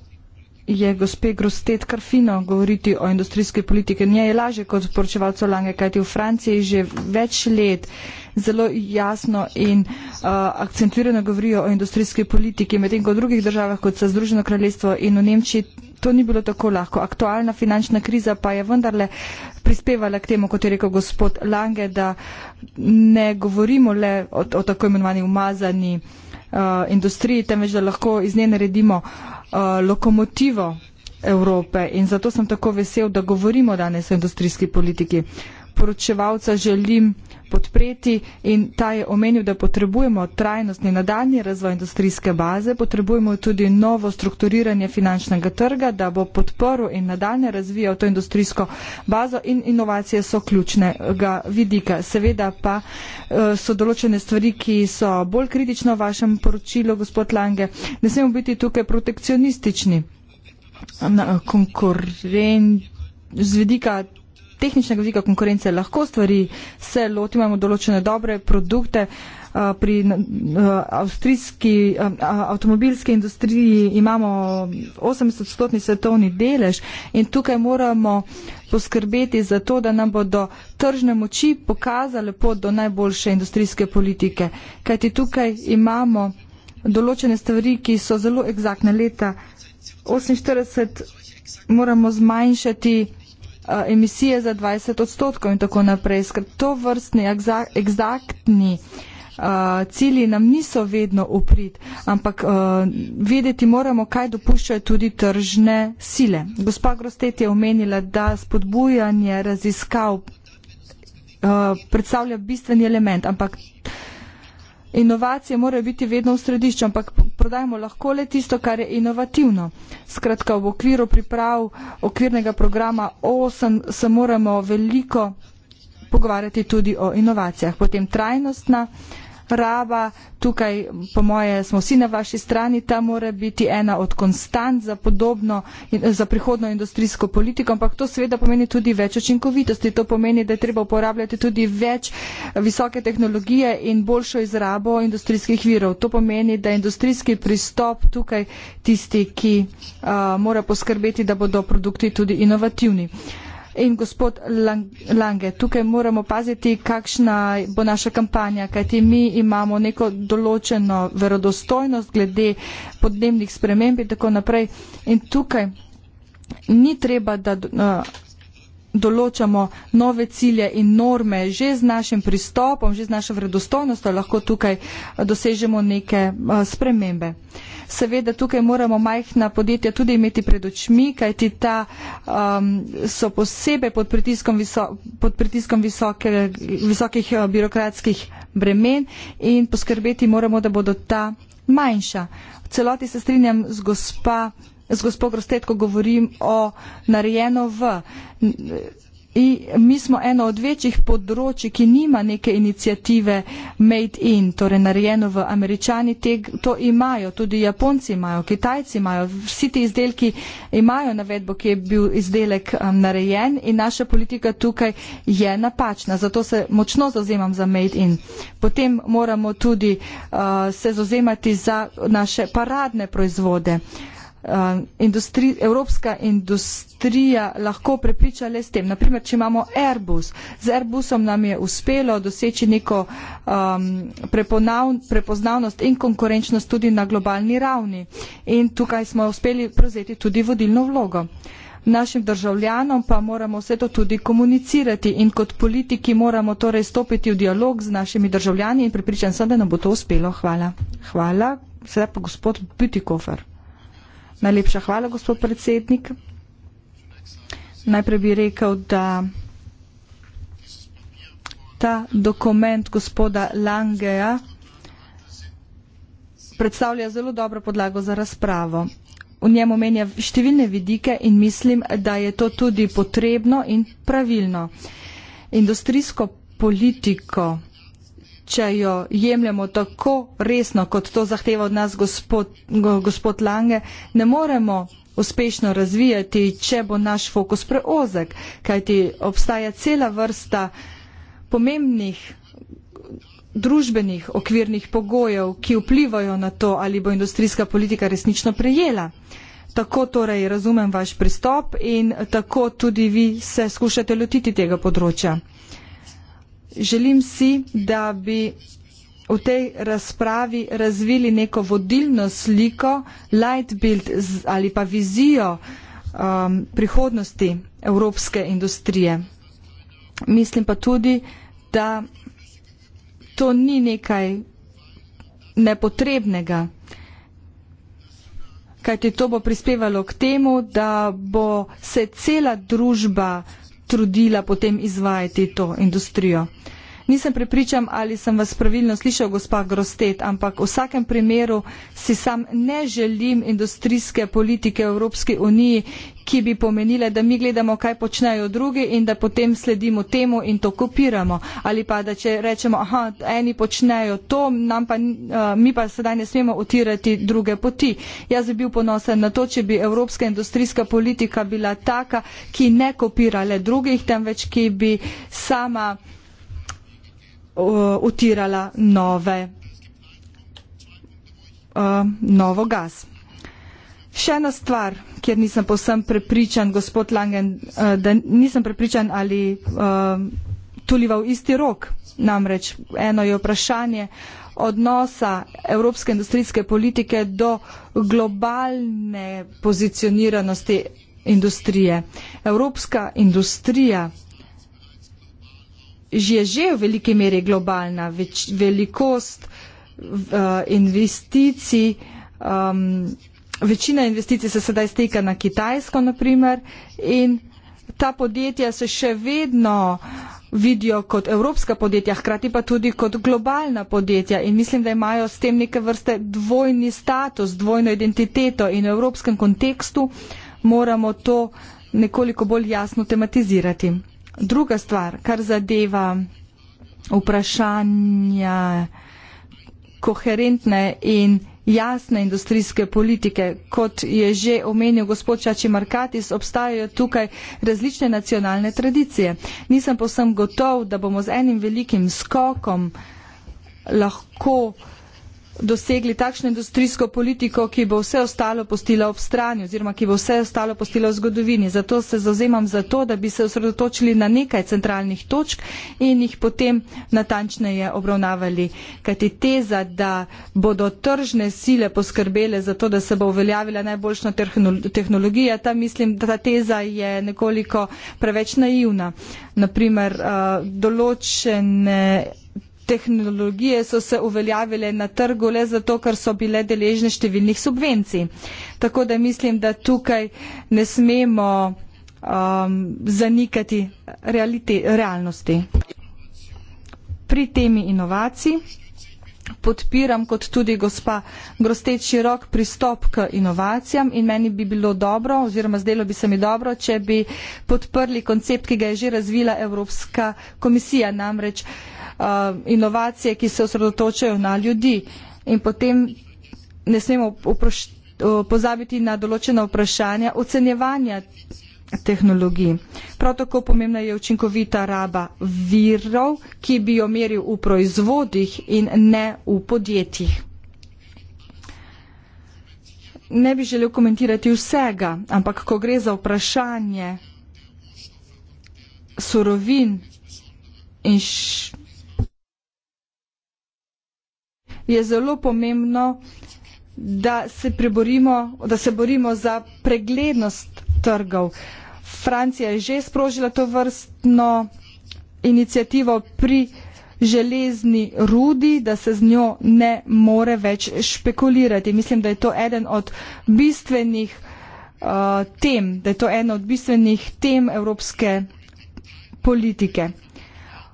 je gospe Grostet kar fino govoriti o industrijske politike. Nje je laže kot poročevalcev Lange, kajti v Franciji že več let zelo jasno in uh, akcentuirano govorijo o industrijski politiki, medtem ko v drugih državah, kot so Združeno kraljestvo in v Nemčiji, to ni bilo tako lahko. Aktualna finančna kriza pa je vendarle prispevala k temu, kot je rekel gospod Lange, da ne govorimo le o, o tako imenovani umazani uh, industriji, temveč da lahko iz nje naredimo uh, lokomotivo Evrope. In zato sem tako vesel, da govorimo danes o industrijski politiki. Uh, poročevalca želim podpreti in ta je omenil, da potrebujemo trajnostni nadaljni razvoj industrijske baze, potrebujemo tudi novo strukturiranje finančnega trga, da bo podporo in nadaljne razvijal to industrijsko bazo in inovacije so ključnega vidika. Seveda pa eh, so določene stvari, ki so bolj kritično v vašem poročilu, gospod Lange. Ne smemo biti tukaj protekcionistični. Konkurent, z vidika tehničnega vidika konkurence lahko stvari, se lotimo, imamo določene dobre produkte. Eh, pri eh, avstrijski eh, avtomobilski industriji imamo 80-stotni svetovni delež in tukaj moramo poskrbeti za to, da nam bodo tržne moči pokazale pot do najboljše industrijske politike. Kajti tukaj imamo določene stvari, ki so zelo egzaktne leta. 48 moramo zmanjšati emisije za 20 odstotkov in tako naprej. Skrat, to vrstni egzaktni cilji nam niso vedno uprit, ampak vedeti moramo, kaj dopuščajo tudi tržne sile. Gospa Grostet je omenila, da spodbujanje raziskav predstavlja bistveni element, ampak inovacije morajo biti vedno v središču, ampak prodajamo lahko le tisto, kar je inovativno. Skratka, v okviru priprav okvirnega programa 8 se moramo veliko pogovarjati tudi o inovacijah. Potem trajnostna, uh, prava, tukaj po moje smo vsi na vaši strani, ta mora biti ena od konstant za podobno, za prihodno industrijsko politiko, ampak to seveda pomeni tudi več očinkovitosti, to pomeni, da je treba uporabljati tudi več visoke tehnologije in boljšo izrabo industrijskih virov. To pomeni, da je industrijski pristop tukaj tisti, ki uh, mora poskrbeti, da bodo produkti tudi inovativni. Uh, In gospod Lange, tukaj moramo paziti, kakšna bo naša kampanja, kajti mi imamo neko določeno verodostojnost glede podnebnih sprememb in tako naprej. In tukaj ni treba, da. Uh, določamo nove cilje in norme že z našim pristopom, že z našo vredostojnostjo, lahko tukaj eh, dosežemo neke eh, spremembe. Seveda tukaj moramo majhna podjetja tudi imeti pred očmi, kajti ta um, so posebej pod pritiskom, viso, pod pritiskom visoke, visokih eh, birokratskih bremen in poskrbeti moramo, da bodo ta manjša. V celoti se strinjam z gospa z gospod Grostetko govorim o narejeno v. In mi smo eno od večjih področji, ki nima neke inicijative made in, torej narejeno v Američani, te, to imajo, tudi Japonci imajo, Kitajci imajo, vsi ti izdelki imajo navedbo, ki je bil izdelek um, narejen in naša politika tukaj je napačna. Zato se močno zauzemam za made in. Potem moramo tudi uh, se zauzemati za naše paradne proizvode. Uh, Eh, industri, evropska industrija lahko prepriča le s tem. Naprimer, če imamo Airbus. Z Airbusom nam je uspelo doseči neko um, preponav, prepoznavnost in konkurenčnost tudi na globalni ravni. In tukaj smo uspeli prevzeti tudi vodilno vlogo. Našim državljanom pa moramo vse to tudi komunicirati in kot politiki moramo torej stopiti v dialog z našimi državljani in pripričan sem, da nam bo to uspelo. Hvala. Hvala. Sedaj pa gospod Bütikofer. Najlepša hvala, gospod predsednik. Najprej bi rekel, da ta dokument gospoda Langeja predstavlja zelo dobro podlago za razpravo. V njem omenja številne vidike in mislim, da je to tudi potrebno in pravilno. Industrijsko politiko če jo jemljamo tako resno, kot to zahteva od nas gospod, gospod Lange, ne moremo uspešno razvijati, če bo naš fokus preozek, kajti obstaja cela vrsta pomembnih družbenih okvirnih pogojev, ki vplivajo na to, ali bo industrijska politika resnično prejela. Tako torej razumem vaš pristop in tako tudi vi se skušate lotiti tega področja. Želim si, da bi v tej razpravi razvili neko vodilno sliko, light build ali pa vizijo um, prihodnosti evropske industrije. Mislim pa tudi, da to ni nekaj nepotrebnega, kajti to bo prispevalo k temu, da bo se cela družba trudila potem izvajati to industrijo. Nisem prepričan, ali sem vas pravilno slišal, gospa Grostet, ampak v vsakem primeru si sam ne želim industrijske politike Evropske unije, ki bi pomenile, da mi gledamo, kaj počnejo drugi in da potem sledimo temu in to kopiramo. Ali pa, da če rečemo, aha, eni počnejo to, pa, uh, mi pa sedaj ne smemo otirati druge poti. Jaz bi bil ponosen na to, če bi evropska industrijska politika bila taka, ki ne kopira le drugih, temveč ki bi sama utirala nove, uh, novo gaz. Še ena stvar, kjer nisem povsem prepričan, gospod Langen, uh, da nisem prepričan ali uh, tuliva v isti rok. Namreč eno je vprašanje odnosa evropske industrijske politike do globalne pozicioniranosti industrije. Evropska industrija že je že v veliki meri globalna več, velikost uh, investicij. Um, večina investicij se sedaj steka na Kitajsko, naprimer, in ta podjetja se še vedno vidijo kot evropska podjetja, hkrati pa tudi kot globalna podjetja. In mislim, da imajo s tem neke vrste dvojni status, dvojno identiteto in v evropskem kontekstu moramo to nekoliko bolj jasno tematizirati. Druga stvar, kar zadeva vprašanja koherentne in jasne industrijske politike, kot je že omenil gospod Čači Markatis, obstajajo tukaj različne nacionalne tradicije. Nisem posem gotov, da bomo z enim velikim skokom lahko dosegli takšno industrijsko politiko, ki bo vse ostalo postila ob strani oziroma ki bo vse ostalo postila v zgodovini. Zato se zauzemam za to, da bi se osredotočili na nekaj centralnih točk in jih potem natančneje obravnavali. Kajti teza, da bodo tržne sile poskrbele za to, da se bo uveljavila najboljša tehnologija, ta mislim, da ta teza je nekoliko preveč naivna. Naprimer, eh, določene tehnologije so se uveljavile na trgu le zato, ker so bile deležne številnih subvencij. Tako da mislim, da tukaj ne smemo um, zanikati realite, realnosti. Pri temi inovacij podpiram kot tudi gospa Grosteč širok pristop k inovacijam in meni bi bilo dobro oziroma zdelo bi se mi dobro, če bi podprli koncept, ki ga je že razvila Evropska komisija. Namreč uh, Um, inovacije, ki se osredotočajo na ljudi in potem ne smemo pozabiti na določena vprašanja ocenjevanja tehnologij. Prav tako pomembna je učinkovita raba virov, ki bi jo meril v proizvodih in ne v podjetjih. Ne bi želel komentirati vsega, ampak ko gre za vprašanje surovin in je zelo pomembno, da se, da se borimo za preglednost trgov. Francija je že sprožila to vrstno inicijativo pri železni rudi, da se z njo ne more več špekulirati. Mislim, da je to eden od bistvenih uh, tem, da je to eno od bistvenih tem evropske politike.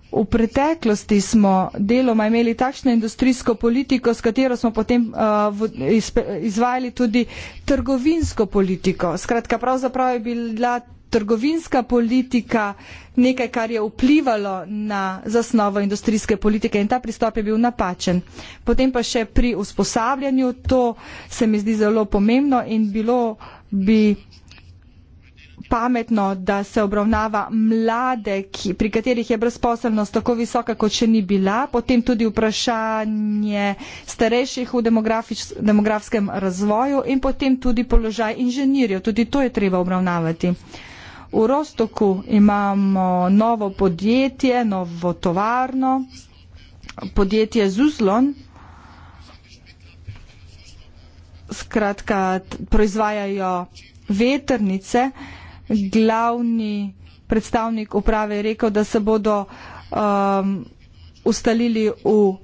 V preteklosti smo deloma imeli takšno industrijsko politiko, s katero smo potem uh, izvajali tudi trgovinsko politiko. Skratka, pravzaprav je bila trgovinska politika nekaj, kar je vplivalo na zasnovo industrijske politike in ta pristop je bil napačen. Potem pa še pri usposabljanju, to se mi zdi zelo pomembno in bilo bi pametno, da se obravnava mlade, ki, pri katerih je brezposelnost tako visoka, kot še ni bila, potem tudi vprašanje starejših v demografskem razvoju in potem tudi položaj inženirjev. Tudi to je treba obravnavati. V Rostoku imamo novo podjetje, novo tovarno, podjetje Zuzlon. Skratka, proizvajajo vetrnice glavni predstavnik uprave je rekel, da se bodo um, ustalili v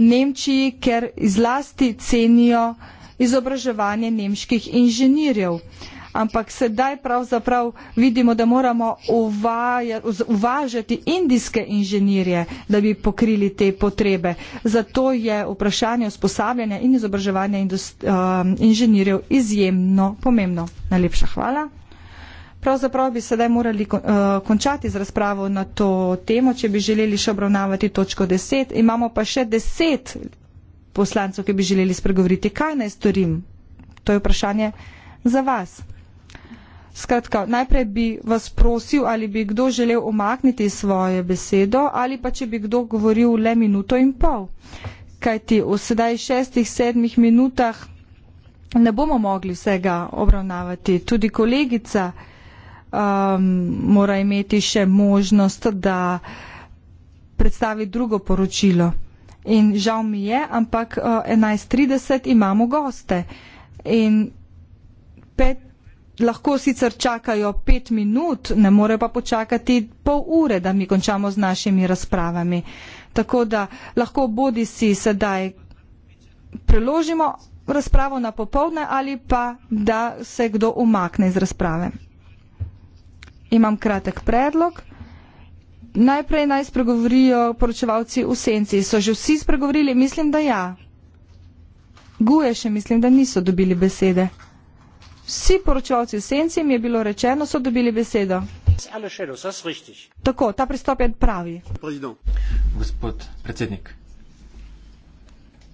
Nemčiji, ker izlasti cenijo izobraževanje nemških inženirjev. Ampak sedaj pravzaprav vidimo, da moramo uvaja, uvažati indijske inženirje, da bi pokrili te potrebe. Zato je vprašanje usposabljanja in izobraževanja um, inženirjev izjemno pomembno. Najlepša hvala. Pravzaprav bi sedaj morali eh, končati z razpravo na to temo, če bi želeli še obravnavati točko 10. Imamo pa še 10 poslancev, ki bi želeli spregovoriti. Kaj naj storim? To je vprašanje za vas. Skratka, najprej bi vas prosil, ali bi kdo želel omakniti svojo besedo ali pa če bi kdo govoril le minuto in pol. Kaj ti v sedaj šestih, sedmih minutah ne bomo mogli vsega obravnavati. Tudi kolegica um, mora imeti še možnost, da predstavi drugo poročilo. In žal mi je, ampak uh, 11.30 imamo goste. In pet, lahko sicer čakajo pet minut, ne morejo pa počakati pol ure, da mi končamo z našimi razpravami. Tako da lahko bodi si sedaj preložimo razpravo na popovdne ali pa da se kdo umakne iz razprave imam kratek predlog. Najprej naj spregovorijo poročevalci v senci. So že vsi spregovorili? Mislim, da ja. Guje še mislim, da niso dobili besede. Vsi poročevalci v senci, mi je bilo rečeno, so dobili besedo. Tako, ta pristop je pravi. President. Gospod predsednik,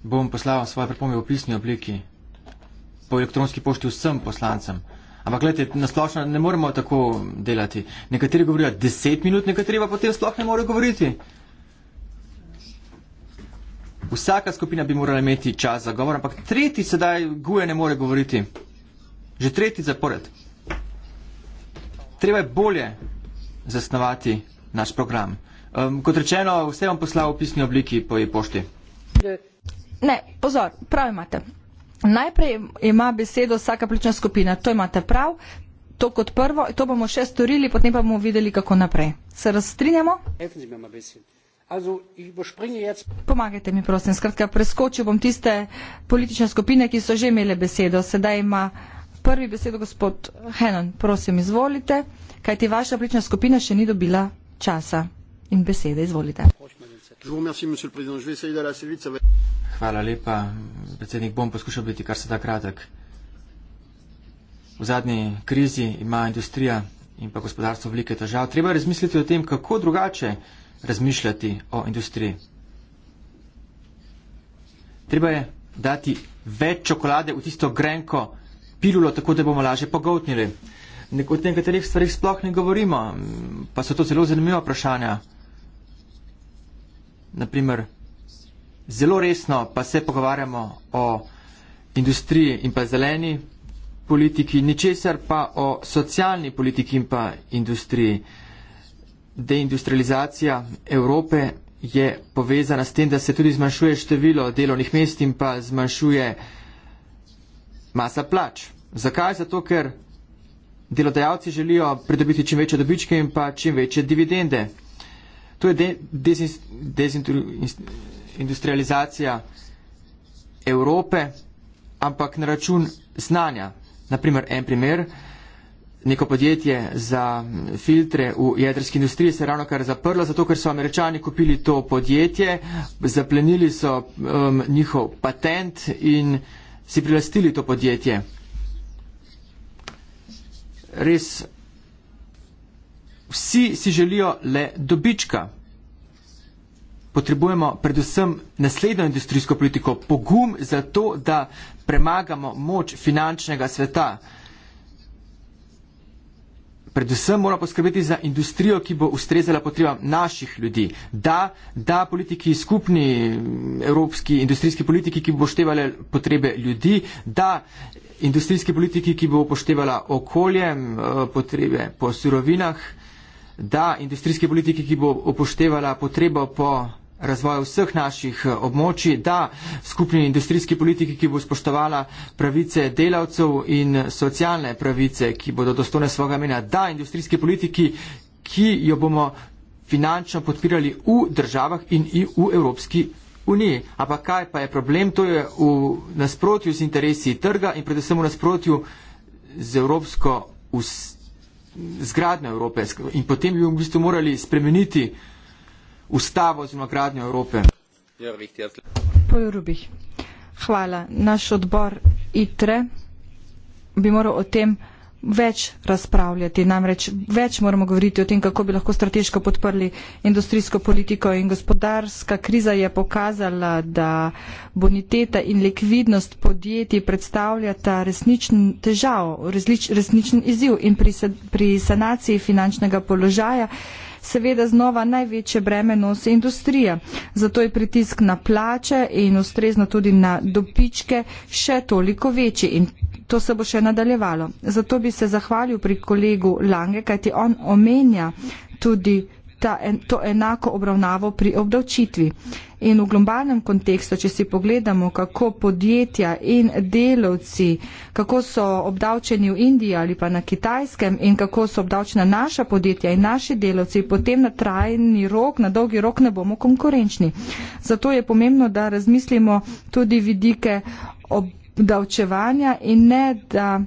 bom poslal svoje pripombe v pisni obliki po elektronski pošti vsem poslancem. Ampak, gledajte, nasplošno ne moremo tako delati. Nekateri govorijo 10 minut, nekateri pa potem sploh ne morejo govoriti. Vsaka skupina bi morala imeti čas za govor, ampak tretji sedaj guje ne more govoriti. Že tretji zapored. Treba je bolje zasnovati naš program. Um, kot rečeno, vse vam poslal v pisni obliki po e-pošti. Ne, pozor, prav imate najprej ima besedo vsaka politična skupina. To imate prav, to kot prvo, to bomo še storili, potem pa bomo videli, kako naprej. Se razstrinjamo? Pomagajte mi, prosim. Skratka, preskočil bom tiste politične skupine, ki so že imele besedo. Sedaj ima prvi besedo gospod Henon. Prosim, izvolite, kajti vaša politična skupina še ni dobila časa in besede. Izvolite. Prosim. Je vous remercie, monsieur le président. Je vais essayer d'aller assez vite. Ça va... Hvala lepa, predsednik. Bom poskušal biti kar se da kratek. V zadnji krizi ima industrija in pa gospodarstvo velike težave. Treba razmisliti o tem, kako drugače razmišljati o industriji. Treba je dati več čokolade v tisto grenko pilulo, tako da bomo lažje pogotnili. Nekaj o nekaterih stvarih sploh ne govorimo, pa so to zelo zanimiva vprašanja naprimer zelo resno, pa se pogovarjamo o industriji in pa zeleni politiki, ničesar pa o socialni politiki in pa industriji. Deindustrializacija Evrope je povezana s tem, da se tudi zmanjšuje število delovnih mest in pa zmanjšuje masa plač. Zakaj? Zato, ker delodajalci želijo pridobiti čim večje dobičke in pa čim večje dividende. To je dezindustrializacija Evrope, ampak na račun znanja. Naprimer, en primer, neko podjetje za filtre v jedrski industriji se ravno kar zaprlo, zato ker so američani kupili to podjetje, zaplenili so um, njihov patent in si prilastili to podjetje. Res Vsi si želijo le dobička. Potrebujemo predvsem naslednjo industrijsko politiko, pogum za to, da premagamo moč finančnega sveta. Predvsem moramo poskrbeti za industrijo, ki bo ustrezala potrebam naših ljudi. Da, da politiki, skupni evropski industrijski politiki, ki bo poštevali potrebe ljudi, da industrijski politiki, ki bo poštevala okolje, eh, potrebe po surovinah da industrijske politike, ki bo upoštevala potrebo po razvoju vseh naših eh, območij, da skupni industrijski politiki, ki bo spoštovala pravice delavcev in socialne pravice, ki bodo dostone svoga mena, da industrijski politiki, ki jo bomo finančno podpirali v državah in v Evropski uniji. Ampak kaj pa je problem? To je v nasprotju z interesi trga in predvsem v nasprotju z Evropsko unijo zgradnjo Evrope in potem bi v bistvu morali spremeniti ustavo oziroma gradnjo Evrope. Ja, Hvala. Naš odbor ITRE bi moral o tem več razpravljati, namreč več moramo govoriti o tem, kako bi lahko strateško podprli industrijsko politiko in gospodarska kriza je pokazala, da boniteta in likvidnost podjetij predstavljata resničen težav, resničen izziv in pri sanaciji finančnega položaja seveda znova največje breme nosi industrija. Zato je pritisk na plače in ustrezno tudi na dopičke še toliko večji. In to se bo še nadaljevalo. Zato bi se zahvalil pri kolegu Lange, kajti on omenja tudi ta, to enako obravnavo pri obdavčitvi. In v globalnem kontekstu, če si pogledamo, kako podjetja in delavci, kako so obdavčeni v Indiji ali pa na kitajskem in kako so obdavčena naša podjetja in naši delavci, potem na trajni rok, na dolgi rok ne bomo konkurenčni. Zato je pomembno, da razmislimo tudi vidike obdavčitve davčevanja in ne, da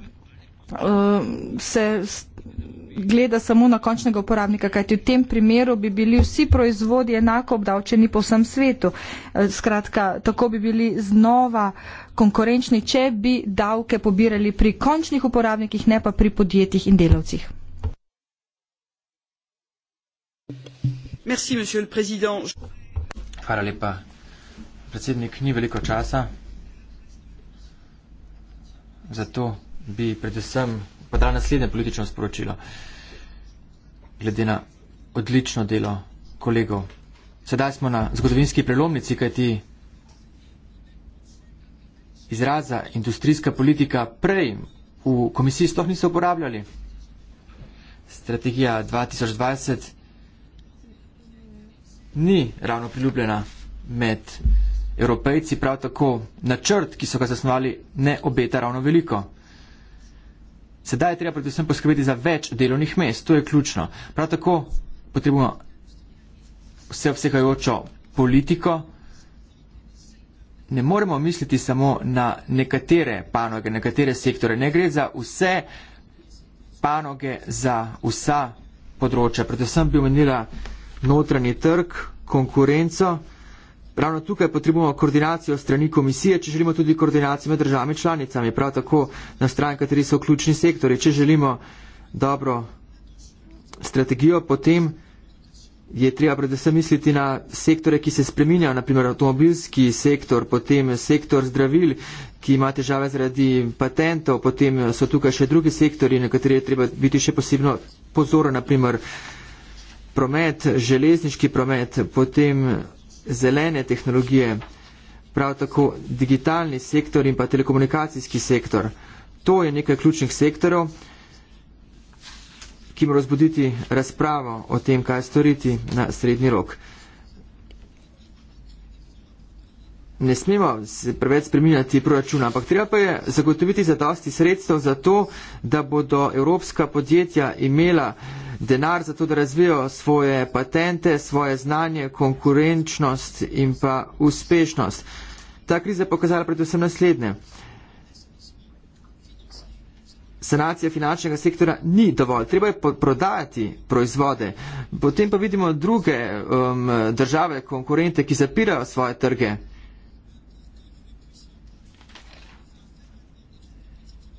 uh, se gleda samo na končnega uporabnika, kajti v tem primeru bi bili vsi proizvodi enako obdavčeni po vsem svetu. Eh, skratka, tako bi bili znova konkurenčni, če bi davke pobirali pri končnih uporabnikih, ne pa pri podjetjih in delavcih. Hvala lepa. Predsednik, ni veliko časa zato bi predvsem podala naslednje politično sporočilo. Glede na odlično delo kolegov. Sedaj smo na zgodovinski prelomnici, kajti izraza industrijska politika prej v komisiji sploh niso uporabljali. Strategija 2020 ni ravno priljubljena med Evropejci prav tako načrt, ki so ga zasnovali, ne obeta ravno veliko. Sedaj je treba predvsem poskrbeti za več delovnih mest, to je ključno. Prav tako potrebujemo vse vsehajočo politiko. Ne moremo misliti samo na nekatere panoge, nekatere sektore. Ne gre za vse panoge, za vsa področja. Predvsem bi omenila notranji trg, konkurenco. Ravno tukaj potrebujemo koordinacijo strani komisije, če želimo tudi koordinacijo med državami članicami, prav tako na strani, kateri so ključni sektori. Če želimo dobro strategijo, potem je treba predvsem misliti na sektore, ki se spreminjajo, naprimer avtomobilski sektor, potem sektor zdravil, ki ima težave zaradi patentov, potem so tukaj še drugi sektori, na kateri je treba biti še posebno pozoren, naprimer promet, železniški promet, potem zelene tehnologije, prav tako digitalni sektor in pa telekomunikacijski sektor. To je nekaj ključnih sektorov, ki mora razbuditi razpravo o tem, kaj storiti na srednji rok. ne smemo preveč spreminjati proračuna, ampak treba pa je zagotoviti zadosti sredstev za to, da bodo evropska podjetja imela denar za to, da razvijo svoje patente, svoje znanje, konkurenčnost in pa uspešnost. Ta kriza je pokazala predvsem naslednje. Sanacija finančnega sektora ni dovolj. Treba je prodajati proizvode. Potem pa vidimo druge um, države, konkurente, ki zapirajo svoje trge.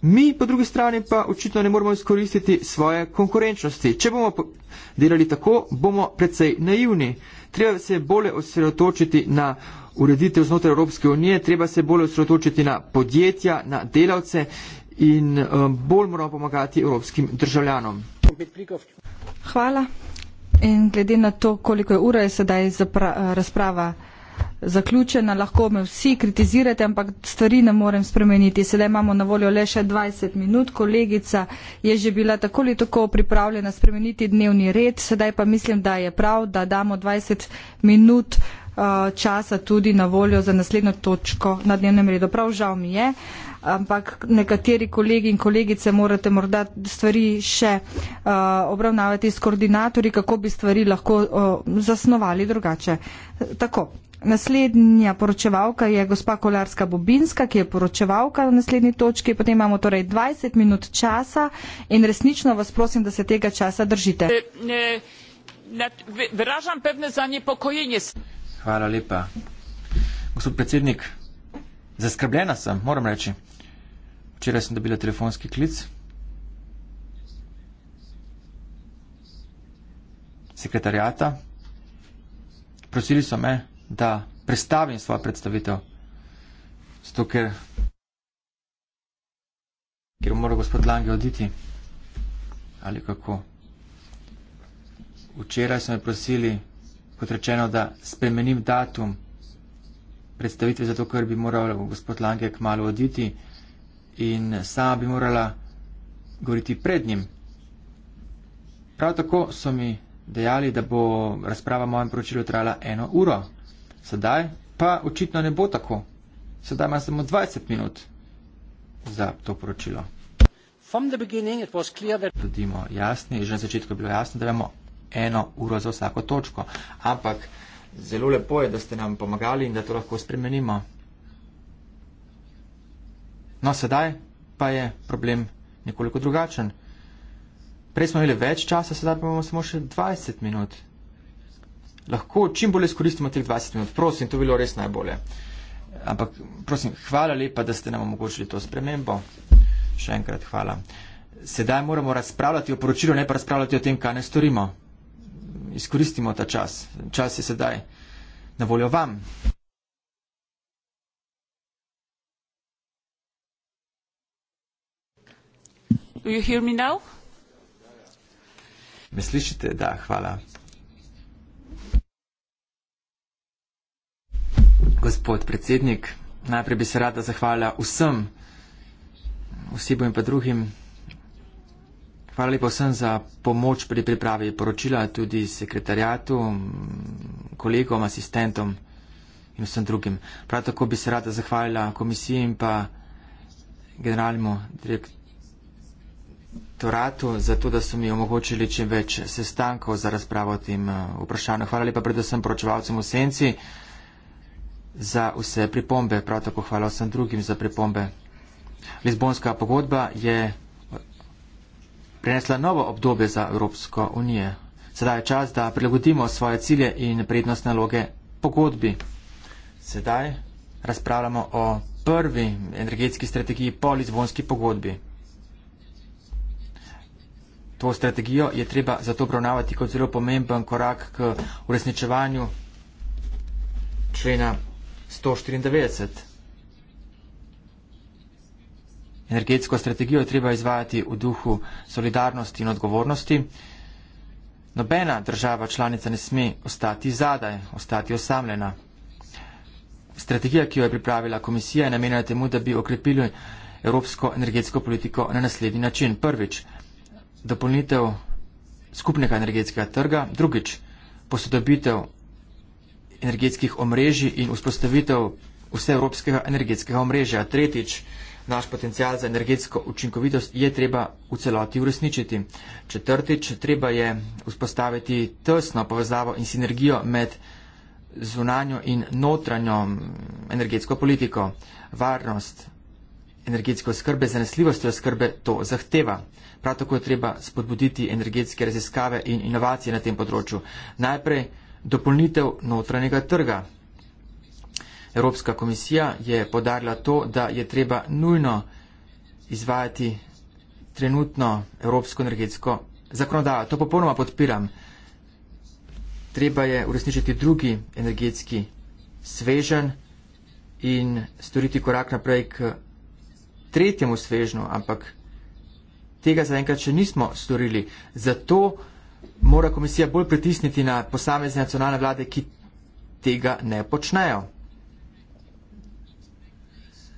Mi po drugi strani pa očitno ne moremo izkoristiti svoje konkurenčnosti. Če bomo delali tako, bomo predvsej naivni. Treba se bolj osredotočiti na ureditev znotraj Evropske unije, treba se bolj osredotočiti na podjetja, na delavce in um, bolj moramo pomagati evropskim državljanom. Hvala. In glede na to, koliko je ura, je sedaj razprava zaključena, lahko me vsi kritizirate, ampak stvari ne morem spremeniti. Sedaj imamo na voljo le še 20 minut. Kolegica je že bila tako ali tako pripravljena spremeniti dnevni red, sedaj pa mislim, da je prav, da damo 20 minut uh, časa tudi na voljo za naslednjo točko na dnevnem redu. Prav žal mi je, ampak nekateri kolegi in kolegice morate morda stvari še uh, obravnavati s koordinatorji, kako bi stvari lahko uh, zasnovali drugače. Tako, Naslednja poročevalka je gospa Kolarska Bobinska, ki je poročevalka na naslednji točki. Potem imamo torej 20 minut časa in resnično vas prosim, da se tega časa držite. E, e, Vražam pevne zanjepokojenje. Hvala lepa. Gospod predsednik, zaskrbljena sem, moram reči. Včeraj sem dobila telefonski klic. Sekretarjata. Prosili so me, da predstavim svojo predstavitev. Zato, ker, ker mora gospod Lange oditi. Ali kako? Včeraj so me prosili, kot rečeno, da spremenim datum predstavitve, zato ker bi moral gospod Lange kmalo oditi in sama bi morala govoriti pred njim. Prav tako so mi dejali, da bo razprava o mojem poročilu trajala eno uro. Sedaj pa očitno ne bo tako. Sedaj ima samo 20 minut za to poročilo. Budimo jasni, že na začetku je bilo jasno, da imamo eno uro za vsako točko. Ampak zelo lepo je, da ste nam pomagali in da to lahko spremenimo. No, sedaj pa je problem nekoliko drugačen. Prej smo imeli več časa, sedaj pa imamo samo še 20 minut lahko čim bolje izkoristimo teh 20 minut. Prosim, to bi bilo res najbolje. Ampak, prosim, hvala lepa, da ste nam omogočili to spremembo. Še enkrat hvala. Sedaj moramo razpravljati o poročilu, ne pa razpravljati o tem, kaj ne storimo. Izkoristimo ta čas. Čas je sedaj na voljo vam. Me, me slišite? Da, hvala. Gospod predsednik, najprej bi se rada zahvala vsem, osebom in pa drugim. Hvala lepa vsem za pomoč pri pripravi poročila, tudi sekretarjatu, kolegom, asistentom in vsem drugim. Prav tako bi se rada zahvalila komisiji in pa generalnemu direktoratu za to, da so mi omogočili čim več sestankov za razpravo o tem eh, vprašanju. Hvala lepa predvsem poročevalcem v senci za vse pripombe. Prav tako hvala vsem drugim za pripombe. Lizbonska pogodba je prinesla novo obdobje za Evropsko unijo. Sedaj je čas, da prilagodimo svoje cilje in prednostne naloge pogodbi. Sedaj razpravljamo o prvi energetski strategiji po Lizbonski pogodbi. To strategijo je treba zato obravnavati kot zelo pomemben korak k uresničevanju člena 194. Energetsko strategijo je treba izvajati v duhu solidarnosti in odgovornosti. Nobena država članica ne sme ostati zadaj, ostati osamljena. Strategija, ki jo je pripravila komisija, je namenjena temu, da bi okrepili evropsko energetsko politiko na naslednji način. Prvič, dopolnitev skupnega energetskega trga, drugič, posodobitev energetskih omrežij in vzpostavitev vseevropskega energetskega omrežja. Tretjič, naš potencial za energetsko učinkovitost je treba v celoti uresničiti. Četrtič, treba je vzpostaviti tesno povezavo in sinergijo med zunanjo in notranjo energetsko politiko. Varnost energetske oskrbe, zanesljivost oskrbe to zahteva. Prav tako je treba spodbuditi energetske raziskave in inovacije na tem področju. Najprej dopolnitev notranjega trga. Evropska komisija je podarila to, da je treba nujno izvajati trenutno evropsko energetsko zakonodajo. To popolnoma podpiram. Treba je uresničiti drugi energetski svežen in storiti korak naprej k tretjemu svežnu, ampak tega zaenkrat še nismo storili. Zato mora komisija bolj pritisniti na posamezne nacionalne vlade, ki tega ne počnejo.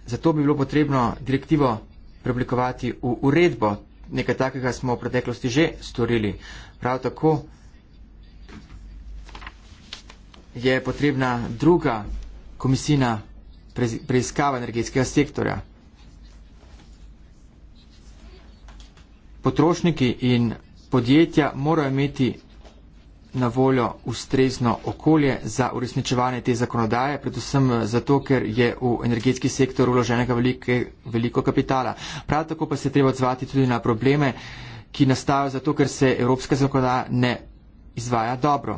Zato bi bilo potrebno direktivo preoblikovati v uredbo. Nekaj takega smo v preteklosti že storili. Prav tako je potrebna druga komisijna preiskava energetskega sektorja. Potrošniki in podjetja morajo imeti na voljo ustrezno okolje za uresničevanje te zakonodaje, predvsem eh, zato, ker je v energetski sektor uloženega velike, veliko kapitala. Prav tako pa se treba odzvati tudi na probleme, ki nastajajo zato, ker se evropska zakonodaja ne izvaja dobro.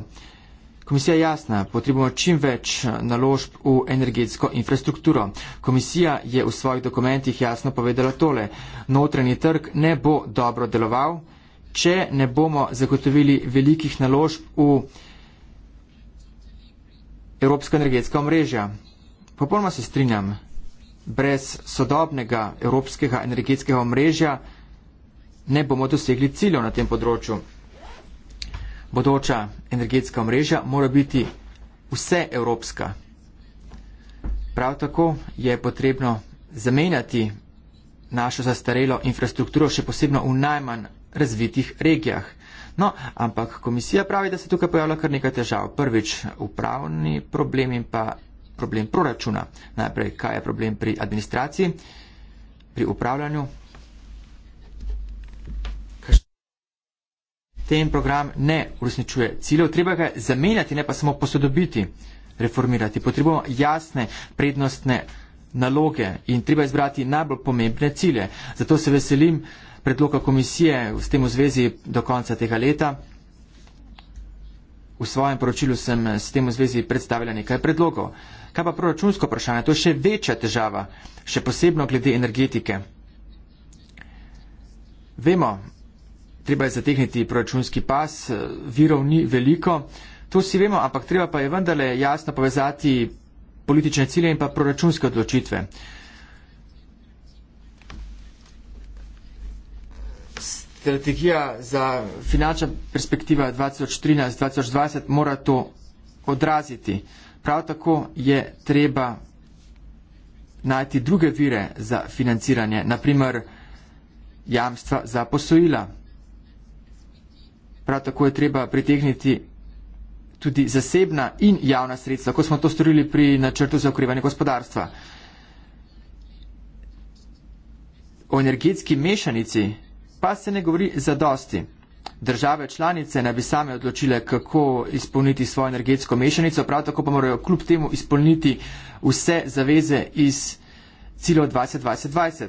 Komisija je jasna, potrebujemo čim več eh, naložb v energetsko infrastrukturo. Komisija je v svojih dokumentih jasno povedala tole. Notranji trg ne bo dobro deloval, če ne bomo zagotovili velikih naložb v evropsko energetsko omrežje. Popolnoma se strinjam, brez sodobnega evropskega energetskega omrežja ne bomo dosegli ciljev na tem področju. Bodoča energetska omrežja mora biti vse evropska. Prav tako je potrebno zamenjati našo zastarelo infrastrukturo, še posebno v najmanj razvitih regijah. No, ampak komisija pravi, da se tukaj pojavlja kar nekaj težav. Prvič, upravni problem in pa problem proračuna. Najprej, kaj je problem pri administraciji, pri upravljanju. Ten program ne uresničuje ciljev, treba ga zamenjati, ne pa samo posodobiti, reformirati. Potrebujemo jasne prednostne naloge in treba izbrati najbolj pomembne cilje. Zato se veselim predloga komisije s tem v zvezi do konca tega leta. V svojem poročilu sem eh, s tem v zvezi predstavila nekaj predlogov. Kaj pa proračunsko vprašanje? To je še večja težava, še posebno glede energetike. Vemo, treba je zategniti proračunski pas, eh, virov ni veliko, to vsi vemo, ampak treba pa je vendarle jasno povezati politične cilje in pa proračunske odločitve. strategija za finančna perspektiva 2013-2020 mora to odraziti. Prav tako je treba najti druge vire za financiranje, naprimer jamstva za posojila. Prav tako je treba pritegniti tudi zasebna in javna sredstva, kot smo to storili pri načrtu za okrevanje gospodarstva. O energetski mešanici pa se ne govori za dosti. Države članice naj bi same odločile, kako izpolniti svojo energetsko mešanico, prav tako pa morajo kljub temu izpolniti vse zaveze iz ciljev 2020.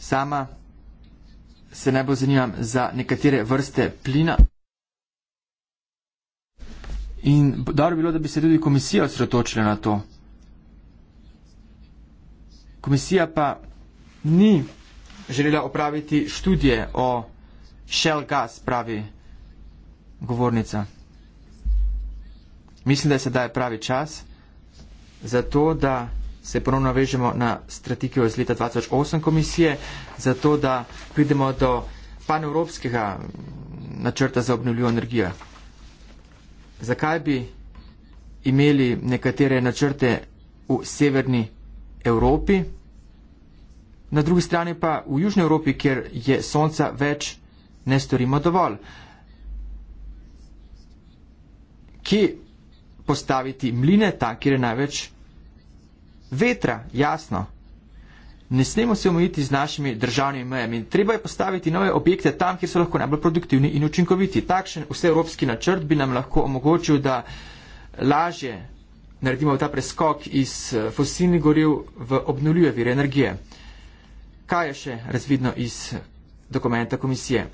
Sama se ne bo zanimam za nekatere vrste plina. In dobro bi bilo, da bi se tudi komisija osredotočila na to komisija pa ni želela opraviti študije o Shell Gas, pravi govornica. Mislim, da je sedaj pravi čas za to, da se ponovno vežemo na strategijo iz leta 2008 komisije, za to, da pridemo do panevropskega načrta za obnovljivo energijo. Zakaj bi imeli nekatere načrte v severni Evropi, na drugi strani pa v Južni Evropi, kjer je sonca več, ne storimo dovolj. Kje postaviti mline, tam, kjer je največ vetra, jasno. Ne smemo se omejiti z našimi državnimi mejami. Treba je postaviti nove objekte tam, kjer so lahko najbolj produktivni in učinkoviti. Takšen vseevropski načrt bi nam lahko omogočil, da lažje naredimo ta preskok iz eh, fosilnih goriv v obnuljive vire energije. Kaj je še razvidno iz eh, dokumenta komisije?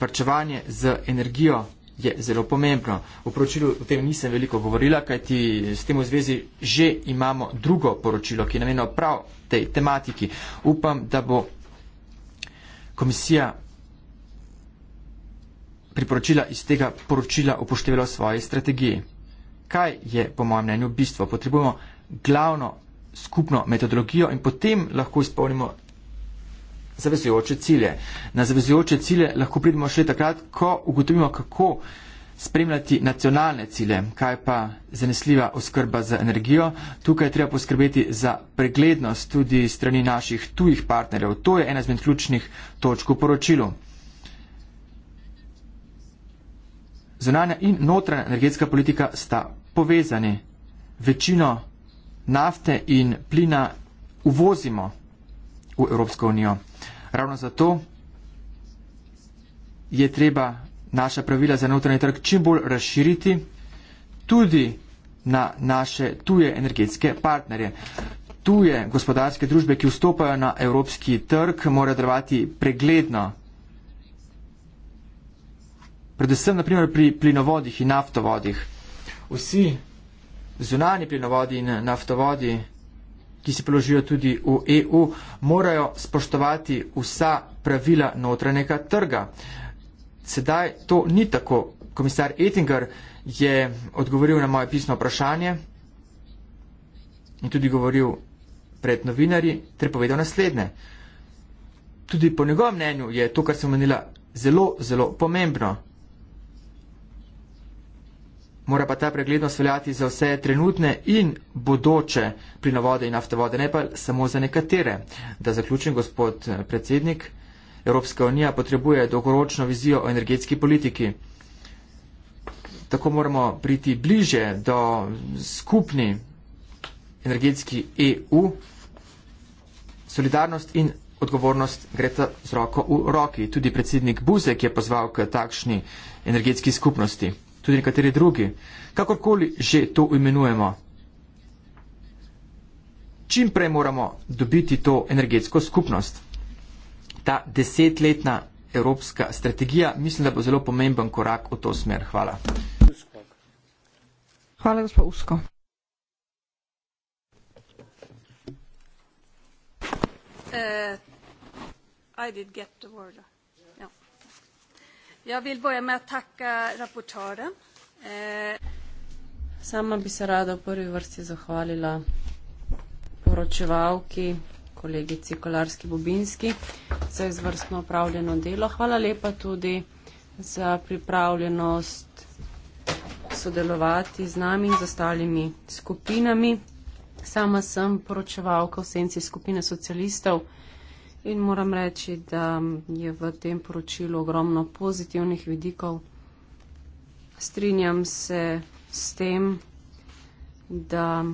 Vrčevanje z energijo je zelo pomembno. V poročilu o tem nisem veliko govorila, kajti s tem v zvezi že imamo drugo poročilo, ki je namenjeno prav tej tematiki. Upam, da bo komisija priporočila iz tega poročila upoštevala svoje strategije kaj je po mojem mnenju bistvo. Potrebujemo glavno skupno metodologijo in potem lahko izpolnimo zavezujoče cilje. Na zavezujoče cilje lahko pridemo še takrat, ko ugotovimo, kako spremljati nacionalne cilje, kaj pa zanesljiva oskrba z energijo. Tukaj je treba poskrbeti za preglednost tudi strani naših tujih partnerjev. To je ena izmed ključnih točk v poročilu. Zunanja in notranja energetska politika sta povezani. Večino nafte in plina uvozimo v Evropsko unijo. Ravno zato je treba naša pravila za notranji trg čim bolj razširiti tudi na naše tuje energetske partnerje. Tuje gospodarske družbe, ki vstopajo na evropski trg, morajo delovati pregledno predvsem naprimer, pri plinovodih in naftovodih. Vsi zunani plinovodi in naftovodi, ki se položijo tudi v EU, morajo spoštovati vsa pravila notranjega trga. Sedaj to ni tako. Komisar Ettinger je odgovoril na moje pisno vprašanje in tudi govoril pred novinarji ter povedal naslednje. Tudi po njegovem mnenju je to, kar sem omenila, zelo, zelo pomembno mora pa ta preglednost veljati za vse trenutne in bodoče plinovode in naftovode, ne pa samo za nekatere. Da zaključim, gospod eh, predsednik, Evropska unija potrebuje dolgoročno vizijo o energetski politiki. Tako moramo priti bliže do skupni energetski EU. Solidarnost in odgovornost gre ta z roko v roki. Tudi predsednik Buzek je pozval k takšni energetski skupnosti tudi nekateri drugi, kakorkoli že to imenujemo. Čim prej moramo dobiti to energetsko skupnost. Ta desetletna evropska strategija mislim, da bo zelo pomemben korak v to smer. Hvala. Hvala, gospod Usko. Uh, I did get the word. Jag vill börja med att tacka rapportören. Eh. Sama bi se rada v prvi vrsti zahvalila poročevalki, kolegici Kolarski Bobinski za izvrstno upravljeno delo. Hvala lepa tudi za pripravljenost sodelovati z nami in z ostalimi skupinami. Sama sem poročevalka v senci skupine socialistov. In moram reči, da je v tem poročilu ogromno pozitivnih vidikov. Strinjam se s tem, da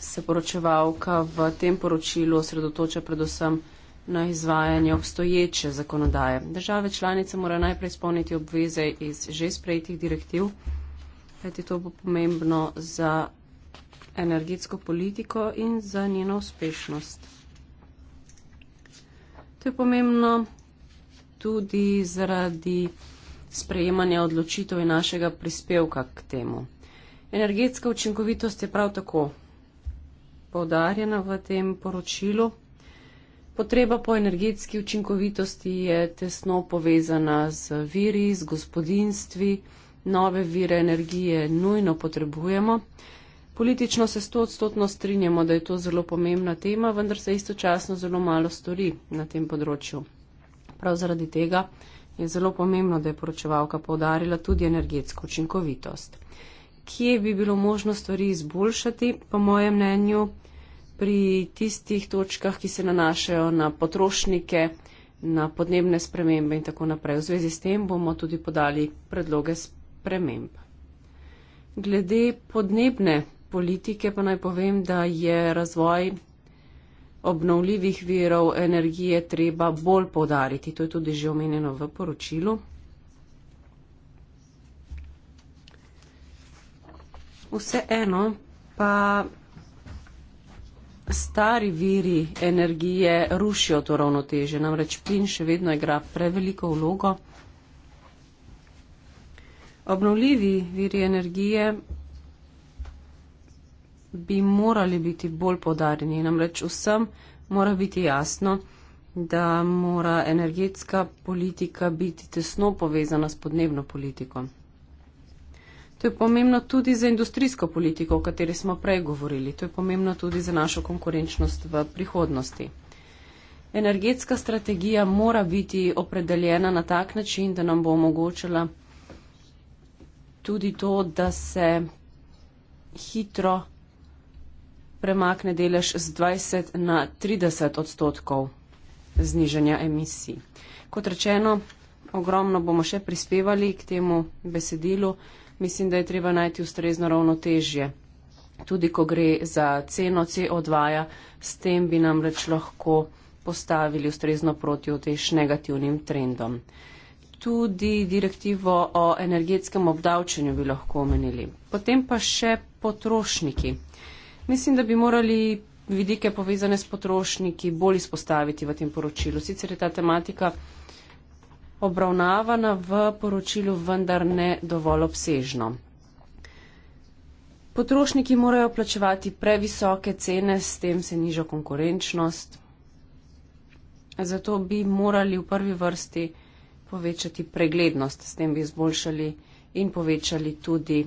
se poročevalka v tem poročilu osredotoča predvsem na izvajanje obstoječe zakonodaje. Države članice morajo najprej izpolniti obveze iz že sprejetih direktiv, kajti to bo pomembno za energetsko politiko in za njeno uspešnost. To je pomembno tudi zaradi sprejemanja odločitev in našega prispevka k temu. Energetska učinkovitost je prav tako poudarjena v tem poročilu. Potreba po energetski učinkovitosti je tesno povezana z viri, z gospodinstvi, nove vire energije nujno potrebujemo. Politično se stotstotno strinjamo, da je to zelo pomembna tema, vendar se istočasno zelo malo stori na tem področju. Prav zaradi tega je zelo pomembno, da je poročevalka povdarila tudi energetsko učinkovitost. Kje bi bilo možno stvari izboljšati, po mojem mnenju, pri tistih točkah, ki se nanašajo na potrošnike, na podnebne spremembe in tako naprej. V zvezi s tem bomo tudi podali predloge sprememb. Glede podnebne politike pa naj povem, da je razvoj obnovljivih virov energije treba bolj podariti. To je tudi že omenjeno v poročilu. Vseeno pa stari viri energije rušijo to ravnoteže, namreč plin še vedno igra preveliko vlogo. Obnovljivi viri energije bi morali biti bolj podarjeni. Namreč vsem mora biti jasno, da mora energetska politika biti tesno povezana s podnebno politiko. To je pomembno tudi za industrijsko politiko, o kateri smo prej govorili. To je pomembno tudi za našo konkurenčnost v prihodnosti. Energetska strategija mora biti opredeljena na tak način, da nam bo omogočila tudi to, da se hitro premakne delež z 20 na 30 odstotkov znižanja emisij. Kot rečeno, ogromno bomo še prispevali k temu besedilu. Mislim, da je treba najti ustrezno ravnotežje. Tudi ko gre za ceno CO2, -ja, s tem bi nam reč lahko postavili ustrezno proti otež negativnim trendom. Tudi direktivo o energetskem obdavčenju bi lahko omenili. Potem pa še potrošniki. Mislim, da bi morali vidike povezane s potrošniki bolj izpostaviti v tem poročilu. Sicer je ta tematika obravnavana v poročilu, vendar ne dovolj obsežno. Potrošniki morajo plačevati previsoke cene, s tem se niža konkurenčnost. Zato bi morali v prvi vrsti povečati preglednost, s tem bi izboljšali in povečali tudi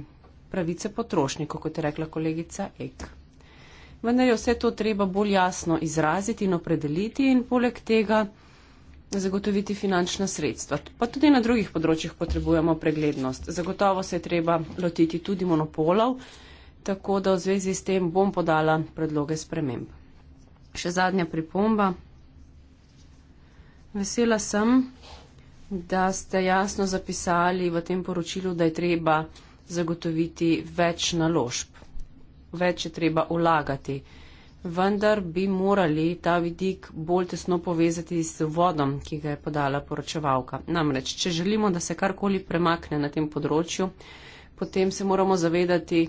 pravice potrošnikov, kot je rekla kolegica Ek vendar je vse to treba bolj jasno izraziti in opredeliti in poleg tega zagotoviti finančna sredstva. Pa tudi na drugih področjih potrebujemo preglednost. Zagotovo se je treba lotiti tudi monopolov, tako da v zvezi s tem bom podala predloge sprememb. Še zadnja pripomba. Vesela sem, da ste jasno zapisali v tem poročilu, da je treba zagotoviti več naložb več je treba vlagati. Vendar bi morali ta vidik bolj tesno povezati s vodom, ki ga je podala poročevalka. Namreč, če želimo, da se karkoli premakne na tem področju, potem se moramo zavedati,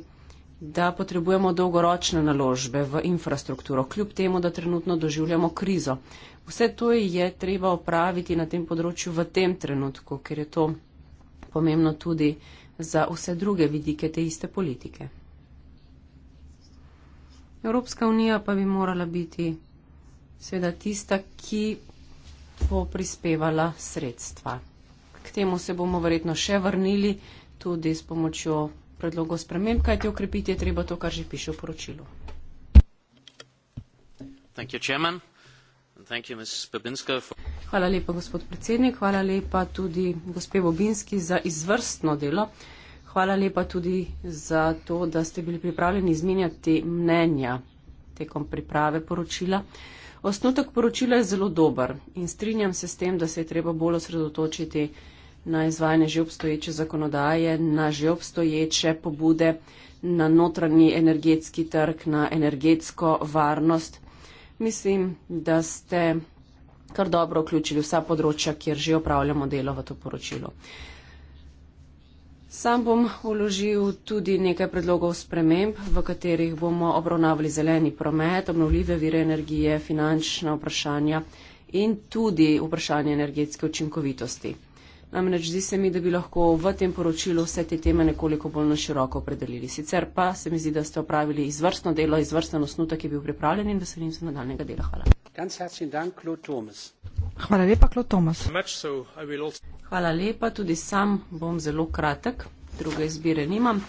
da potrebujemo dolgoročne naložbe v infrastrukturo, kljub temu, da trenutno doživljamo krizo. Vse to je treba opraviti na tem področju v tem trenutku, ker je to pomembno tudi za vse druge vidike te iste politike. Evropska unija pa bi morala biti seveda tista, ki bo prispevala sredstva. K temu se bomo verjetno še vrnili tudi s pomočjo predlogo sprememb, kajti okrepiti je treba to, kar že piše v poročilu. Hvala lepa, gospod predsednik, hvala lepa tudi gospe Bobinski za izvrstno delo hvala lepa tudi za to, da ste bili pripravljeni izmenjati mnenja tekom priprave poročila. Osnutek poročila je zelo dober in strinjam se s tem, da se je treba bolj osredotočiti na izvajanje že obstoječe zakonodaje, na že obstoječe pobude, na notranji energetski trg, na energetsko varnost. Mislim, da ste kar dobro vključili vsa področja, kjer že opravljamo delo v to poročilo. Uh, Sam bom uložil tudi nekaj predlogov sprememb, v katerih bomo obravnavali zeleni promet, obnovljive vire energije, finančna vprašanja in tudi vprašanje energetske učinkovitosti. Namreč zdi se mi, da bi lahko v tem poročilu vse te teme nekoliko bolj na široko predelili. Sicer pa se mi zdi, da ste opravili izvrstno delo, izvrsten osnutek je bil pripravljen in veselim se nadaljnega dela. Hvala. Hvala lepa, Klo Tomas. Hvala lepa, tudi sam bom zelo kratek, druge izbire nimam.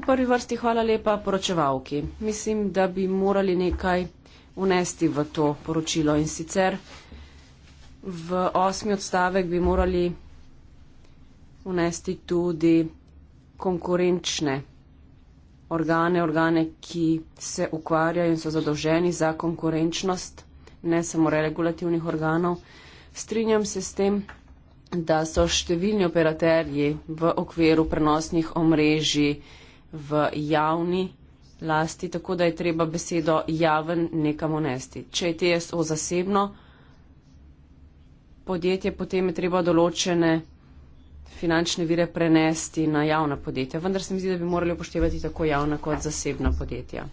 V prvi vrsti hvala lepa poročevalki. Mislim, da bi morali nekaj unesti v to poročilo in sicer v osmi odstavek bi morali vnesti tudi konkurenčne organe, organe, ki se ukvarjajo in so zadolženi za konkurenčnost, ne samo regulativnih organov. Strinjam se s tem, da so številni operaterji v okviru prenosnih omrežij v javni lasti, tako da je treba besedo javen nekam unesti. Če je TSO zasebno podjetje, potem je treba določene finančne vire prenesti na javna podjetja, vendar se mi zdi, da bi morali upoštevati tako javna kot zasebna podjetja.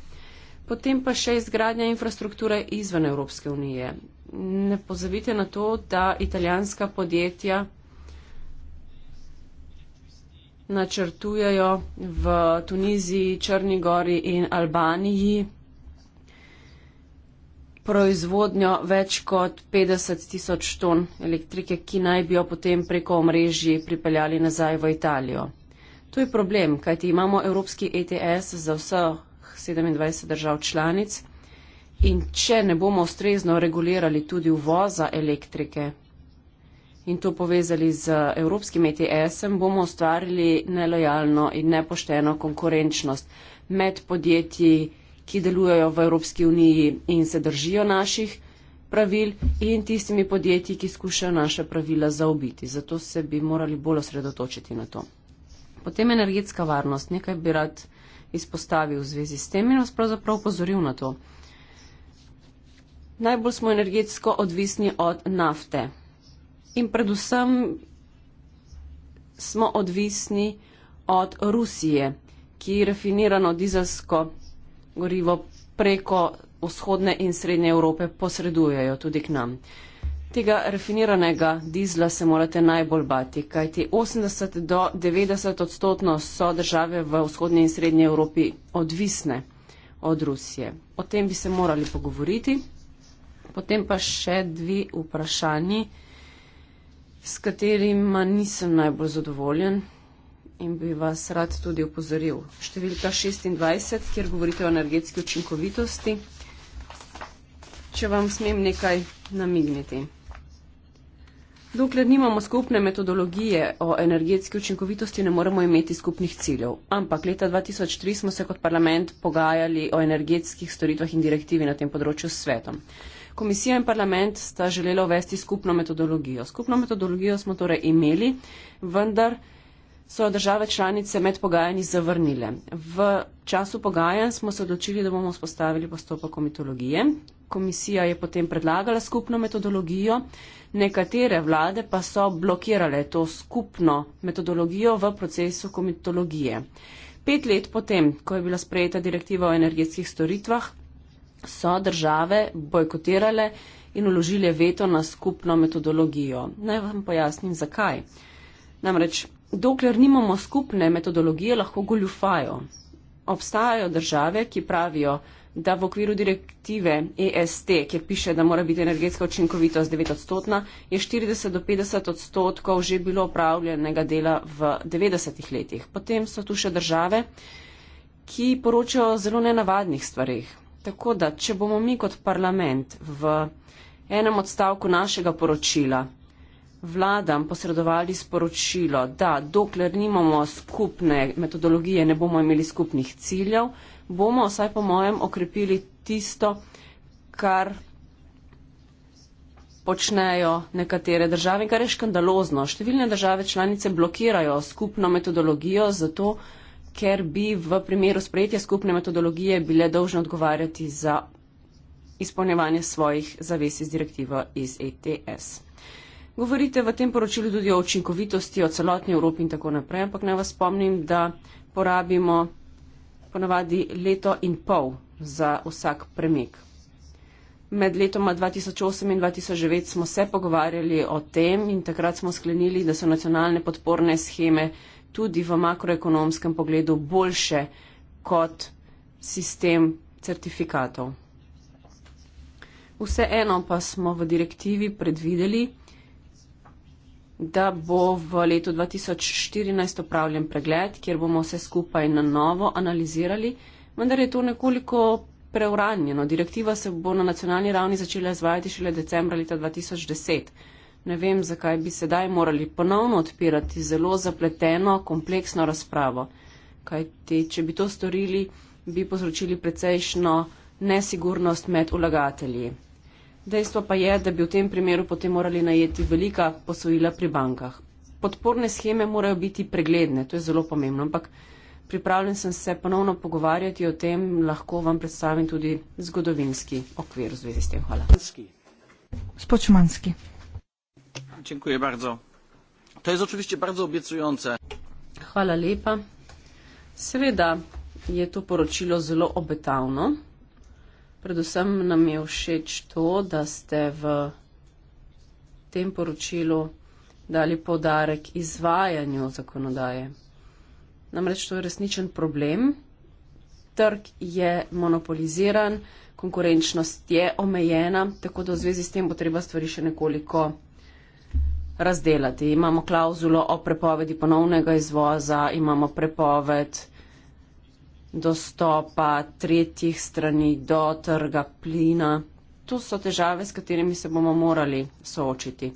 Potem pa še izgradnja infrastrukture izven Evropske unije. Ne pozabite na to, da italijanska podjetja načrtujejo v Tuniziji, Črnigori in Albaniji proizvodnjo več kot 50 tisoč ton elektrike, ki naj bi jo potem preko omrežji pripeljali nazaj v Italijo. To je problem, kajti imamo evropski ETS za vseh 27 držav članic in če ne bomo ustrezno regulirali tudi uvoza elektrike in to povezali z evropskim ETS-em, bomo ustvarili nelojalno in nepošteno konkurenčnost med podjetji, ki delujejo v Evropski uniji in se držijo naših pravil in tistimi podjetji, ki skušajo naše pravila zaobiti. Zato se bi morali bolj osredotočiti na to. Potem energetska varnost. Nekaj bi rad izpostavil v zvezi s tem in vas pravzaprav upozoril na to. Najbolj smo energetsko odvisni od nafte in predvsem smo odvisni od Rusije, ki rafinirano dizelsko gorivo preko vzhodne in srednje Evrope posredujejo tudi k nam. Tega rafiniranega dizla se morate najbolj bati, kajti 80 do 90 odstotno so države v vzhodnji in srednji Evropi odvisne od Rusije. O tem bi se morali pogovoriti. Potem pa še dve vprašanji, s katerima nisem najbolj zadovoljen in bi vas rad tudi opozoril. Številka 26, kjer govorite o energetski učinkovitosti, če vam smem nekaj namigniti. Dokler nimamo skupne metodologije o energetski učinkovitosti, ne moremo imeti skupnih ciljev. Ampak leta 2003 smo se kot parlament pogajali o energetskih storitvah in direktivi na tem področju s svetom. Komisija in parlament sta želela uvesti skupno metodologijo. Skupno metodologijo smo torej imeli, vendar so države članice med pogajanji zavrnile. V času pogajanj smo se odločili, da bomo vzpostavili postopek komitologije. Komisija je potem predlagala skupno metodologijo, nekatere vlade pa so blokirale to skupno metodologijo v procesu komitologije. Pet let potem, ko je bila sprejeta direktiva o energetskih storitvah, so države bojkotirale in uložile veto na skupno metodologijo. Naj vam pojasnim, zakaj. Namreč dokler nimamo skupne metodologije, lahko goljufajo. Obstajajo države, ki pravijo, da v okviru direktive EST, kjer piše, da mora biti energetska učinkovitost 9 odstotna, je 40 do 50 odstotkov že bilo opravljenega dela v 90 letih. Potem so tu še države, ki poročajo o zelo nenavadnih stvarih. Tako da, če bomo mi kot parlament v enem odstavku našega poročila vladam posredovali sporočilo, da dokler nimamo skupne metodologije, ne bomo imeli skupnih ciljev, bomo vsaj po mojem okrepili tisto, kar počnejo nekatere države, kar je škandalozno. Številne države članice blokirajo skupno metodologijo zato, ker bi v primeru sprejetja skupne metodologije bile dolžne odgovarjati za izpolnjevanje svojih zavez iz direktiva iz ETS. Govorite v tem poročilu tudi o učinkovitosti, o celotni Evropi in tako naprej, ampak naj vas spomnim, da porabimo ponavadi leto in pol za vsak premik. Med letoma 2008 in 2009 smo se pogovarjali o tem in takrat smo sklenili, da so nacionalne podporne scheme tudi v makroekonomskem pogledu boljše kot sistem certifikatov. Vseeno pa smo v direktivi predvideli, da bo v letu 2014 opravljen pregled, kjer bomo vse skupaj na novo analizirali, vendar je to nekoliko preuranjeno. Direktiva se bo na nacionalni ravni začela izvajati šele decembra leta 2010. Ne vem, zakaj bi sedaj morali ponovno odpirati zelo zapleteno, kompleksno razpravo. Kaj te, če bi to storili, bi povzročili precejšno nesigurnost med ulagatelji. Dejstvo pa je, da bi v tem primeru potem morali najeti velika posojila pri bankah. Podporne scheme morajo biti pregledne, to je zelo pomembno, ampak pripravljen sem se ponovno pogovarjati o tem, lahko vam predstavim tudi zgodovinski okvir v zvezi s tem. Hvala. Spočmanski. Dziękuję bardzo. To jest oczywiście bardzo obiecujące. Hvala lepa. Seveda je to poročilo zelo obetavno. Predvsem nam je všeč to, da ste v tem poročilu dali podarek izvajanju zakonodaje. Namreč to je resničen problem. Trg je monopoliziran, konkurenčnost je omejena, tako da v zvezi s tem bo treba stvari še nekoliko razdelati. Imamo klauzulo o prepovedi ponovnega izvoza, imamo prepoved dostopa tretjih strani do trga plina. To so težave, s katerimi se bomo morali soočiti.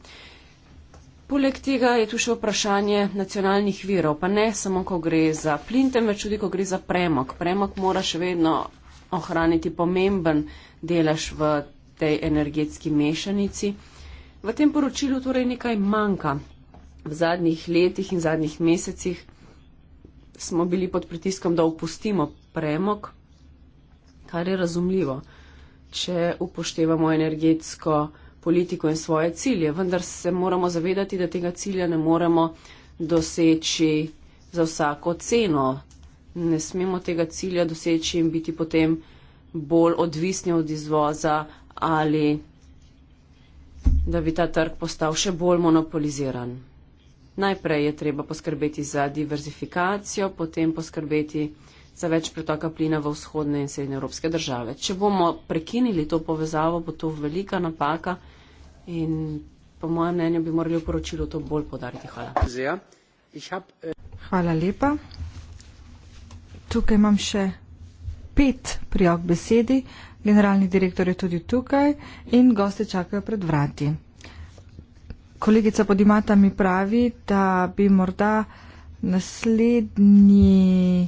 Poleg tega je tu še vprašanje nacionalnih virov, pa ne samo, ko gre za plin, temveč tudi, ko gre za premog. Premog mora še vedno ohraniti pomemben delež v tej energetski mešanici. V tem poročilu torej nekaj manjka. V zadnjih letih in zadnjih mesecih smo bili pod pritiskom, da upustimo premog, kar je razumljivo, če upoštevamo energetsko politiko in svoje cilje. Vendar se moramo zavedati, da tega cilja ne moremo doseči za vsako ceno. Ne smemo tega cilja doseči in biti potem bolj odvisni od izvoza ali da bi ta trg postal še bolj monopoliziran. Najprej je treba poskrbeti za diverzifikacijo, potem poskrbeti za več pretoka plina v vzhodne in srednje evropske države. Če bomo prekinili to povezavo, bo to velika napaka in po mojem mnenju bi morali v poročilu to bolj podariti. Hvala. Eh, Hvala lepa. Tukaj imam še pet prijav k besedi. Generalni direktor je tudi tukaj in goste čakajo pred vrati. Kolegica Podimata mi pravi, da bi morda naslednji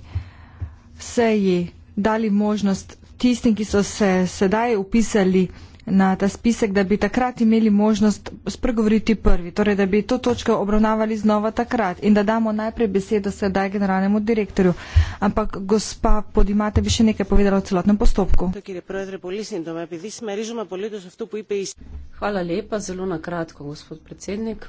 seji dali možnost tistim, ki so se sedaj upisali na ta spisek, da bi takrat imeli možnost spregovoriti prvi, torej da bi to točko obravnavali znova takrat in da damo najprej besedo sedaj generalnemu direktorju. Ampak gospa Podimate bi še nekaj povedala o celotnem postopku. Hvala lepa, zelo na kratko, gospod predsednik.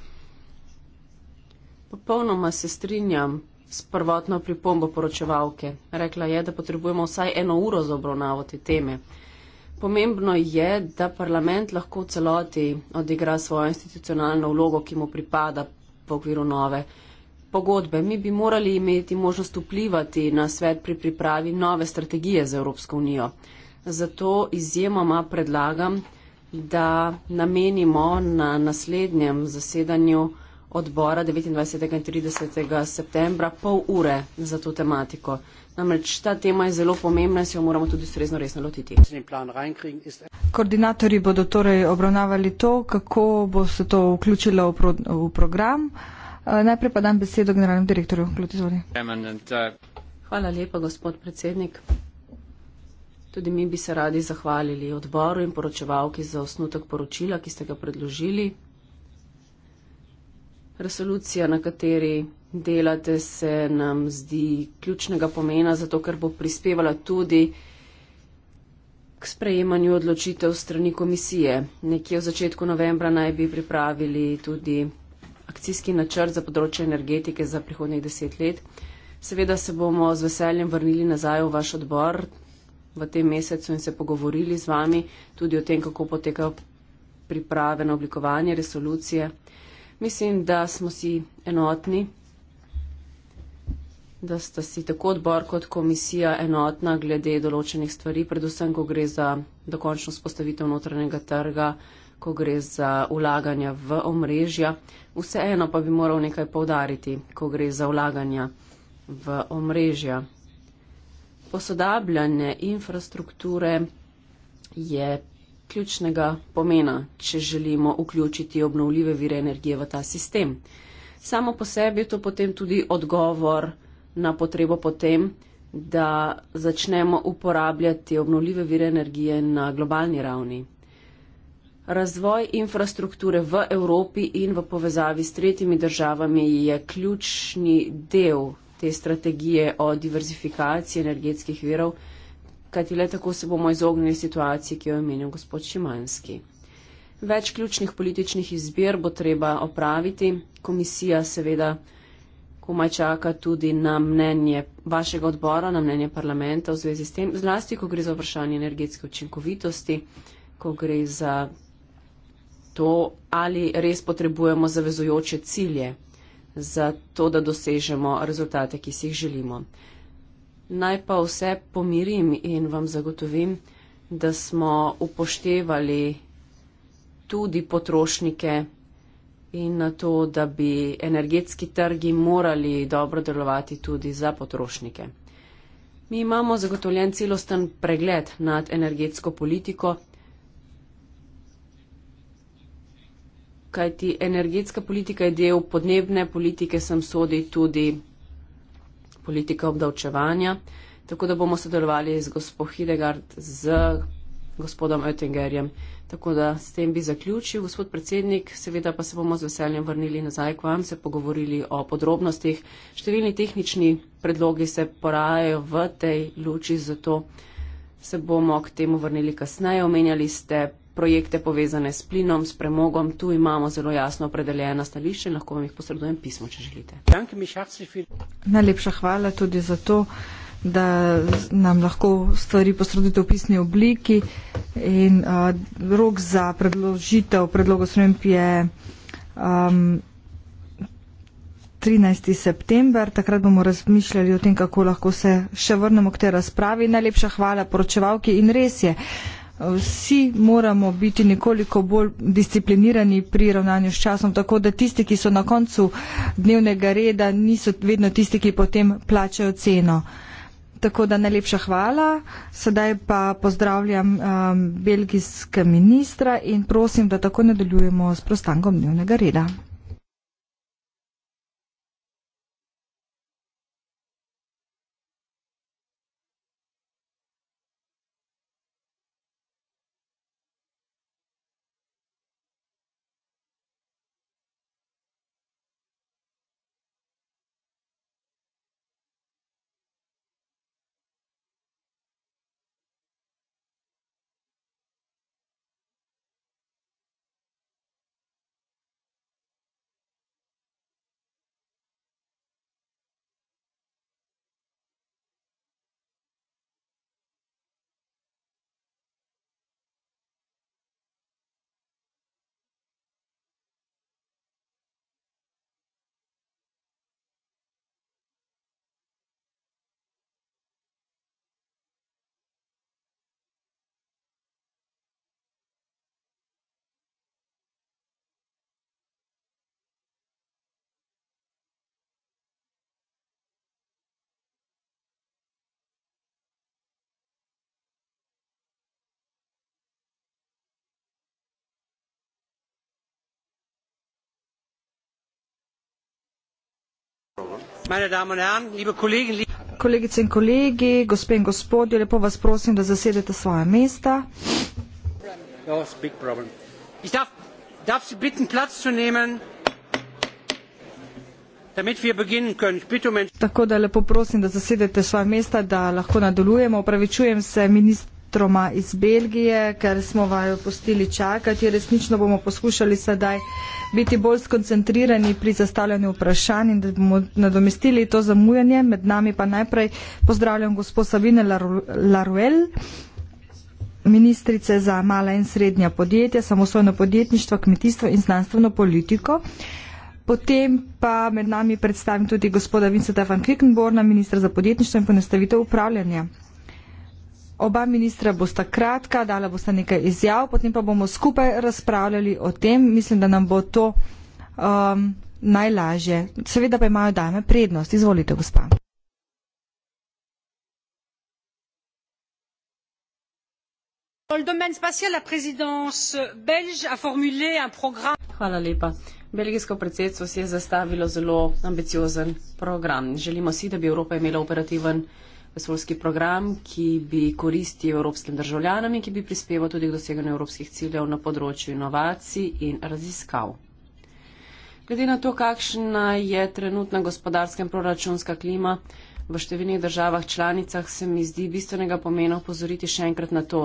Popolnoma se strinjam s prvotno pripombo poročevalke. Rekla je, da potrebujemo vsaj eno uro za obravnavo te teme. Pomembno je, da parlament lahko v celoti odigra svojo institucionalno vlogo, ki mu pripada v okviru nove pogodbe. Mi bi morali imeti možnost vplivati na svet pri pripravi nove strategije za Evropsko unijo. Zato izjemoma predlagam, da namenimo na naslednjem zasedanju odbora 29. in 30. septembra pol ure za to tematiko. Namreč ta tema je zelo pomembna in se jo moramo tudi ustrezno resno lotiti. Koordinatorji bodo torej obravnavali to, kako bo se to vključilo v, pro, v program. Eh, najprej pa dam besedo generalnemu direktorju. Uh, Hvala lepa, gospod predsednik. Tudi mi bi se radi zahvalili odboru in poročevalki za osnutek poročila, ki ste ga predložili. Resolucija, na kateri delate, se nam zdi ključnega pomena, zato ker bo prispevala tudi k sprejemanju odločitev strani komisije. Nekje v začetku novembra naj bi pripravili tudi akcijski načrt za področje energetike za prihodnjih deset let. Seveda se bomo z veseljem vrnili nazaj v vaš odbor v tem mesecu in se pogovorili z vami tudi o tem, kako potekajo priprave na oblikovanje resolucije. Mislim, da smo si enotni da sta si tako odbor kot komisija enotna glede določenih stvari, predvsem, ko gre za dokončno spostavitev notranjega trga, ko gre za ulaganja v omrežja. Vseeno pa bi moral nekaj povdariti, ko gre za ulaganja v omrežja. Posodabljanje infrastrukture je ključnega pomena, če želimo vključiti obnovljive vire energije v ta sistem. Samo po sebi je to potem tudi odgovor, na potrebo potem, da začnemo uporabljati obnovljive vire energije na globalni ravni. Razvoj infrastrukture v Evropi in v povezavi s tretjimi državami je ključni del te strategije o diverzifikaciji energetskih virov, kajti le tako se bomo izognili situaciji, ki jo je omenil gospod Šimanski. Več ključnih političnih izbir bo treba opraviti, komisija seveda komaj čaka tudi na mnenje vašega odbora, na mnenje parlamenta v zvezi s tem, zlasti, ko gre za vprašanje energetske učinkovitosti, ko gre za to, ali res potrebujemo zavezujoče cilje za to, da dosežemo rezultate, ki si jih želimo. Naj pa vse pomirim in vam zagotovim, da smo upoštevali tudi potrošnike in na to, da bi energetski trgi morali dobro delovati tudi za potrošnike. Mi imamo zagotovljen celosten pregled nad energetsko politiko, kajti energetska politika je del podnebne politike, sem sodi tudi politika obdavčevanja, tako da bomo sodelovali z gospod Hidegard z gospodom Oettingerjem. Tako da s tem bi zaključil, gospod predsednik, seveda pa se bomo z veseljem vrnili nazaj k vam, se pogovorili o podrobnostih. Številni tehnični predlogi se porajajo v tej luči, zato se bomo k temu vrnili kasneje. Omenjali ste projekte povezane s plinom, s premogom, tu imamo zelo jasno opredeljena stališča in lahko vam jih posredujem pismo, če želite. Najlepša hvala tudi za to da nam lahko stvari posredite v pisni obliki. In, uh, rok za predložitev predloga SREMP je um, 13. september, takrat bomo razmišljali o tem, kako lahko se še vrnemo k tej razpravi. Najlepša hvala poročevalki in res je. Vsi moramo biti nekoliko bolj disciplinirani pri ravnanju s časom, tako da tisti, ki so na koncu dnevnega reda, niso vedno tisti, ki potem plačajo ceno tako da najlepša hvala. Sedaj pa pozdravljam um, belgijske ministra in prosim, da tako nadaljujemo s prostankom dnevnega reda. kolegice in kolegi gospe in gospodje lepo vas prosim da zasedete svoja mesta no, um tako da lepo prosim da zasedete svoja mesta da lahko nadaljujemo opravičujem se ministru za notranje zadeve gospodu Petroma iz Belgije, ker smo vaju pustili čakati. Resnično bomo poskušali sedaj biti bolj skoncentrirani pri zastavljanju vprašanj in da bomo nadomestili to zamujanje. Med nami pa najprej pozdravljam gospod Savine Laruel, ministrice za mala in srednja podjetja, samosojno podjetništvo, kmetijstvo in znanstveno politiko. Potem pa med nami predstavim tudi gospoda Vinceta van Kvikenborna, ministra za podjetništvo in ponestavitev upravljanja. Oba ministra bosta kratka, dala bosta nekaj izjav, potem pa bomo skupaj razpravljali o tem. Mislim, da nam bo to um, najlažje. Seveda pa imajo dame prednost. Izvolite, gospa. Hvala lepa. Belgijsko predsedstvo si je zastavilo zelo ambiciozen program. Želimo si, da bi Evropa imela operativen program vesoljski program, ki bi koristil evropskim državljanom in ki bi prispeval tudi k doseganju evropskih ciljev na področju inovacij in raziskav. Glede na to, kakšna je trenutna gospodarska in proračunska klima v številnih državah članicah, se mi zdi bistvenega pomena upozoriti še enkrat na to,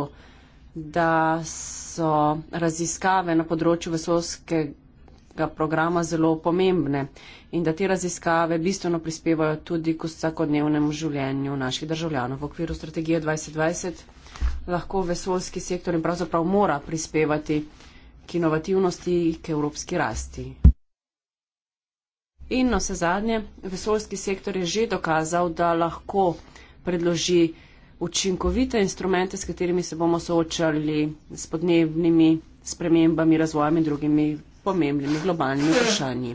da so raziskave na področju vesoljskega študijskega programa zelo pomembne in da te raziskave bistveno prispevajo tudi k vsakodnevnemu življenju naših državljanov. V okviru strategije 2020 lahko vesolski sektor in pravzaprav mora prispevati k inovativnosti, k evropski rasti. In na vse zadnje, vesolski sektor je že dokazal, da lahko predloži učinkovite instrumente, s katerimi se bomo soočali s podnebnimi spremembami, razvojem in drugimi pomembnimi globalnimi vprašanji.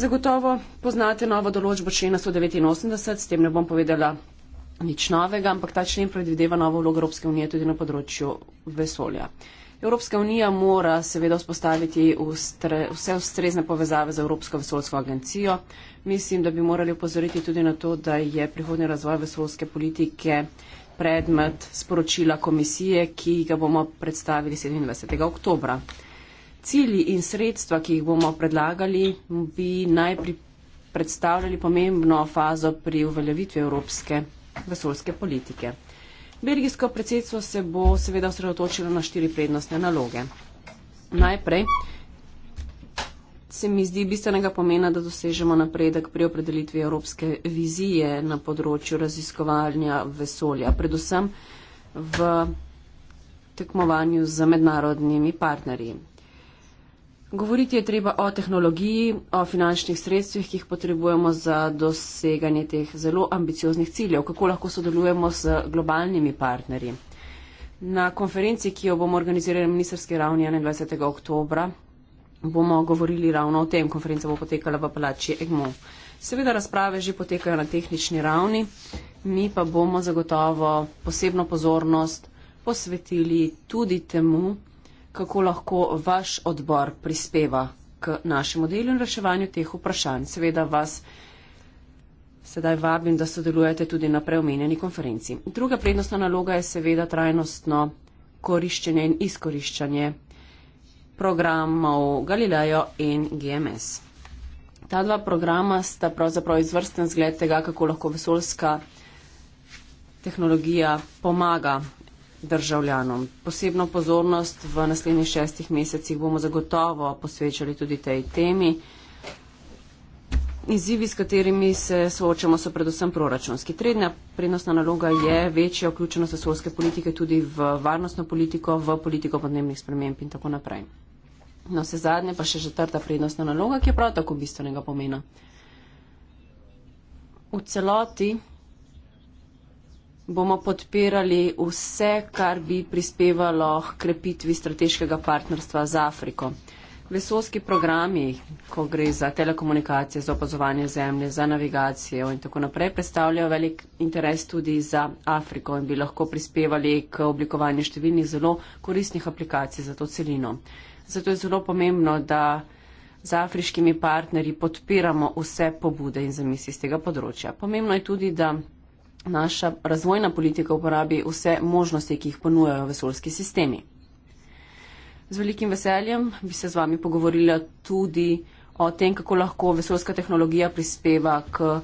Zagotovo poznate novo določbo člena 189, s tem ne bom povedala nič novega, ampak ta člen predvideva novo vlogo Evropske unije tudi na področju vesolja. Evropska unija mora seveda vzpostaviti ustre, vse ustrezne povezave z Evropsko vesoljsko agencijo. Mislim, da bi morali upozoriti tudi na to, da je prihodnji razvoj vesoljske politike predmet sporočila komisije, ki ga bomo predstavili 27. oktobra. Cilji in sredstva, ki jih bomo predlagali, bi naj predstavljali pomembno fazo pri uveljavitvi evropske vesoljske politike. Belgijsko predsedstvo se bo seveda osredotočilo na štiri prednostne naloge. Najprej se mi zdi bistvenega pomena, da dosežemo napredek pri opredelitvi evropske vizije na področju raziskovanja vesolja, predvsem v tekmovanju z mednarodnimi partnerji. Govoriti je treba o tehnologiji, o finančnih sredstvih, ki jih potrebujemo za doseganje teh zelo ambicioznih ciljev, kako lahko sodelujemo z globalnimi partnerji. Na konferenci, ki jo bomo organizirali na ministerski ravni 21. oktober, bomo govorili ravno o tem. Konferenca bo potekala v palači EGMO. Seveda razprave že potekajo na tehnični ravni, mi pa bomo zagotovo posebno pozornost posvetili tudi temu, kako lahko vaš odbor prispeva k našemu delu in reševanju teh vprašanj. Seveda vas sedaj vabim, da sodelujete tudi na preomenjeni konferenci. Druga prednostna naloga je seveda trajnostno koriščenje in izkoriščanje programov Galileo in GMS. Ta dva programa sta pravzaprav izvrsten zgled tega, kako lahko vesoljska tehnologija pomaga državljanom. Posebno pozornost v naslednjih šestih mesecih bomo zagotovo posvečali tudi tej temi. Izzivi, s katerimi se soočamo, so predvsem proračunski. Trednja prednostna naloga je večja vključenost vesolske politike tudi v varnostno politiko, v politiko podnebnih sprememb in tako naprej. No, se zadnje pa še četrta prednostna naloga, ki je prav tako bistvenega pomena. V celoti bomo podpirali vse, kar bi prispevalo k krepitvi strateškega partnerstva z Afriko. Vesolski programi, ko gre za telekomunikacije, za opazovanje zemlje, za navigacijo in tako naprej, predstavljajo velik interes tudi za Afriko in bi lahko prispevali k oblikovanju številnih zelo koristnih aplikacij za to celino. Zato je zelo pomembno, da z afriškimi partnerji podpiramo vse pobude in zamisli z tega področja. Pomembno je tudi, da naša razvojna politika uporabi vse možnosti, ki jih ponujajo vesoljski sistemi. Z velikim veseljem bi se z vami pogovorila tudi o tem, kako lahko vesoljska tehnologija prispeva k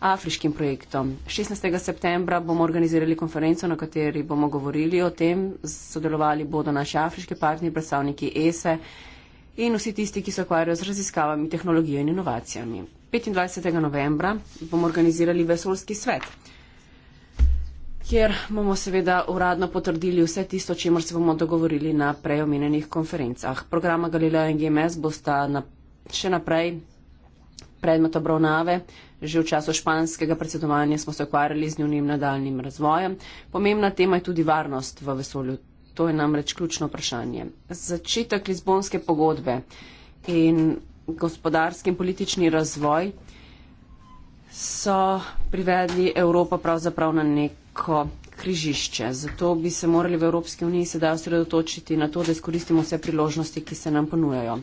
afriškim projektom. 16. septembra bomo organizirali konferenco, na kateri bomo govorili o tem, sodelovali bodo naši afriški partnerji, predstavniki ESE in vsi tisti, ki se ukvarjajo z raziskavami, tehnologijo in inovacijami. 25. novembra bomo organizirali vesoljski svet kjer bomo seveda uradno potrdili vse tisto, čemer se bomo dogovorili na preomenjenih konferencah. Programa Galileo in GMS bosta na, še naprej predmet obravnave. Že v času španskega predsedovanja smo se ukvarjali z njunim nadaljnim razvojem. Pomembna tema je tudi varnost v vesolju. To je namreč ključno vprašanje. Začetek Lizbonske pogodbe in gospodarski in politični razvoj so privedli Evropo pravzaprav na nek neko križišče. Zato bi se morali v Evropski uniji sedaj osredotočiti na to, da izkoristimo vse priložnosti, ki se nam ponujajo.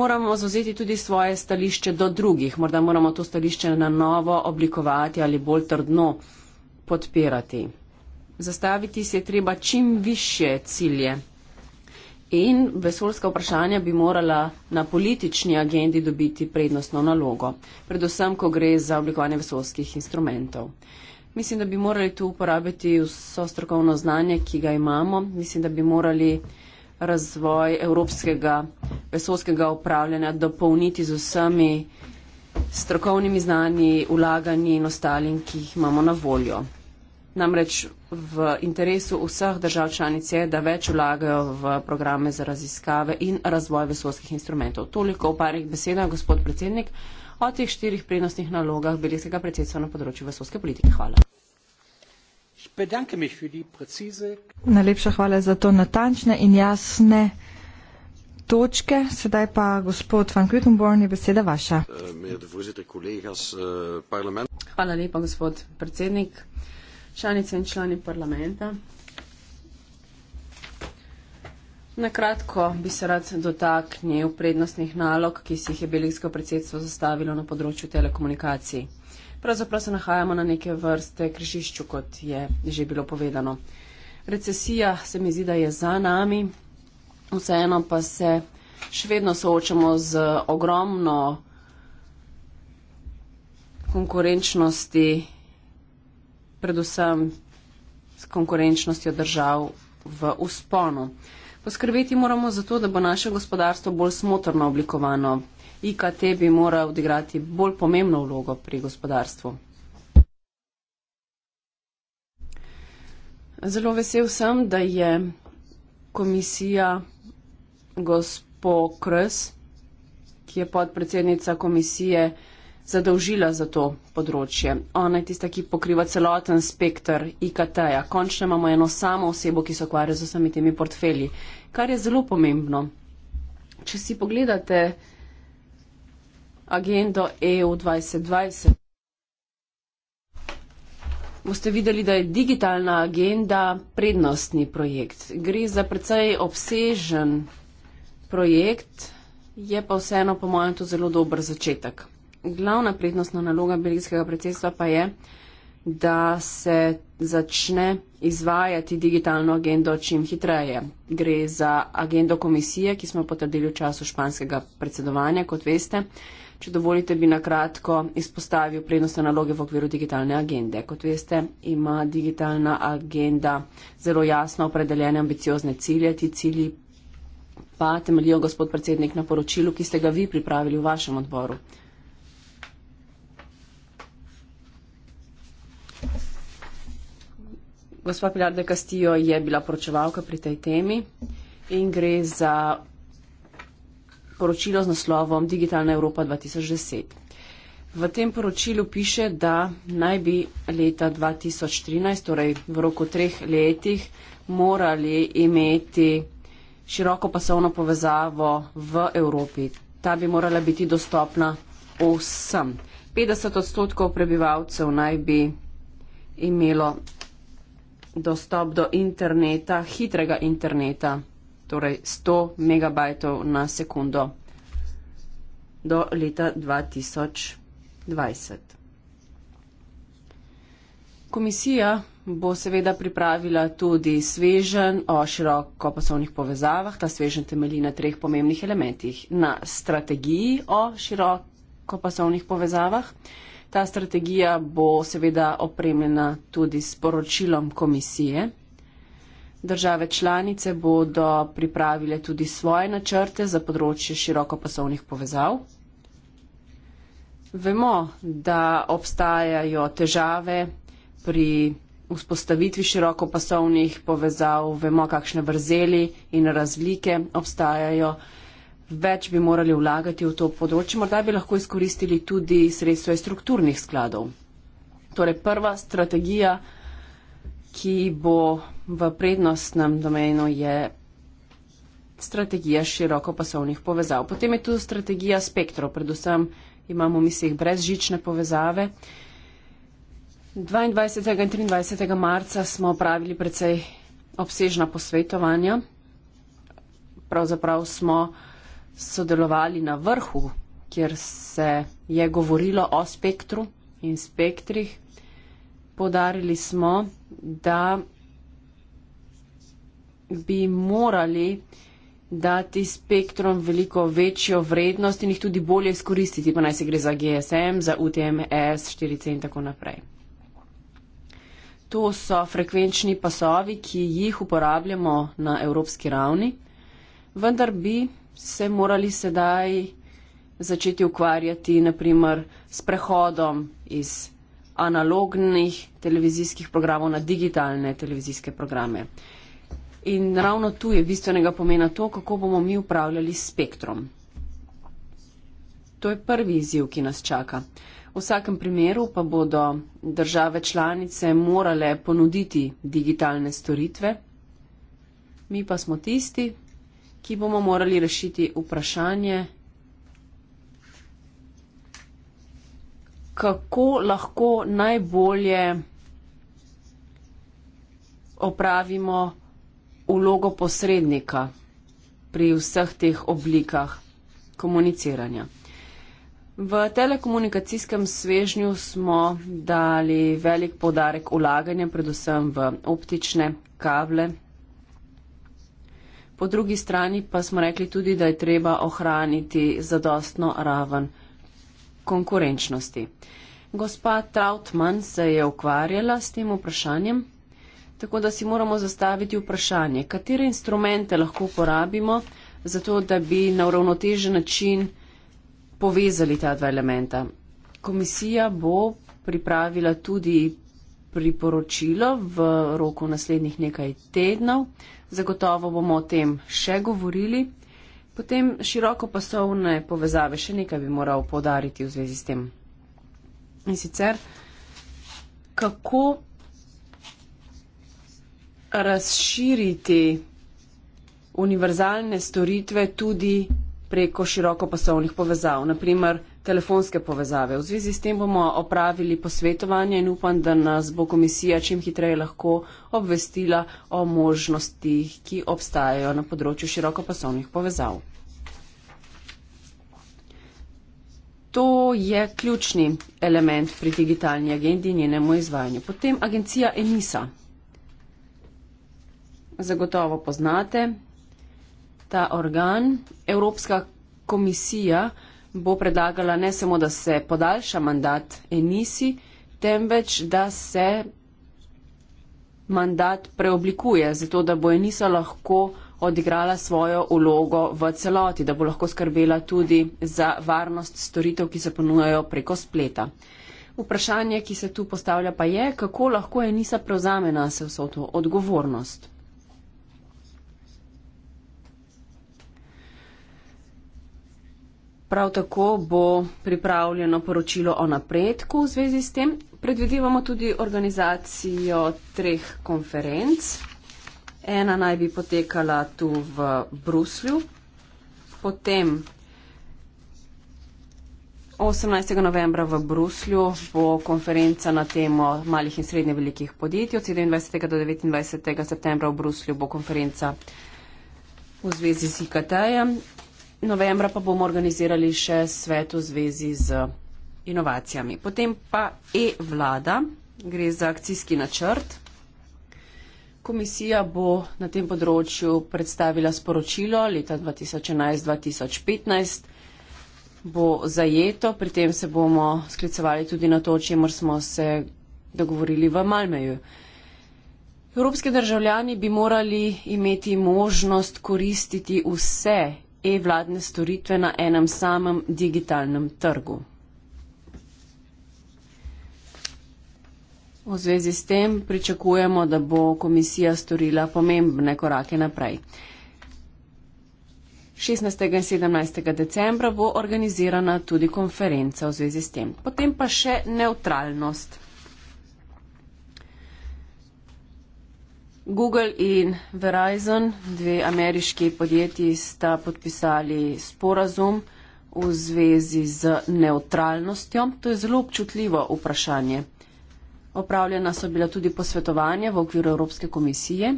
Moramo zauzeti tudi svoje stališče do drugih, morda moramo to stališče na novo oblikovati ali bolj trdno podpirati. Zastaviti se je treba čim više cilje in vesoljska vprašanja bi morala na politični agendi dobiti prednostno nalogo, predvsem, ko gre za oblikovanje vesoljskih instrumentov. Mislim, da bi morali tu uporabiti vso strokovno znanje, ki ga imamo. Mislim, da bi morali razvoj evropskega vesolskega upravljanja dopolniti z vsemi strokovnimi znanji, ulaganji in ostalim, ki jih imamo na voljo. Namreč v interesu vseh držav članic je, da več ulagajo v programe za raziskave in razvoj vesolskih instrumentov. Toliko v parih besedah, gospod predsednik o teh štirih prednostnih nalogah belgijskega predsedstva na področju vesoljske politike. Hvala. Najlepša hvala za to natančne in jasne točke. Sedaj pa gospod Van Kuitenborn je beseda vaša. Eh, eh, hvala lepa, gospod predsednik, članice in člani parlamenta. Na kratko bi se rad dotaknil prednostnih nalog, ki si jih je belgijsko predsedstvo zastavilo na področju telekomunikacij. Pravzaprav se nahajamo na neke vrste križišču, kot je že bilo povedano. Recesija se mi zdi, da je za nami, vseeno pa se še vedno soočamo z ogromno konkurenčnosti, predvsem s konkurenčnostjo držav v usponu. Poskrbeti moramo za to, da bo naše gospodarstvo bolj smotrno oblikovano. IKT bi moral odigrati bolj pomembno vlogo pri gospodarstvu. Zelo vesel sem, da je komisija gospod Kres, ki je podpredsednica komisije, zadolžila za to področje. Ona je tista, ki pokriva celoten spektr IKT-ja. Končno imamo eno samo osebo, ki se ukvarja z vsemi temi portfelji, kar je zelo pomembno. Če si pogledate agendo EU 2020, boste videli, da je digitalna agenda prednostni projekt. Gre za precej obsežen projekt, je pa vseeno po mojem to zelo dober začetek glavna prednostna naloga belgijskega predsedstva pa je, da se začne izvajati digitalno agendo čim hitreje. Gre za agendo komisije, ki smo potrdili v času španskega predsedovanja, kot veste. Če dovolite, bi na kratko izpostavil prednostne naloge v okviru digitalne agende. Kot veste, ima digitalna agenda zelo jasno opredeljene ambiciozne cilje. Ti cilji pa temeljijo, gospod predsednik, na poročilu, ki ste ga vi pripravili v vašem odboru. Gospa Pilar de Castillo je bila poročevalka pri tej temi in gre za poročilo z naslovom Digitalna Evropa 2010. V tem poročilu piše, da naj bi leta 2013, torej v roku treh letih, morali imeti široko pasovno povezavo v Evropi. Ta bi morala biti dostopna vsem. 50 odstotkov prebivalcev naj bi imelo dostop do interneta, hitrega interneta, torej 100 megabajtov na sekundo do leta 2020. Komisija bo seveda pripravila tudi svežen o širokopasovnih povezavah. Ta svežen temelji na treh pomembnih elementih. Na strategiji o širokopasovnih povezavah, Ta strategija bo seveda opremljena tudi s poročilom komisije. Države članice bodo pripravile tudi svoje načrte za področje širokopasovnih povezav. Vemo, da obstajajo težave pri vzpostavitvi širokopasovnih povezav, vemo, kakšne vrzeli in razlike obstajajo več bi morali vlagati v to področje, morda bi lahko izkoristili tudi sredstva iz strukturnih skladov. Torej, prva strategija, ki bo v prednostnem domenu, je strategija širokopasovnih povezav. Potem je tu strategija spektrov, predvsem imamo v mislih brezžične povezave. 22. in 23. marca smo pravili precej obsežna posvetovanja. Pravzaprav smo uh, sodelovali na vrhu, kjer se je govorilo o spektru in spektrih, podarili smo, da bi morali dati spektrom veliko večjo vrednost in jih tudi bolje izkoristiti, pa naj se gre za GSM, za UTMS, 4C in tako naprej. To so frekvenčni pasovi, ki jih uporabljamo na evropski ravni, vendar bi se morali sedaj začeti ukvarjati naprimer s prehodom iz analognih televizijskih programov na digitalne televizijske programe. In ravno tu je bistvenega pomena to, kako bomo mi upravljali s spektrom. To je prvi izziv, ki nas čaka. V vsakem primeru pa bodo države članice morale ponuditi digitalne storitve, mi pa smo tisti, ki bomo morali rešiti vprašanje, kako lahko najbolje opravimo vlogo posrednika pri vseh teh oblikah komuniciranja. V telekomunikacijskem svežnju smo dali velik podarek ulaganja, predvsem v optične kable, Po drugi strani pa smo rekli tudi, da je treba ohraniti zadostno raven konkurenčnosti. Gospa Trautmann se je ukvarjala s tem vprašanjem, tako da si moramo zastaviti vprašanje, katere instrumente lahko uporabimo, zato da bi na uravnotežen način povezali ta dva elementa. Komisija bo pripravila tudi priporočilo v roku naslednjih nekaj tednov zagotovo bomo o tem še govorili. Potem široko pasovne povezave, še nekaj bi moral povdariti v zvezi s tem. In sicer, kako razširiti univerzalne storitve tudi preko široko pasovnih povezav. Naprimer, telefonske povezave. V zvezi s tem bomo opravili posvetovanje in upam, da nas bo komisija čim hitreje lahko obvestila o možnostih, ki obstajajo na področju širokopasovnih povezav. To je ključni element pri digitalni agendi in njenemu izvajanju. Potem agencija Enisa. Zagotovo poznate ta organ. Evropska komisija bo predlagala ne samo, da se podaljša mandat Enisi, temveč, da se mandat preoblikuje, zato da bo Enisa lahko odigrala svojo ulogo v celoti, da bo lahko skrbela tudi za varnost storitev, ki se ponujajo preko spleta. Vprašanje, ki se tu postavlja, pa je, kako lahko Enisa prevzame na se vso to odgovornost. Prav tako bo pripravljeno poročilo o napredku v zvezi s tem. Predvidevamo tudi organizacijo treh konferenc. Ena naj bi potekala tu v Bruslju, potem 18. novembra v Bruslju bo konferenca na temo malih in srednje velikih podjetij, od 27. do 29. septembra v Bruslju bo konferenca v zvezi z IKT-jem novembra pa bomo organizirali še svet v zvezi z inovacijami. Potem pa e-vlada, gre za akcijski načrt. Komisija bo na tem področju predstavila sporočilo leta 2011-2015, bo zajeto, pri tem se bomo sklicevali tudi na to, o čemer smo se dogovorili v Malmeju. Evropski državljani bi morali imeti možnost koristiti vse e-vladne storitve na enem samem digitalnem trgu. V zvezi s tem pričakujemo, da bo komisija storila pomembne korake naprej. 16. in 17. decembra bo organizirana tudi konferenca v zvezi s tem. Potem pa še neutralnost. Google in Verizon, dve ameriški podjetji, sta podpisali sporazum v zvezi z neutralnostjo. To je zelo občutljivo vprašanje. Opravljena so bila tudi posvetovanja v okviru Evropske komisije.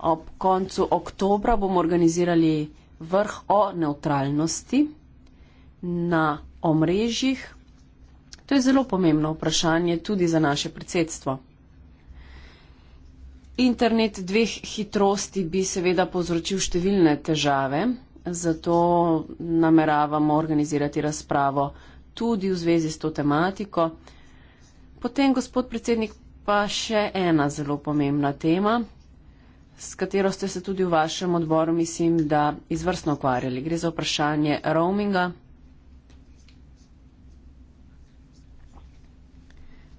Ob koncu oktobra bomo organizirali vrh o neutralnosti na omrežjih. To je zelo pomembno vprašanje tudi za naše predsedstvo. Internet dveh hitrosti bi seveda povzročil številne težave, zato nameravamo organizirati razpravo tudi v zvezi s to tematiko. Potem, gospod predsednik, pa še ena zelo pomembna tema, s katero ste se tudi v vašem odboru, mislim, da izvrstno ukvarjali. Gre za vprašanje roaminga.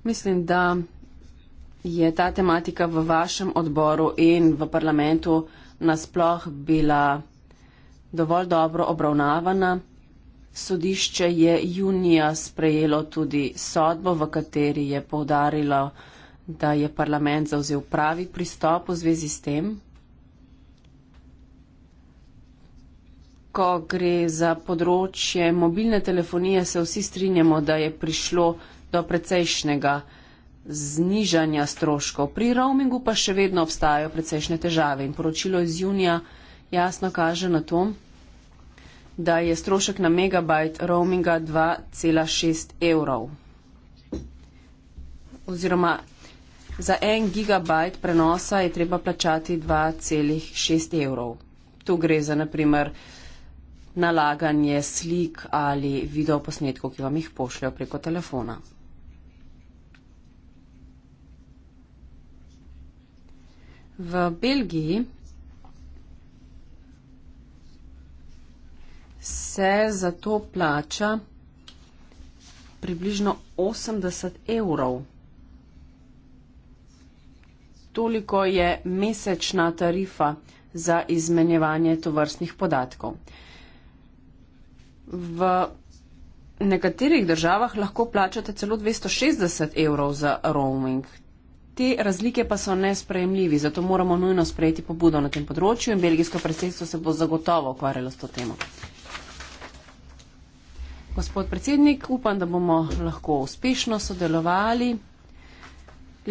Mislim, da je ta tematika v vašem odboru in v parlamentu nasploh bila dovolj dobro obravnavana. Sodišče je junija sprejelo tudi sodbo, v kateri je povdarilo, da je parlament zauzel pravi pristop v zvezi s tem. Ko gre za področje mobilne telefonije, se vsi strinjamo, da je prišlo do precejšnjega znižanja stroškov. Pri roamingu pa še vedno obstajajo precejšnje težave in poročilo iz junija jasno kaže na to, da je strošek na megabajt roaminga 2,6 evrov. Oziroma za en gigabajt prenosa je treba plačati 2,6 evrov. Tu gre za naprimer nalaganje slik ali videoposnetkov, ki vam jih pošljajo preko telefona. V Belgiji se za to plača približno 80 evrov. Toliko je mesečna tarifa za izmenjevanje tovrstnih podatkov. V nekaterih državah lahko plačate celo 260 evrov za roaming, Te razlike pa so nespremljivi, zato moramo nujno sprejeti pobudo na tem področju in belgijsko predsedstvo se bo zagotovo ukvarjalo s to temo. Gospod predsednik, upam, da bomo lahko uspešno sodelovali.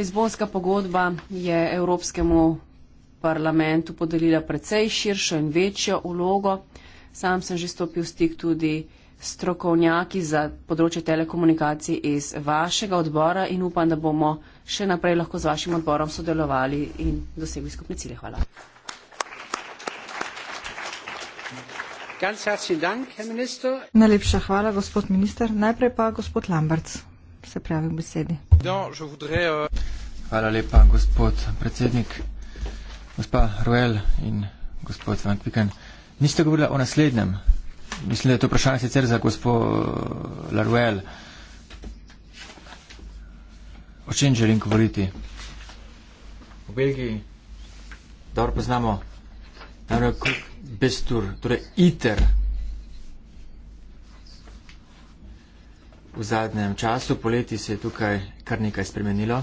Lizbonska pogodba je Evropskemu parlamentu podelila precej širšo in večjo ulogo. Sam sem že stopil v stik tudi strokovnjaki za področje telekomunikacij iz vašega odbora in upam, da bomo še naprej lahko z vašim odborom sodelovali in dosegli skupne cilje. Hvala. Najlepša hvala, gospod minister. Najprej pa gospod Lambert, se pravi v besedi. No, euh, hvala lepa, gospod predsednik, gospa Ruel in gospod Van Piken. Niste govorili o naslednjem Mislim, da je to vprašanje sicer za gospo Laruel. O čem želim govoriti? V Belgiji dobro poznamo namreč kruh bestur, torej iter. V zadnjem času, poleti, se je tukaj kar nekaj spremenilo.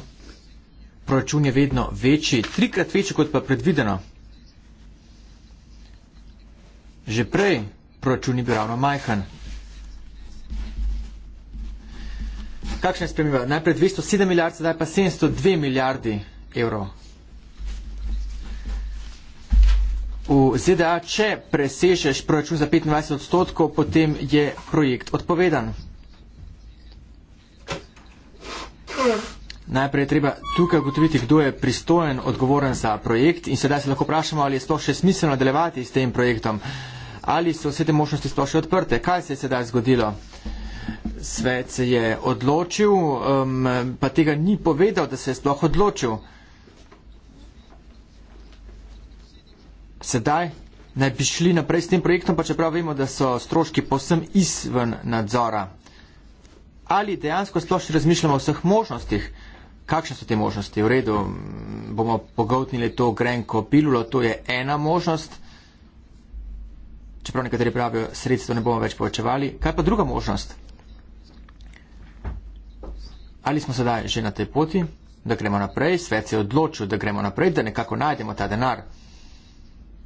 Proračun je vedno večji, trikrat večji kot pa predvideno. Že prej proračun ni bil ravno majhen. Kakšne spremembe? Najprej 207 milijard, zdaj pa 702 milijardi evrov. V ZDA, če presežeš proračun za 25 odstotkov, potem je projekt odpovedan. Najprej treba tukaj ugotoviti, kdo je pristojen, odgovoren za projekt in sedaj se lahko vprašamo, ali je sploh še smiselno delovati s tem projektom. Uh, ali so vse te možnosti sploh še odprte. Kaj se je sedaj zgodilo? Svet se je odločil, um, pa tega ni povedal, da se je sploh odločil. Sedaj naj bi šli naprej s tem projektom, pa čeprav vemo, da so stroški posem izven nadzora. Ali dejansko sploh še razmišljamo o vseh možnostih? Kakšne so te možnosti? V redu, bomo pogotnili to grenko pilulo, to je ena možnost čeprav nekateri pravijo, sredstvo ne bomo več povečevali. Kaj pa druga možnost? Ali smo sedaj že na tej poti, da gremo naprej, svet se je odločil, da gremo naprej, da nekako najdemo ta denar.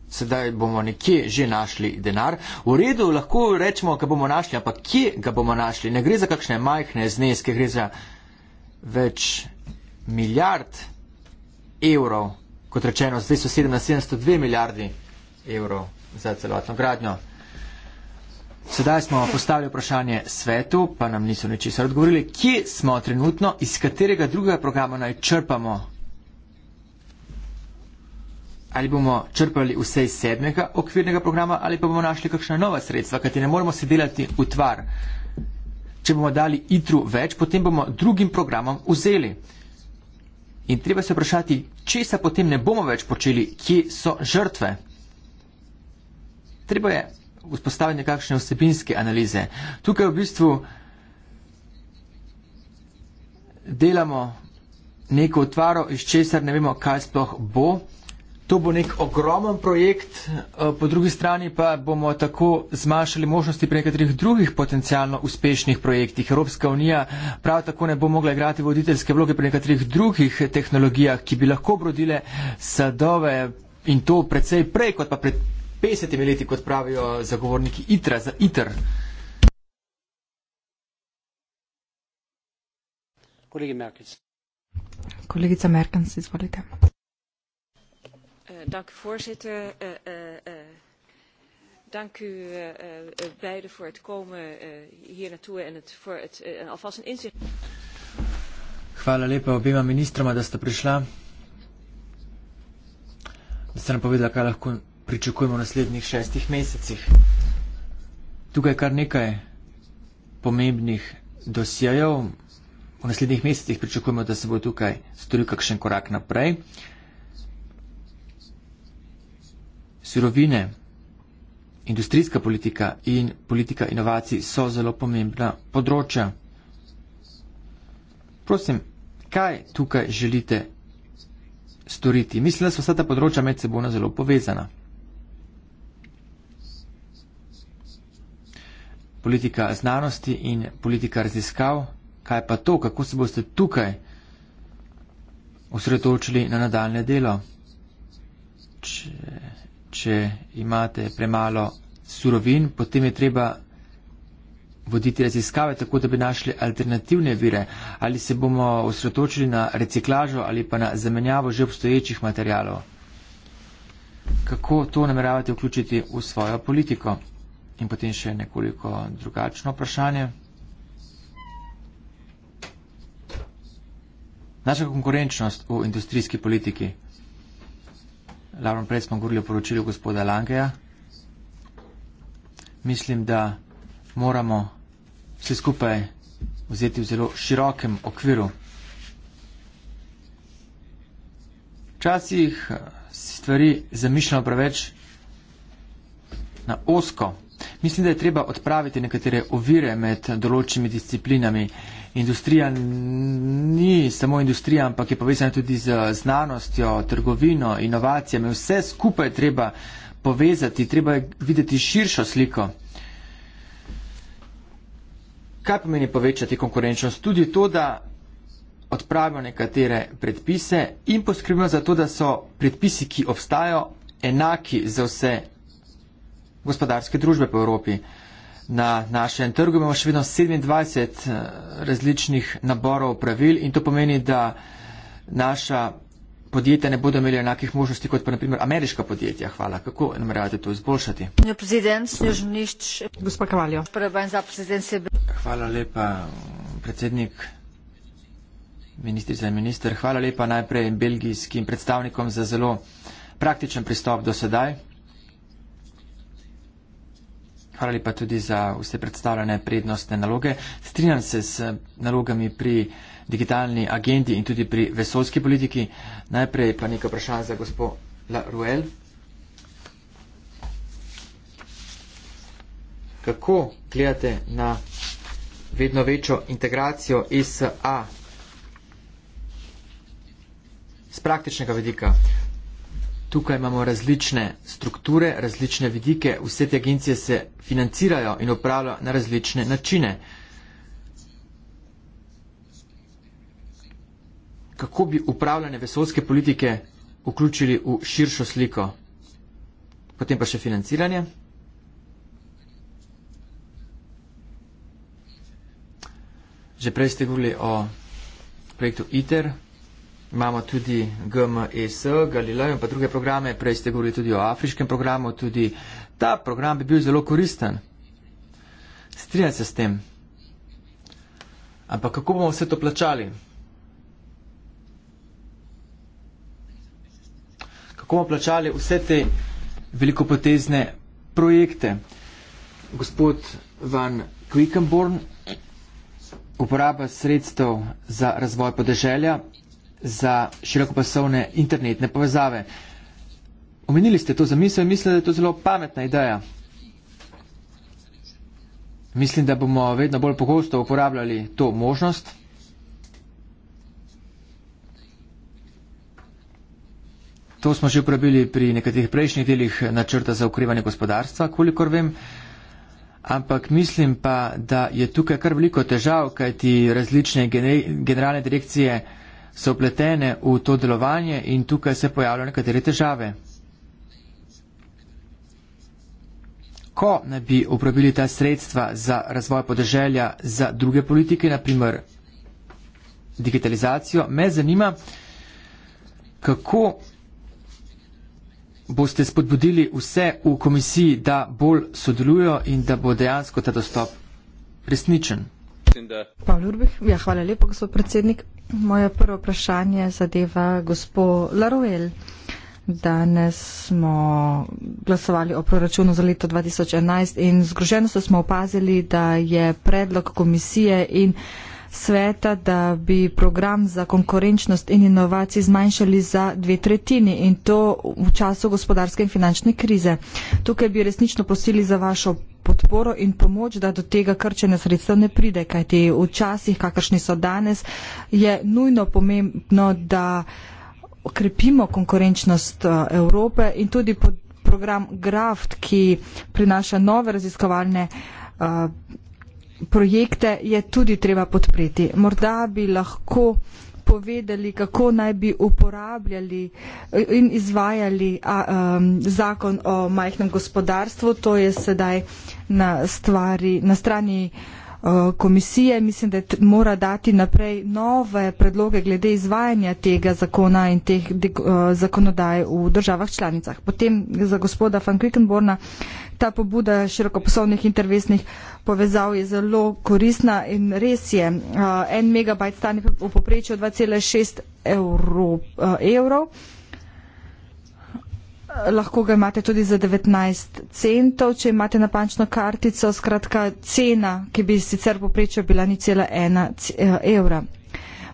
Sedaj bomo nekje že našli denar. V redu lahko rečemo, da bomo našli, ampak kje ga bomo našli? Ne gre za kakšne majhne zneske, gre za več milijard evrov. Kot rečeno, zdaj so 7702 milijardi evrov za celotno gradnjo. Sedaj smo postavili vprašanje svetu, pa nam niso ničesar odgovorili, kje smo trenutno, iz katerega drugega programa naj črpamo. Ali bomo črpali vse iz sedmega okvirnega programa, ali pa bomo našli kakšna nova sredstva, kajti ne moremo se delati v tvar. Če bomo dali ITRU več, potem bomo drugim programom vzeli. In treba se vprašati, če se potem ne bomo več počeli, kje so žrtve treba je vzpostaviti nekakšne vsebinske analize. Tukaj v bistvu delamo neko utvaro, iz česar ne vemo, kaj sploh bo. To bo nek ogromen projekt, eh, po drugi strani pa bomo tako zmanjšali možnosti pri nekaterih drugih potencijalno uspešnih projektih. Evropska unija prav tako ne bo mogla igrati voditeljske vloge pri nekaterih drugih tehnologijah, ki bi lahko brodile sadove in to predvsej prej kot pa pred 50 leti, kot pravijo zagovorniki ITRA za ITR. Kolegi Merkens. Kolegica Merkens, izvolite. Uh, dank u voorzitter. Uh, uh, uh, dank u uh, uh, beiden voor het komen uh, hier naartoe en het voor het uh, alvast een inzicht. Hvala lepa obima ministroma, da ste prišla, da ste nam povedala, kaj lahko pričakujemo v naslednjih šestih mesecih. Tukaj je kar nekaj pomembnih dosjejev. V naslednjih mesecih pričakujemo, da se bo tukaj storil kakšen korak naprej. Surovine, industrijska politika in politika inovacij so zelo pomembna področja. Prosim, kaj tukaj želite storiti? Mislim, da so vsa ta področja med sebojno zelo povezana. politika znanosti in politika raziskav, kaj pa to, kako se boste tukaj osredotočili na nadaljne delo, če, če imate premalo surovin, potem je treba voditi raziskave tako, da bi našli alternativne vire, ali se bomo osredotočili na reciklažo ali pa na zamenjavo že obstoječih materialov. Kako to nameravate vključiti v svojo politiko? In potem še nekoliko drugačno vprašanje. Naša konkurenčnost v industrijski politiki. Lavrom, prej smo govorili o poročilu gospoda Langeja. Mislim, da moramo vse skupaj vzeti v zelo širokem okviru. Včasih stvari zamišljamo preveč na osko. Mislim, da je treba odpraviti nekatere ovire med določimi disciplinami. Industrija ni samo industrija, ampak je povezana tudi z znanostjo, trgovino, inovacijami. Vse skupaj treba povezati, treba videti širšo sliko. Kaj pomeni povečati konkurenčnost? Tudi to, da odpravimo nekatere predpise in poskrbimo za to, da so predpisi, ki obstajajo, enaki za vse gospodarske družbe po Evropi. Na našem trgu imamo še vedno 27 eh, različnih naborov pravil in to pomeni, da naša podjetja ne bodo imeli enakih možnosti kot pa naprimer ameriška podjetja. Hvala. Kako nameravate to izboljšati? Hvala lepa, predsednik. Ministrica in minister, hvala lepa najprej belgijskim predstavnikom za zelo praktičen pristop do sedaj. Hvala lepa tudi za vse predstavljene prednostne naloge. Strinjam se s nalogami pri digitalni agendi in tudi pri vesoljski politiki. Najprej pa nekaj vprašanj za gospod Laruel. Kako gledate na vedno večjo integracijo ESA s praktičnega vidika? tukaj imamo različne strukture, različne vidike, vse te agencije se financirajo in upravljajo na različne načine. Kako bi upravljanje vesolske politike vključili v širšo sliko? Potem pa še financiranje. Že prej ste govorili o projektu ITER. Imamo tudi GMS, e Galileo in pa druge programe. Prej ste govorili tudi o afriškem programu. Tudi ta program bi bil zelo koristen. Strinjam se s tem. Ampak kako bomo vse to plačali? Kako bomo plačali vse te velikopotezne projekte? Gospod Van Quickenborn uporablja sredstev za razvoj podeželja, za širokopasovne internetne povezave. Omenili ste to za misel in mislili, da je to zelo pametna ideja. Mislim, da bomo vedno bolj pogosto uporabljali to možnost. To smo že uporabili pri nekaterih prejšnjih delih načrta za ukrivanje gospodarstva, kolikor vem. Ampak mislim pa, da je tukaj kar veliko težav, kajti različne generalne direkcije so upletene v to delovanje in tukaj se pojavljajo nekatere težave. Ko naj bi uporabili ta sredstva za razvoj podeželja za druge politike, naprimer digitalizacijo, me zanima, kako boste spodbudili vse v komisiji, da bolj sodelujo in da bo dejansko ta dostop resničen. Pavel Urbih, ja, hvala lepo, gospod predsednik. Moje prvo vprašanje zadeva gospo Laroel. Danes smo glasovali o proračunu za leto 2011 in zgroženo se smo opazili, da je predlog komisije in uh, sveta, da bi program za konkurenčnost in inovacije zmanjšali za dve tretjini in to v času gospodarske in finančne krize. Tukaj bi resnično prosili za vašo podporo in pomoč, da do tega krčenja sredstev ne pride, kajti v časih, kakršni so danes, je nujno pomembno, da okrepimo konkurenčnost eh, Evrope in tudi program Graft, ki prinaša nove raziskovalne uh, projekte je tudi treba podpreti. Morda bi lahko povedali, kako naj bi uporabljali eh, in izvajali zakon o majhnem gospodarstvu, to je sedaj na, stvari, na strani Eh, komisije. Mislim, da mora dati naprej nove predloge glede izvajanja tega zakona in teh eh, zakonodaj v državah članicah. Potem za gospoda van Krikenborna ta pobuda širokoposobnih intervesnih povezav je zelo korisna in res je. Eh, en megabajt stane v poprečju 2,6 evrov. evrov lahko ga imate tudi za 19 centov, če imate napačno kartico, skratka cena, ki bi sicer poprečjo bila ni cela ena e, evra.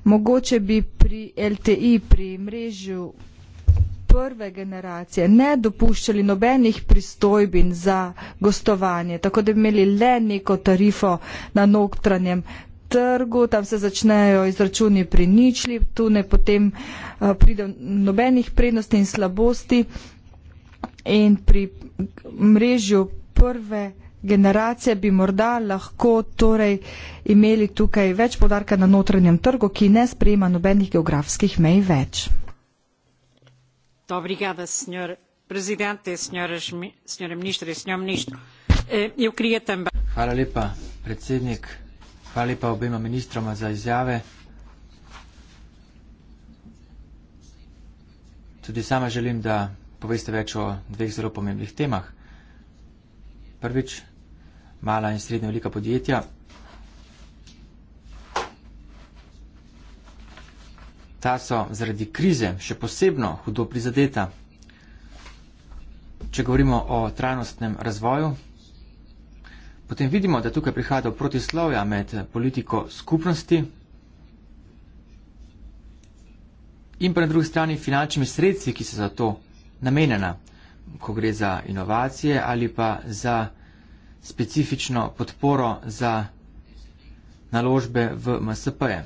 Mogoče bi pri LTI, pri mrežju prve generacije ne dopuščali nobenih pristojbin za gostovanje, tako da bi imeli le neko tarifo na noktranjem trgu, tam se začnejo izračuni pri ničli, tu ne potem uh, pride nobenih prednosti in slabosti. Uh, in pri mrežju prve generacije bi morda lahko torej imeli tukaj več podarka na notranjem trgu, ki ne sprejema nobenih geografskih mej več. Dobrigada, senjor prezidente, senjore ministre, senjor ministro. Eh, jo krijetem. Hvala lepa, predsednik. Hvala lepa obema ministroma za izjave. Tudi sama želim, da poveste več o dveh zelo pomembnih temah. Prvič, mala in srednja velika podjetja. Ta so zaradi krize še posebno hudo prizadeta. Če govorimo o trajnostnem razvoju, potem vidimo, da tukaj prihaja do protislovja med politiko skupnosti in pa na drugi strani finančnimi sredstvi, ki se za to namenjena, ko gre za inovacije ali pa za specifično podporo za naložbe v MSP-je.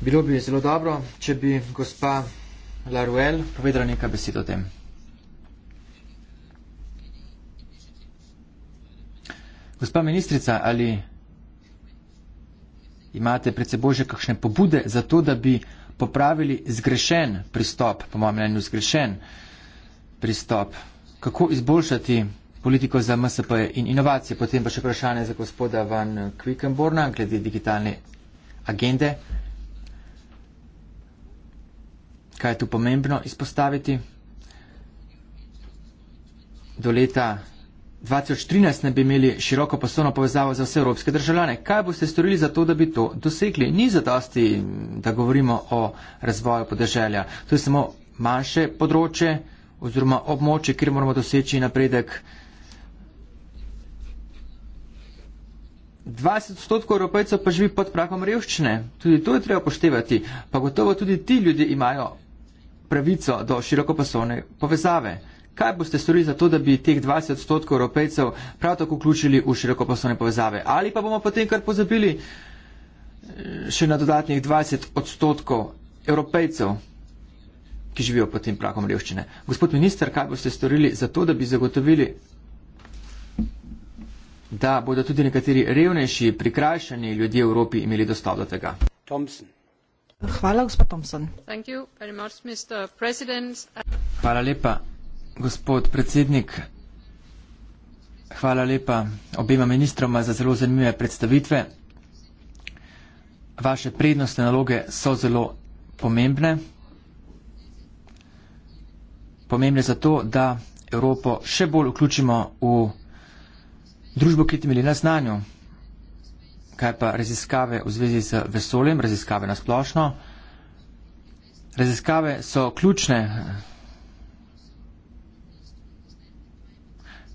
Bilo bi zelo dobro, če bi gospa Laruel povedala nekaj besed o tem. Gospa ministrica, ali imate pred seboj že kakšne pobude za to, da bi popravili zgrešen pristop, po mojem mnenju zgrešen pristop, kako izboljšati politiko za MSP in inovacije. Potem pa še vprašanje za gospoda Van Quickenborna glede digitalne agende. Kaj je tu pomembno izpostaviti? Do leta 2013 ne bi imeli široko poslovno povezavo za vse evropske državljane. Kaj boste storili za to, da bi to dosegli? Ni zadosti, da govorimo o razvoju podeželja. To je samo manjše področje oziroma območje, kjer moramo doseči napredek. 20 odstotkov evropejcev pa živi pod prahom revščine. Tudi to je treba poštevati. Pa gotovo tudi ti ljudje imajo pravico do široko poslovne povezave. Kaj boste storili za to, da bi teh 20 odstotkov evropejcev prav tako vključili v širokoposlovne povezave? Ali pa bomo potem kar pozabili eh, še na dodatnih 20 odstotkov evropejcev, ki živijo pod tem prakom revščine? Gospod minister, kaj boste storili za to, da bi zagotovili, da bodo tudi nekateri revnejši, prikrajšani ljudje v Evropi imeli dostop do tega? Thompson. Hvala, gospod Thompson. Hvala lepa, Gospod predsednik, hvala lepa obema ministroma za zelo zanimive predstavitve. Vaše prednostne naloge so zelo pomembne. Pomembne zato, da Evropo še bolj vključimo v družbo, ki temelji na znanju. Kaj pa raziskave v zvezi z vesoljem, raziskave na splošno? Raziskave so ključne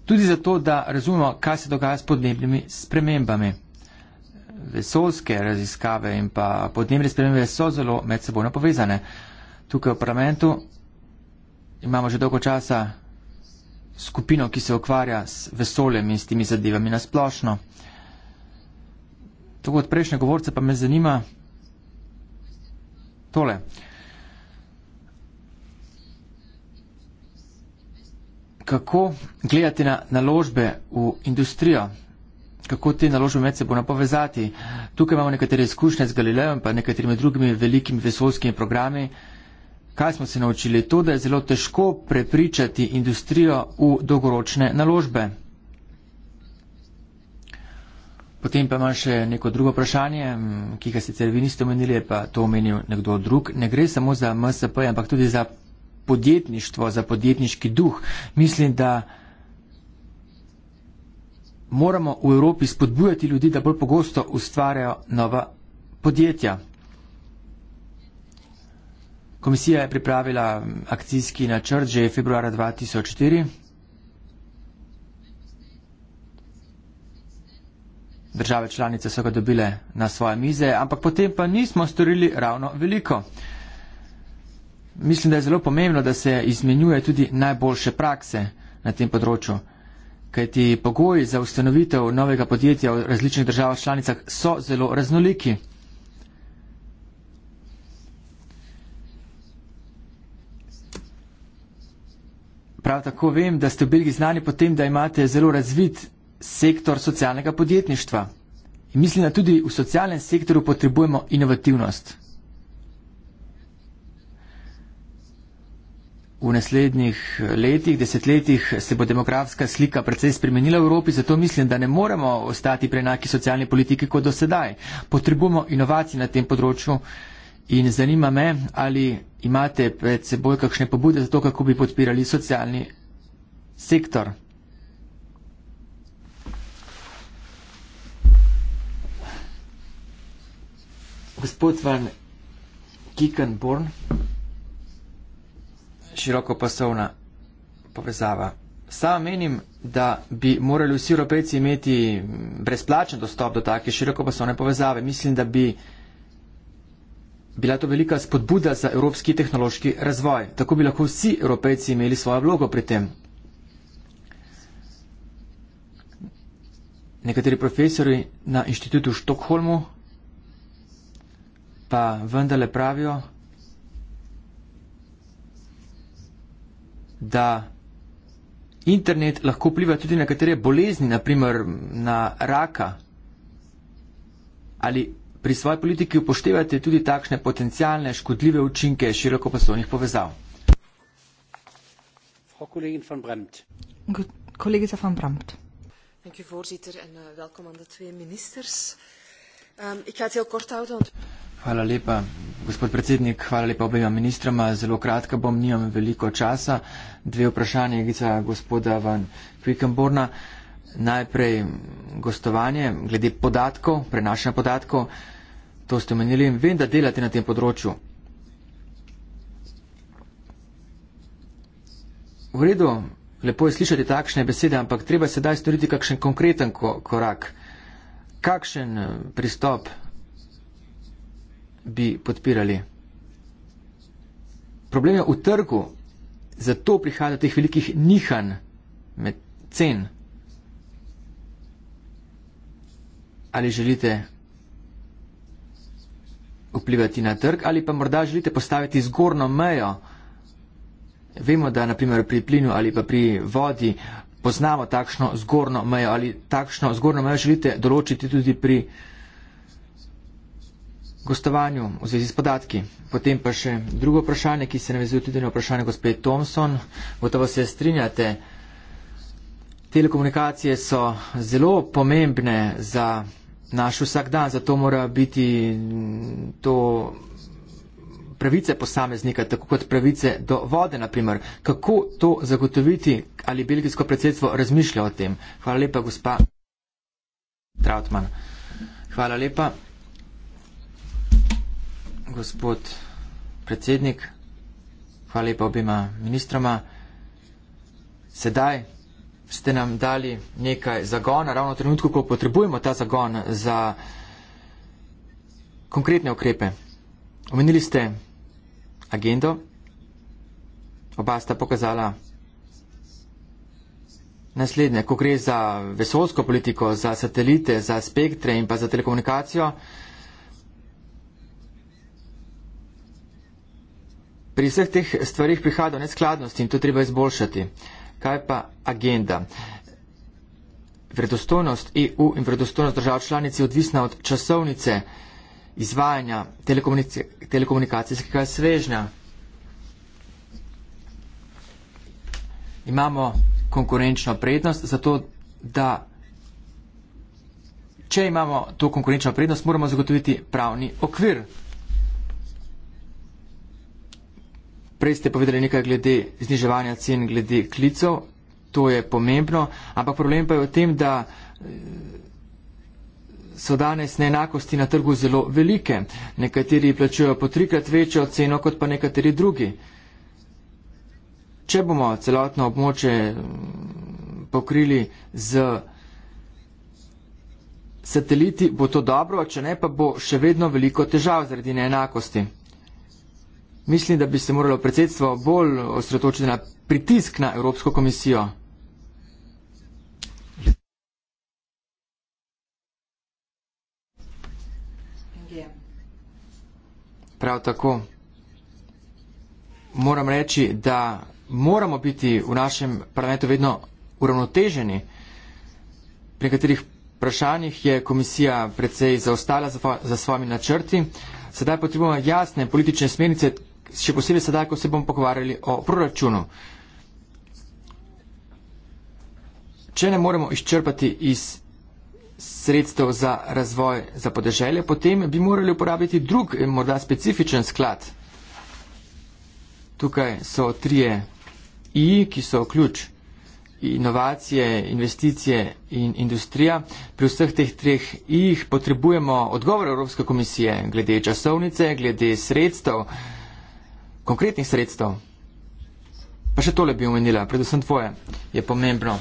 Tudi zato, da razumemo, kaj se dogaja s podnebnimi spremembami. Vesolske raziskave in pa podnebne spremembe so zelo med seboj napovezane. Tukaj v parlamentu imamo že dolgo časa skupino, ki se ukvarja s vesoljem in s temi zadevami nasplošno. Tako od prejšnje govorce pa me zanima tole. Uh, kako gledati na naložbe v industrijo, kako te naložbe med seboj napovezati. Tukaj imamo nekatere izkušnje z Galilejem, pa nekaterimi drugimi velikimi vesolskimi programi. Kaj smo se naučili? To, da je zelo težko prepričati industrijo v dolgoročne naložbe. Potem pa imam še neko drugo vprašanje, ki ga sicer vi niste omenili, pa to omenil nekdo drug. Ne gre samo za MSP, ampak tudi za podjetništvo, za podjetniški duh. Mislim, da moramo v Evropi spodbujati ljudi, da bolj pogosto ustvarjajo nova podjetja. Komisija je pripravila akcijski načrt že februara 2004. Države članice so ga dobile na svoje mize, ampak potem pa nismo storili ravno veliko mislim, da je zelo pomembno, da se izmenjuje tudi najboljše prakse na tem področju, kajti pogoji za ustanovitev novega podjetja v različnih državah članicah so zelo raznoliki. Prav tako vem, da ste v Belgiji znani po tem, da imate zelo razvit sektor socialnega podjetništva. In mislim, da tudi v socialnem sektoru potrebujemo inovativnost. V naslednjih eh, letih, desetletjih se bo demografska slika precej spremenila v Evropi, zato mislim, da ne moremo ostati pri enaki socialni politiki kot do sedaj. Potrebujemo inovacije na tem področju in zanima me, ali imate pred seboj kakšne pobude za to, kako bi podpirali socialni sektor. Gospod Van Kickenborn širokopasovna povezava. Sam menim, da bi morali vsi evropejci imeti brezplačen dostop do take širokopasovne povezave. Mislim, da bi bila to velika spodbuda za evropski tehnološki razvoj. Tako bi lahko vsi evropejci imeli svojo vlogo pri tem. Nekateri profesori na inštitutu v Štokholmu pa vendarle pravijo, da internet lahko pliva tudi na katere bolezni, naprimer na raka. Ali pri svoji politiki upoštevate tudi takšne potencijalne škodljive učinke širokopasovnih povezav? Kolegica van Brandt. Dank u voorzitter en uh, welkom aan de twee ministers. Um, ik ga het heel kort houden. Want... Hvala lepa. Gospod predsednik, hvala lepa obema ministroma. Zelo kratka bom, nimam veliko časa. Dve vprašanje, gica gospoda Van Quickenborna. Najprej gostovanje glede podatkov, prenašanja podatkov. To ste omenili. Vem, da delate na tem področju. V redu, lepo je slišati takšne besede, ampak treba sedaj storiti kakšen konkreten korak. Kakšen eh, pristop bi podpirali. Problem je v trgu, zato prihaja do teh velikih nihanj med cen. Ali želite vplivati na trg, ali pa morda želite postaviti zgornjo mejo. Vemo, da naprimer pri plinu ali pa pri vodi poznamo takšno zgornjo mejo ali takšno zgornjo mejo želite določiti tudi pri trgu gostovanju v zvezi s podatki. Potem pa še drugo vprašanje, ki se navezuje tudi na vprašanje gospe Thompson. Gotovo se strinjate, telekomunikacije so zelo pomembne za naš vsak dan, zato mora biti to pravice posameznika, tako kot pravice do vode, naprimer. Kako to zagotoviti, ali belgijsko predsedstvo razmišlja o tem? Hvala lepa, gospa Trautmann. Hvala lepa gospod predsednik, hvala lepa obima ministroma. Sedaj ste nam dali nekaj zagona, ravno v trenutku, ko potrebujemo ta zagon za konkretne ukrepe. Omenili ste agendo, oba sta pokazala naslednje, ko gre za vesolsko politiko, za satelite, za spektre in pa za telekomunikacijo. pri vseh teh stvarih prihaja do neskladnosti in to treba izboljšati. Kaj pa agenda? Vredostojnost EU in vredostojnost držav članic je odvisna od časovnice izvajanja telekomunic telekomunikacijskega svežnja. Imamo konkurenčno prednost, zato da če imamo to konkurenčno prednost, moramo zagotoviti pravni okvir. Prej ste povedali nekaj glede zniževanja cen, glede klicev, to je pomembno, ampak problem pa je v tem, da eh, so danes neenakosti na trgu zelo velike. Nekateri plačujejo po trikrat večjo ceno, kot pa nekateri drugi. Če bomo celotno območje mm, pokrili z sateliti, bo to dobro, če ne, pa bo še vedno veliko težav zaradi neenakosti. Mislim, da bi se moralo predsedstvo bolj osredotočiti na pritisk na Evropsko komisijo. Prav tako moram reči, da moramo biti v našem parlamentu vedno uravnoteženi. Pri katerih vprašanjih je komisija precej zaostala za, za svojimi načrti. Sedaj potrebujemo jasne politične smernice, še posebej sedaj, ko se bomo pogovarjali o proračunu. Če ne moremo izčrpati iz sredstev za razvoj za podeželje, potem bi morali uporabiti drug, eh, morda specifičen sklad. Tukaj so trije I, ki so ključ inovacije, investicije in industrija. Pri vseh teh treh I potrebujemo odgovor Evropske komisije glede časovnice, glede sredstev. Uh, konkretnih sredstev. Pa še tole bi omenila, predvsem tvoje, je pomembno.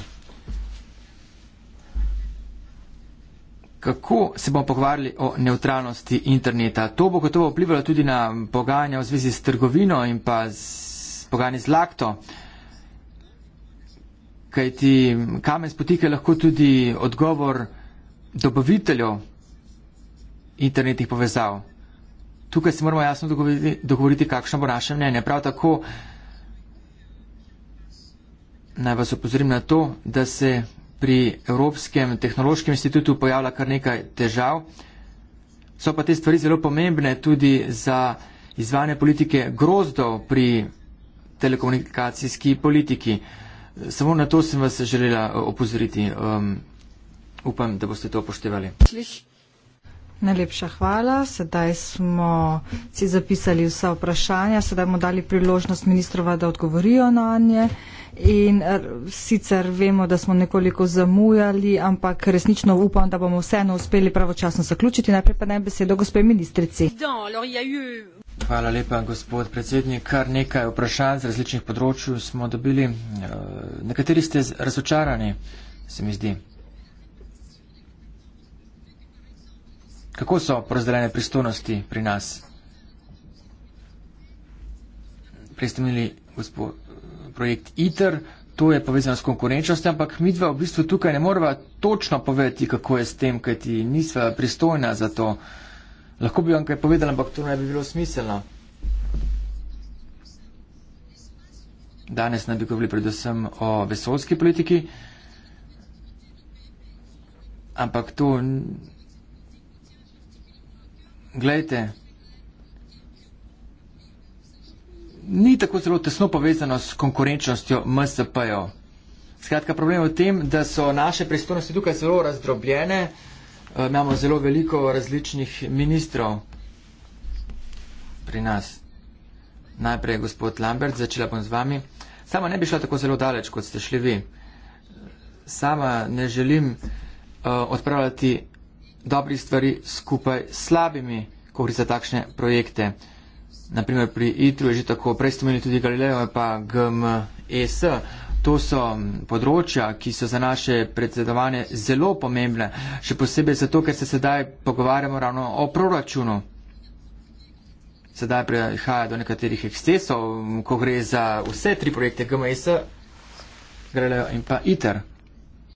Kako se bomo pogovarjali o neutralnosti interneta? To bo gotovo vplivalo tudi na pogajanja v zvezi s trgovino in pa s pogajanji z lakto. Kaj ti kamen spotike lahko tudi odgovor dobaviteljev internetnih povezav? tukaj se moramo jasno dogovoriti, dogovoriti kakšno bo naše mnenje. Prav tako naj vas opozorim na to, da se pri Evropskem tehnološkem institutu pojavlja kar nekaj težav. So pa te stvari zelo pomembne tudi za izvajanje politike grozdov pri telekomunikacijski politiki. Samo na to sem vas želela opozoriti. Um, upam, da boste to upoštevali. Slišite. Najlepša hvala. Sedaj smo si zapisali vsa vprašanja, sedaj bomo dali priložnost ministrova, da odgovorijo na nje. In eh, sicer vemo, da smo nekoliko zamujali, ampak resnično upam, da bomo vseeno uspeli pravočasno zaključiti. Najprej pa naj besedo gospe ministrici. Hvala lepa, gospod predsednik. Kar nekaj vprašanj z različnih področju smo dobili. Eh, nekateri ste razočarani, se mi zdi. kako so porazdeljene pristojnosti pri nas? Prej ste imeli projekt ITER, to je povezano s konkurenčnostjo, ampak mi dva v bistvu tukaj ne moramo točno povedati, kako je s tem, kaj ti nisva pristojna za to. Lahko bi vam kaj povedala, ampak to ne bi bilo smiselno. Danes ne bi govorili predvsem o vesolski politiki, ampak to glejte, ni tako zelo tesno povezano s konkurenčnostjo MSP-jo. Skratka, problem je v tem, da so naše pristojnosti tukaj zelo razdrobljene, uh, imamo zelo veliko različnih ministrov pri nas. Najprej je gospod Lambert, začela bom z vami. Sama ne bi šla tako zelo daleč, kot ste šli vi. Sama ne želim uh, odpravljati dobrih stvari skupaj s slabimi, ko gre za takšne projekte. Naprimer pri ITRU je že tako, prej ste imeli tudi Galileo in pa GMS. E to so področja, ki so za naše predsedovanje zelo pomembne, še posebej zato, ker se sedaj pogovarjamo ravno o proračunu. Sedaj prihaja do nekaterih ekscesov, ko gre za vse tri projekte GMS, e Galileo in pa ITR.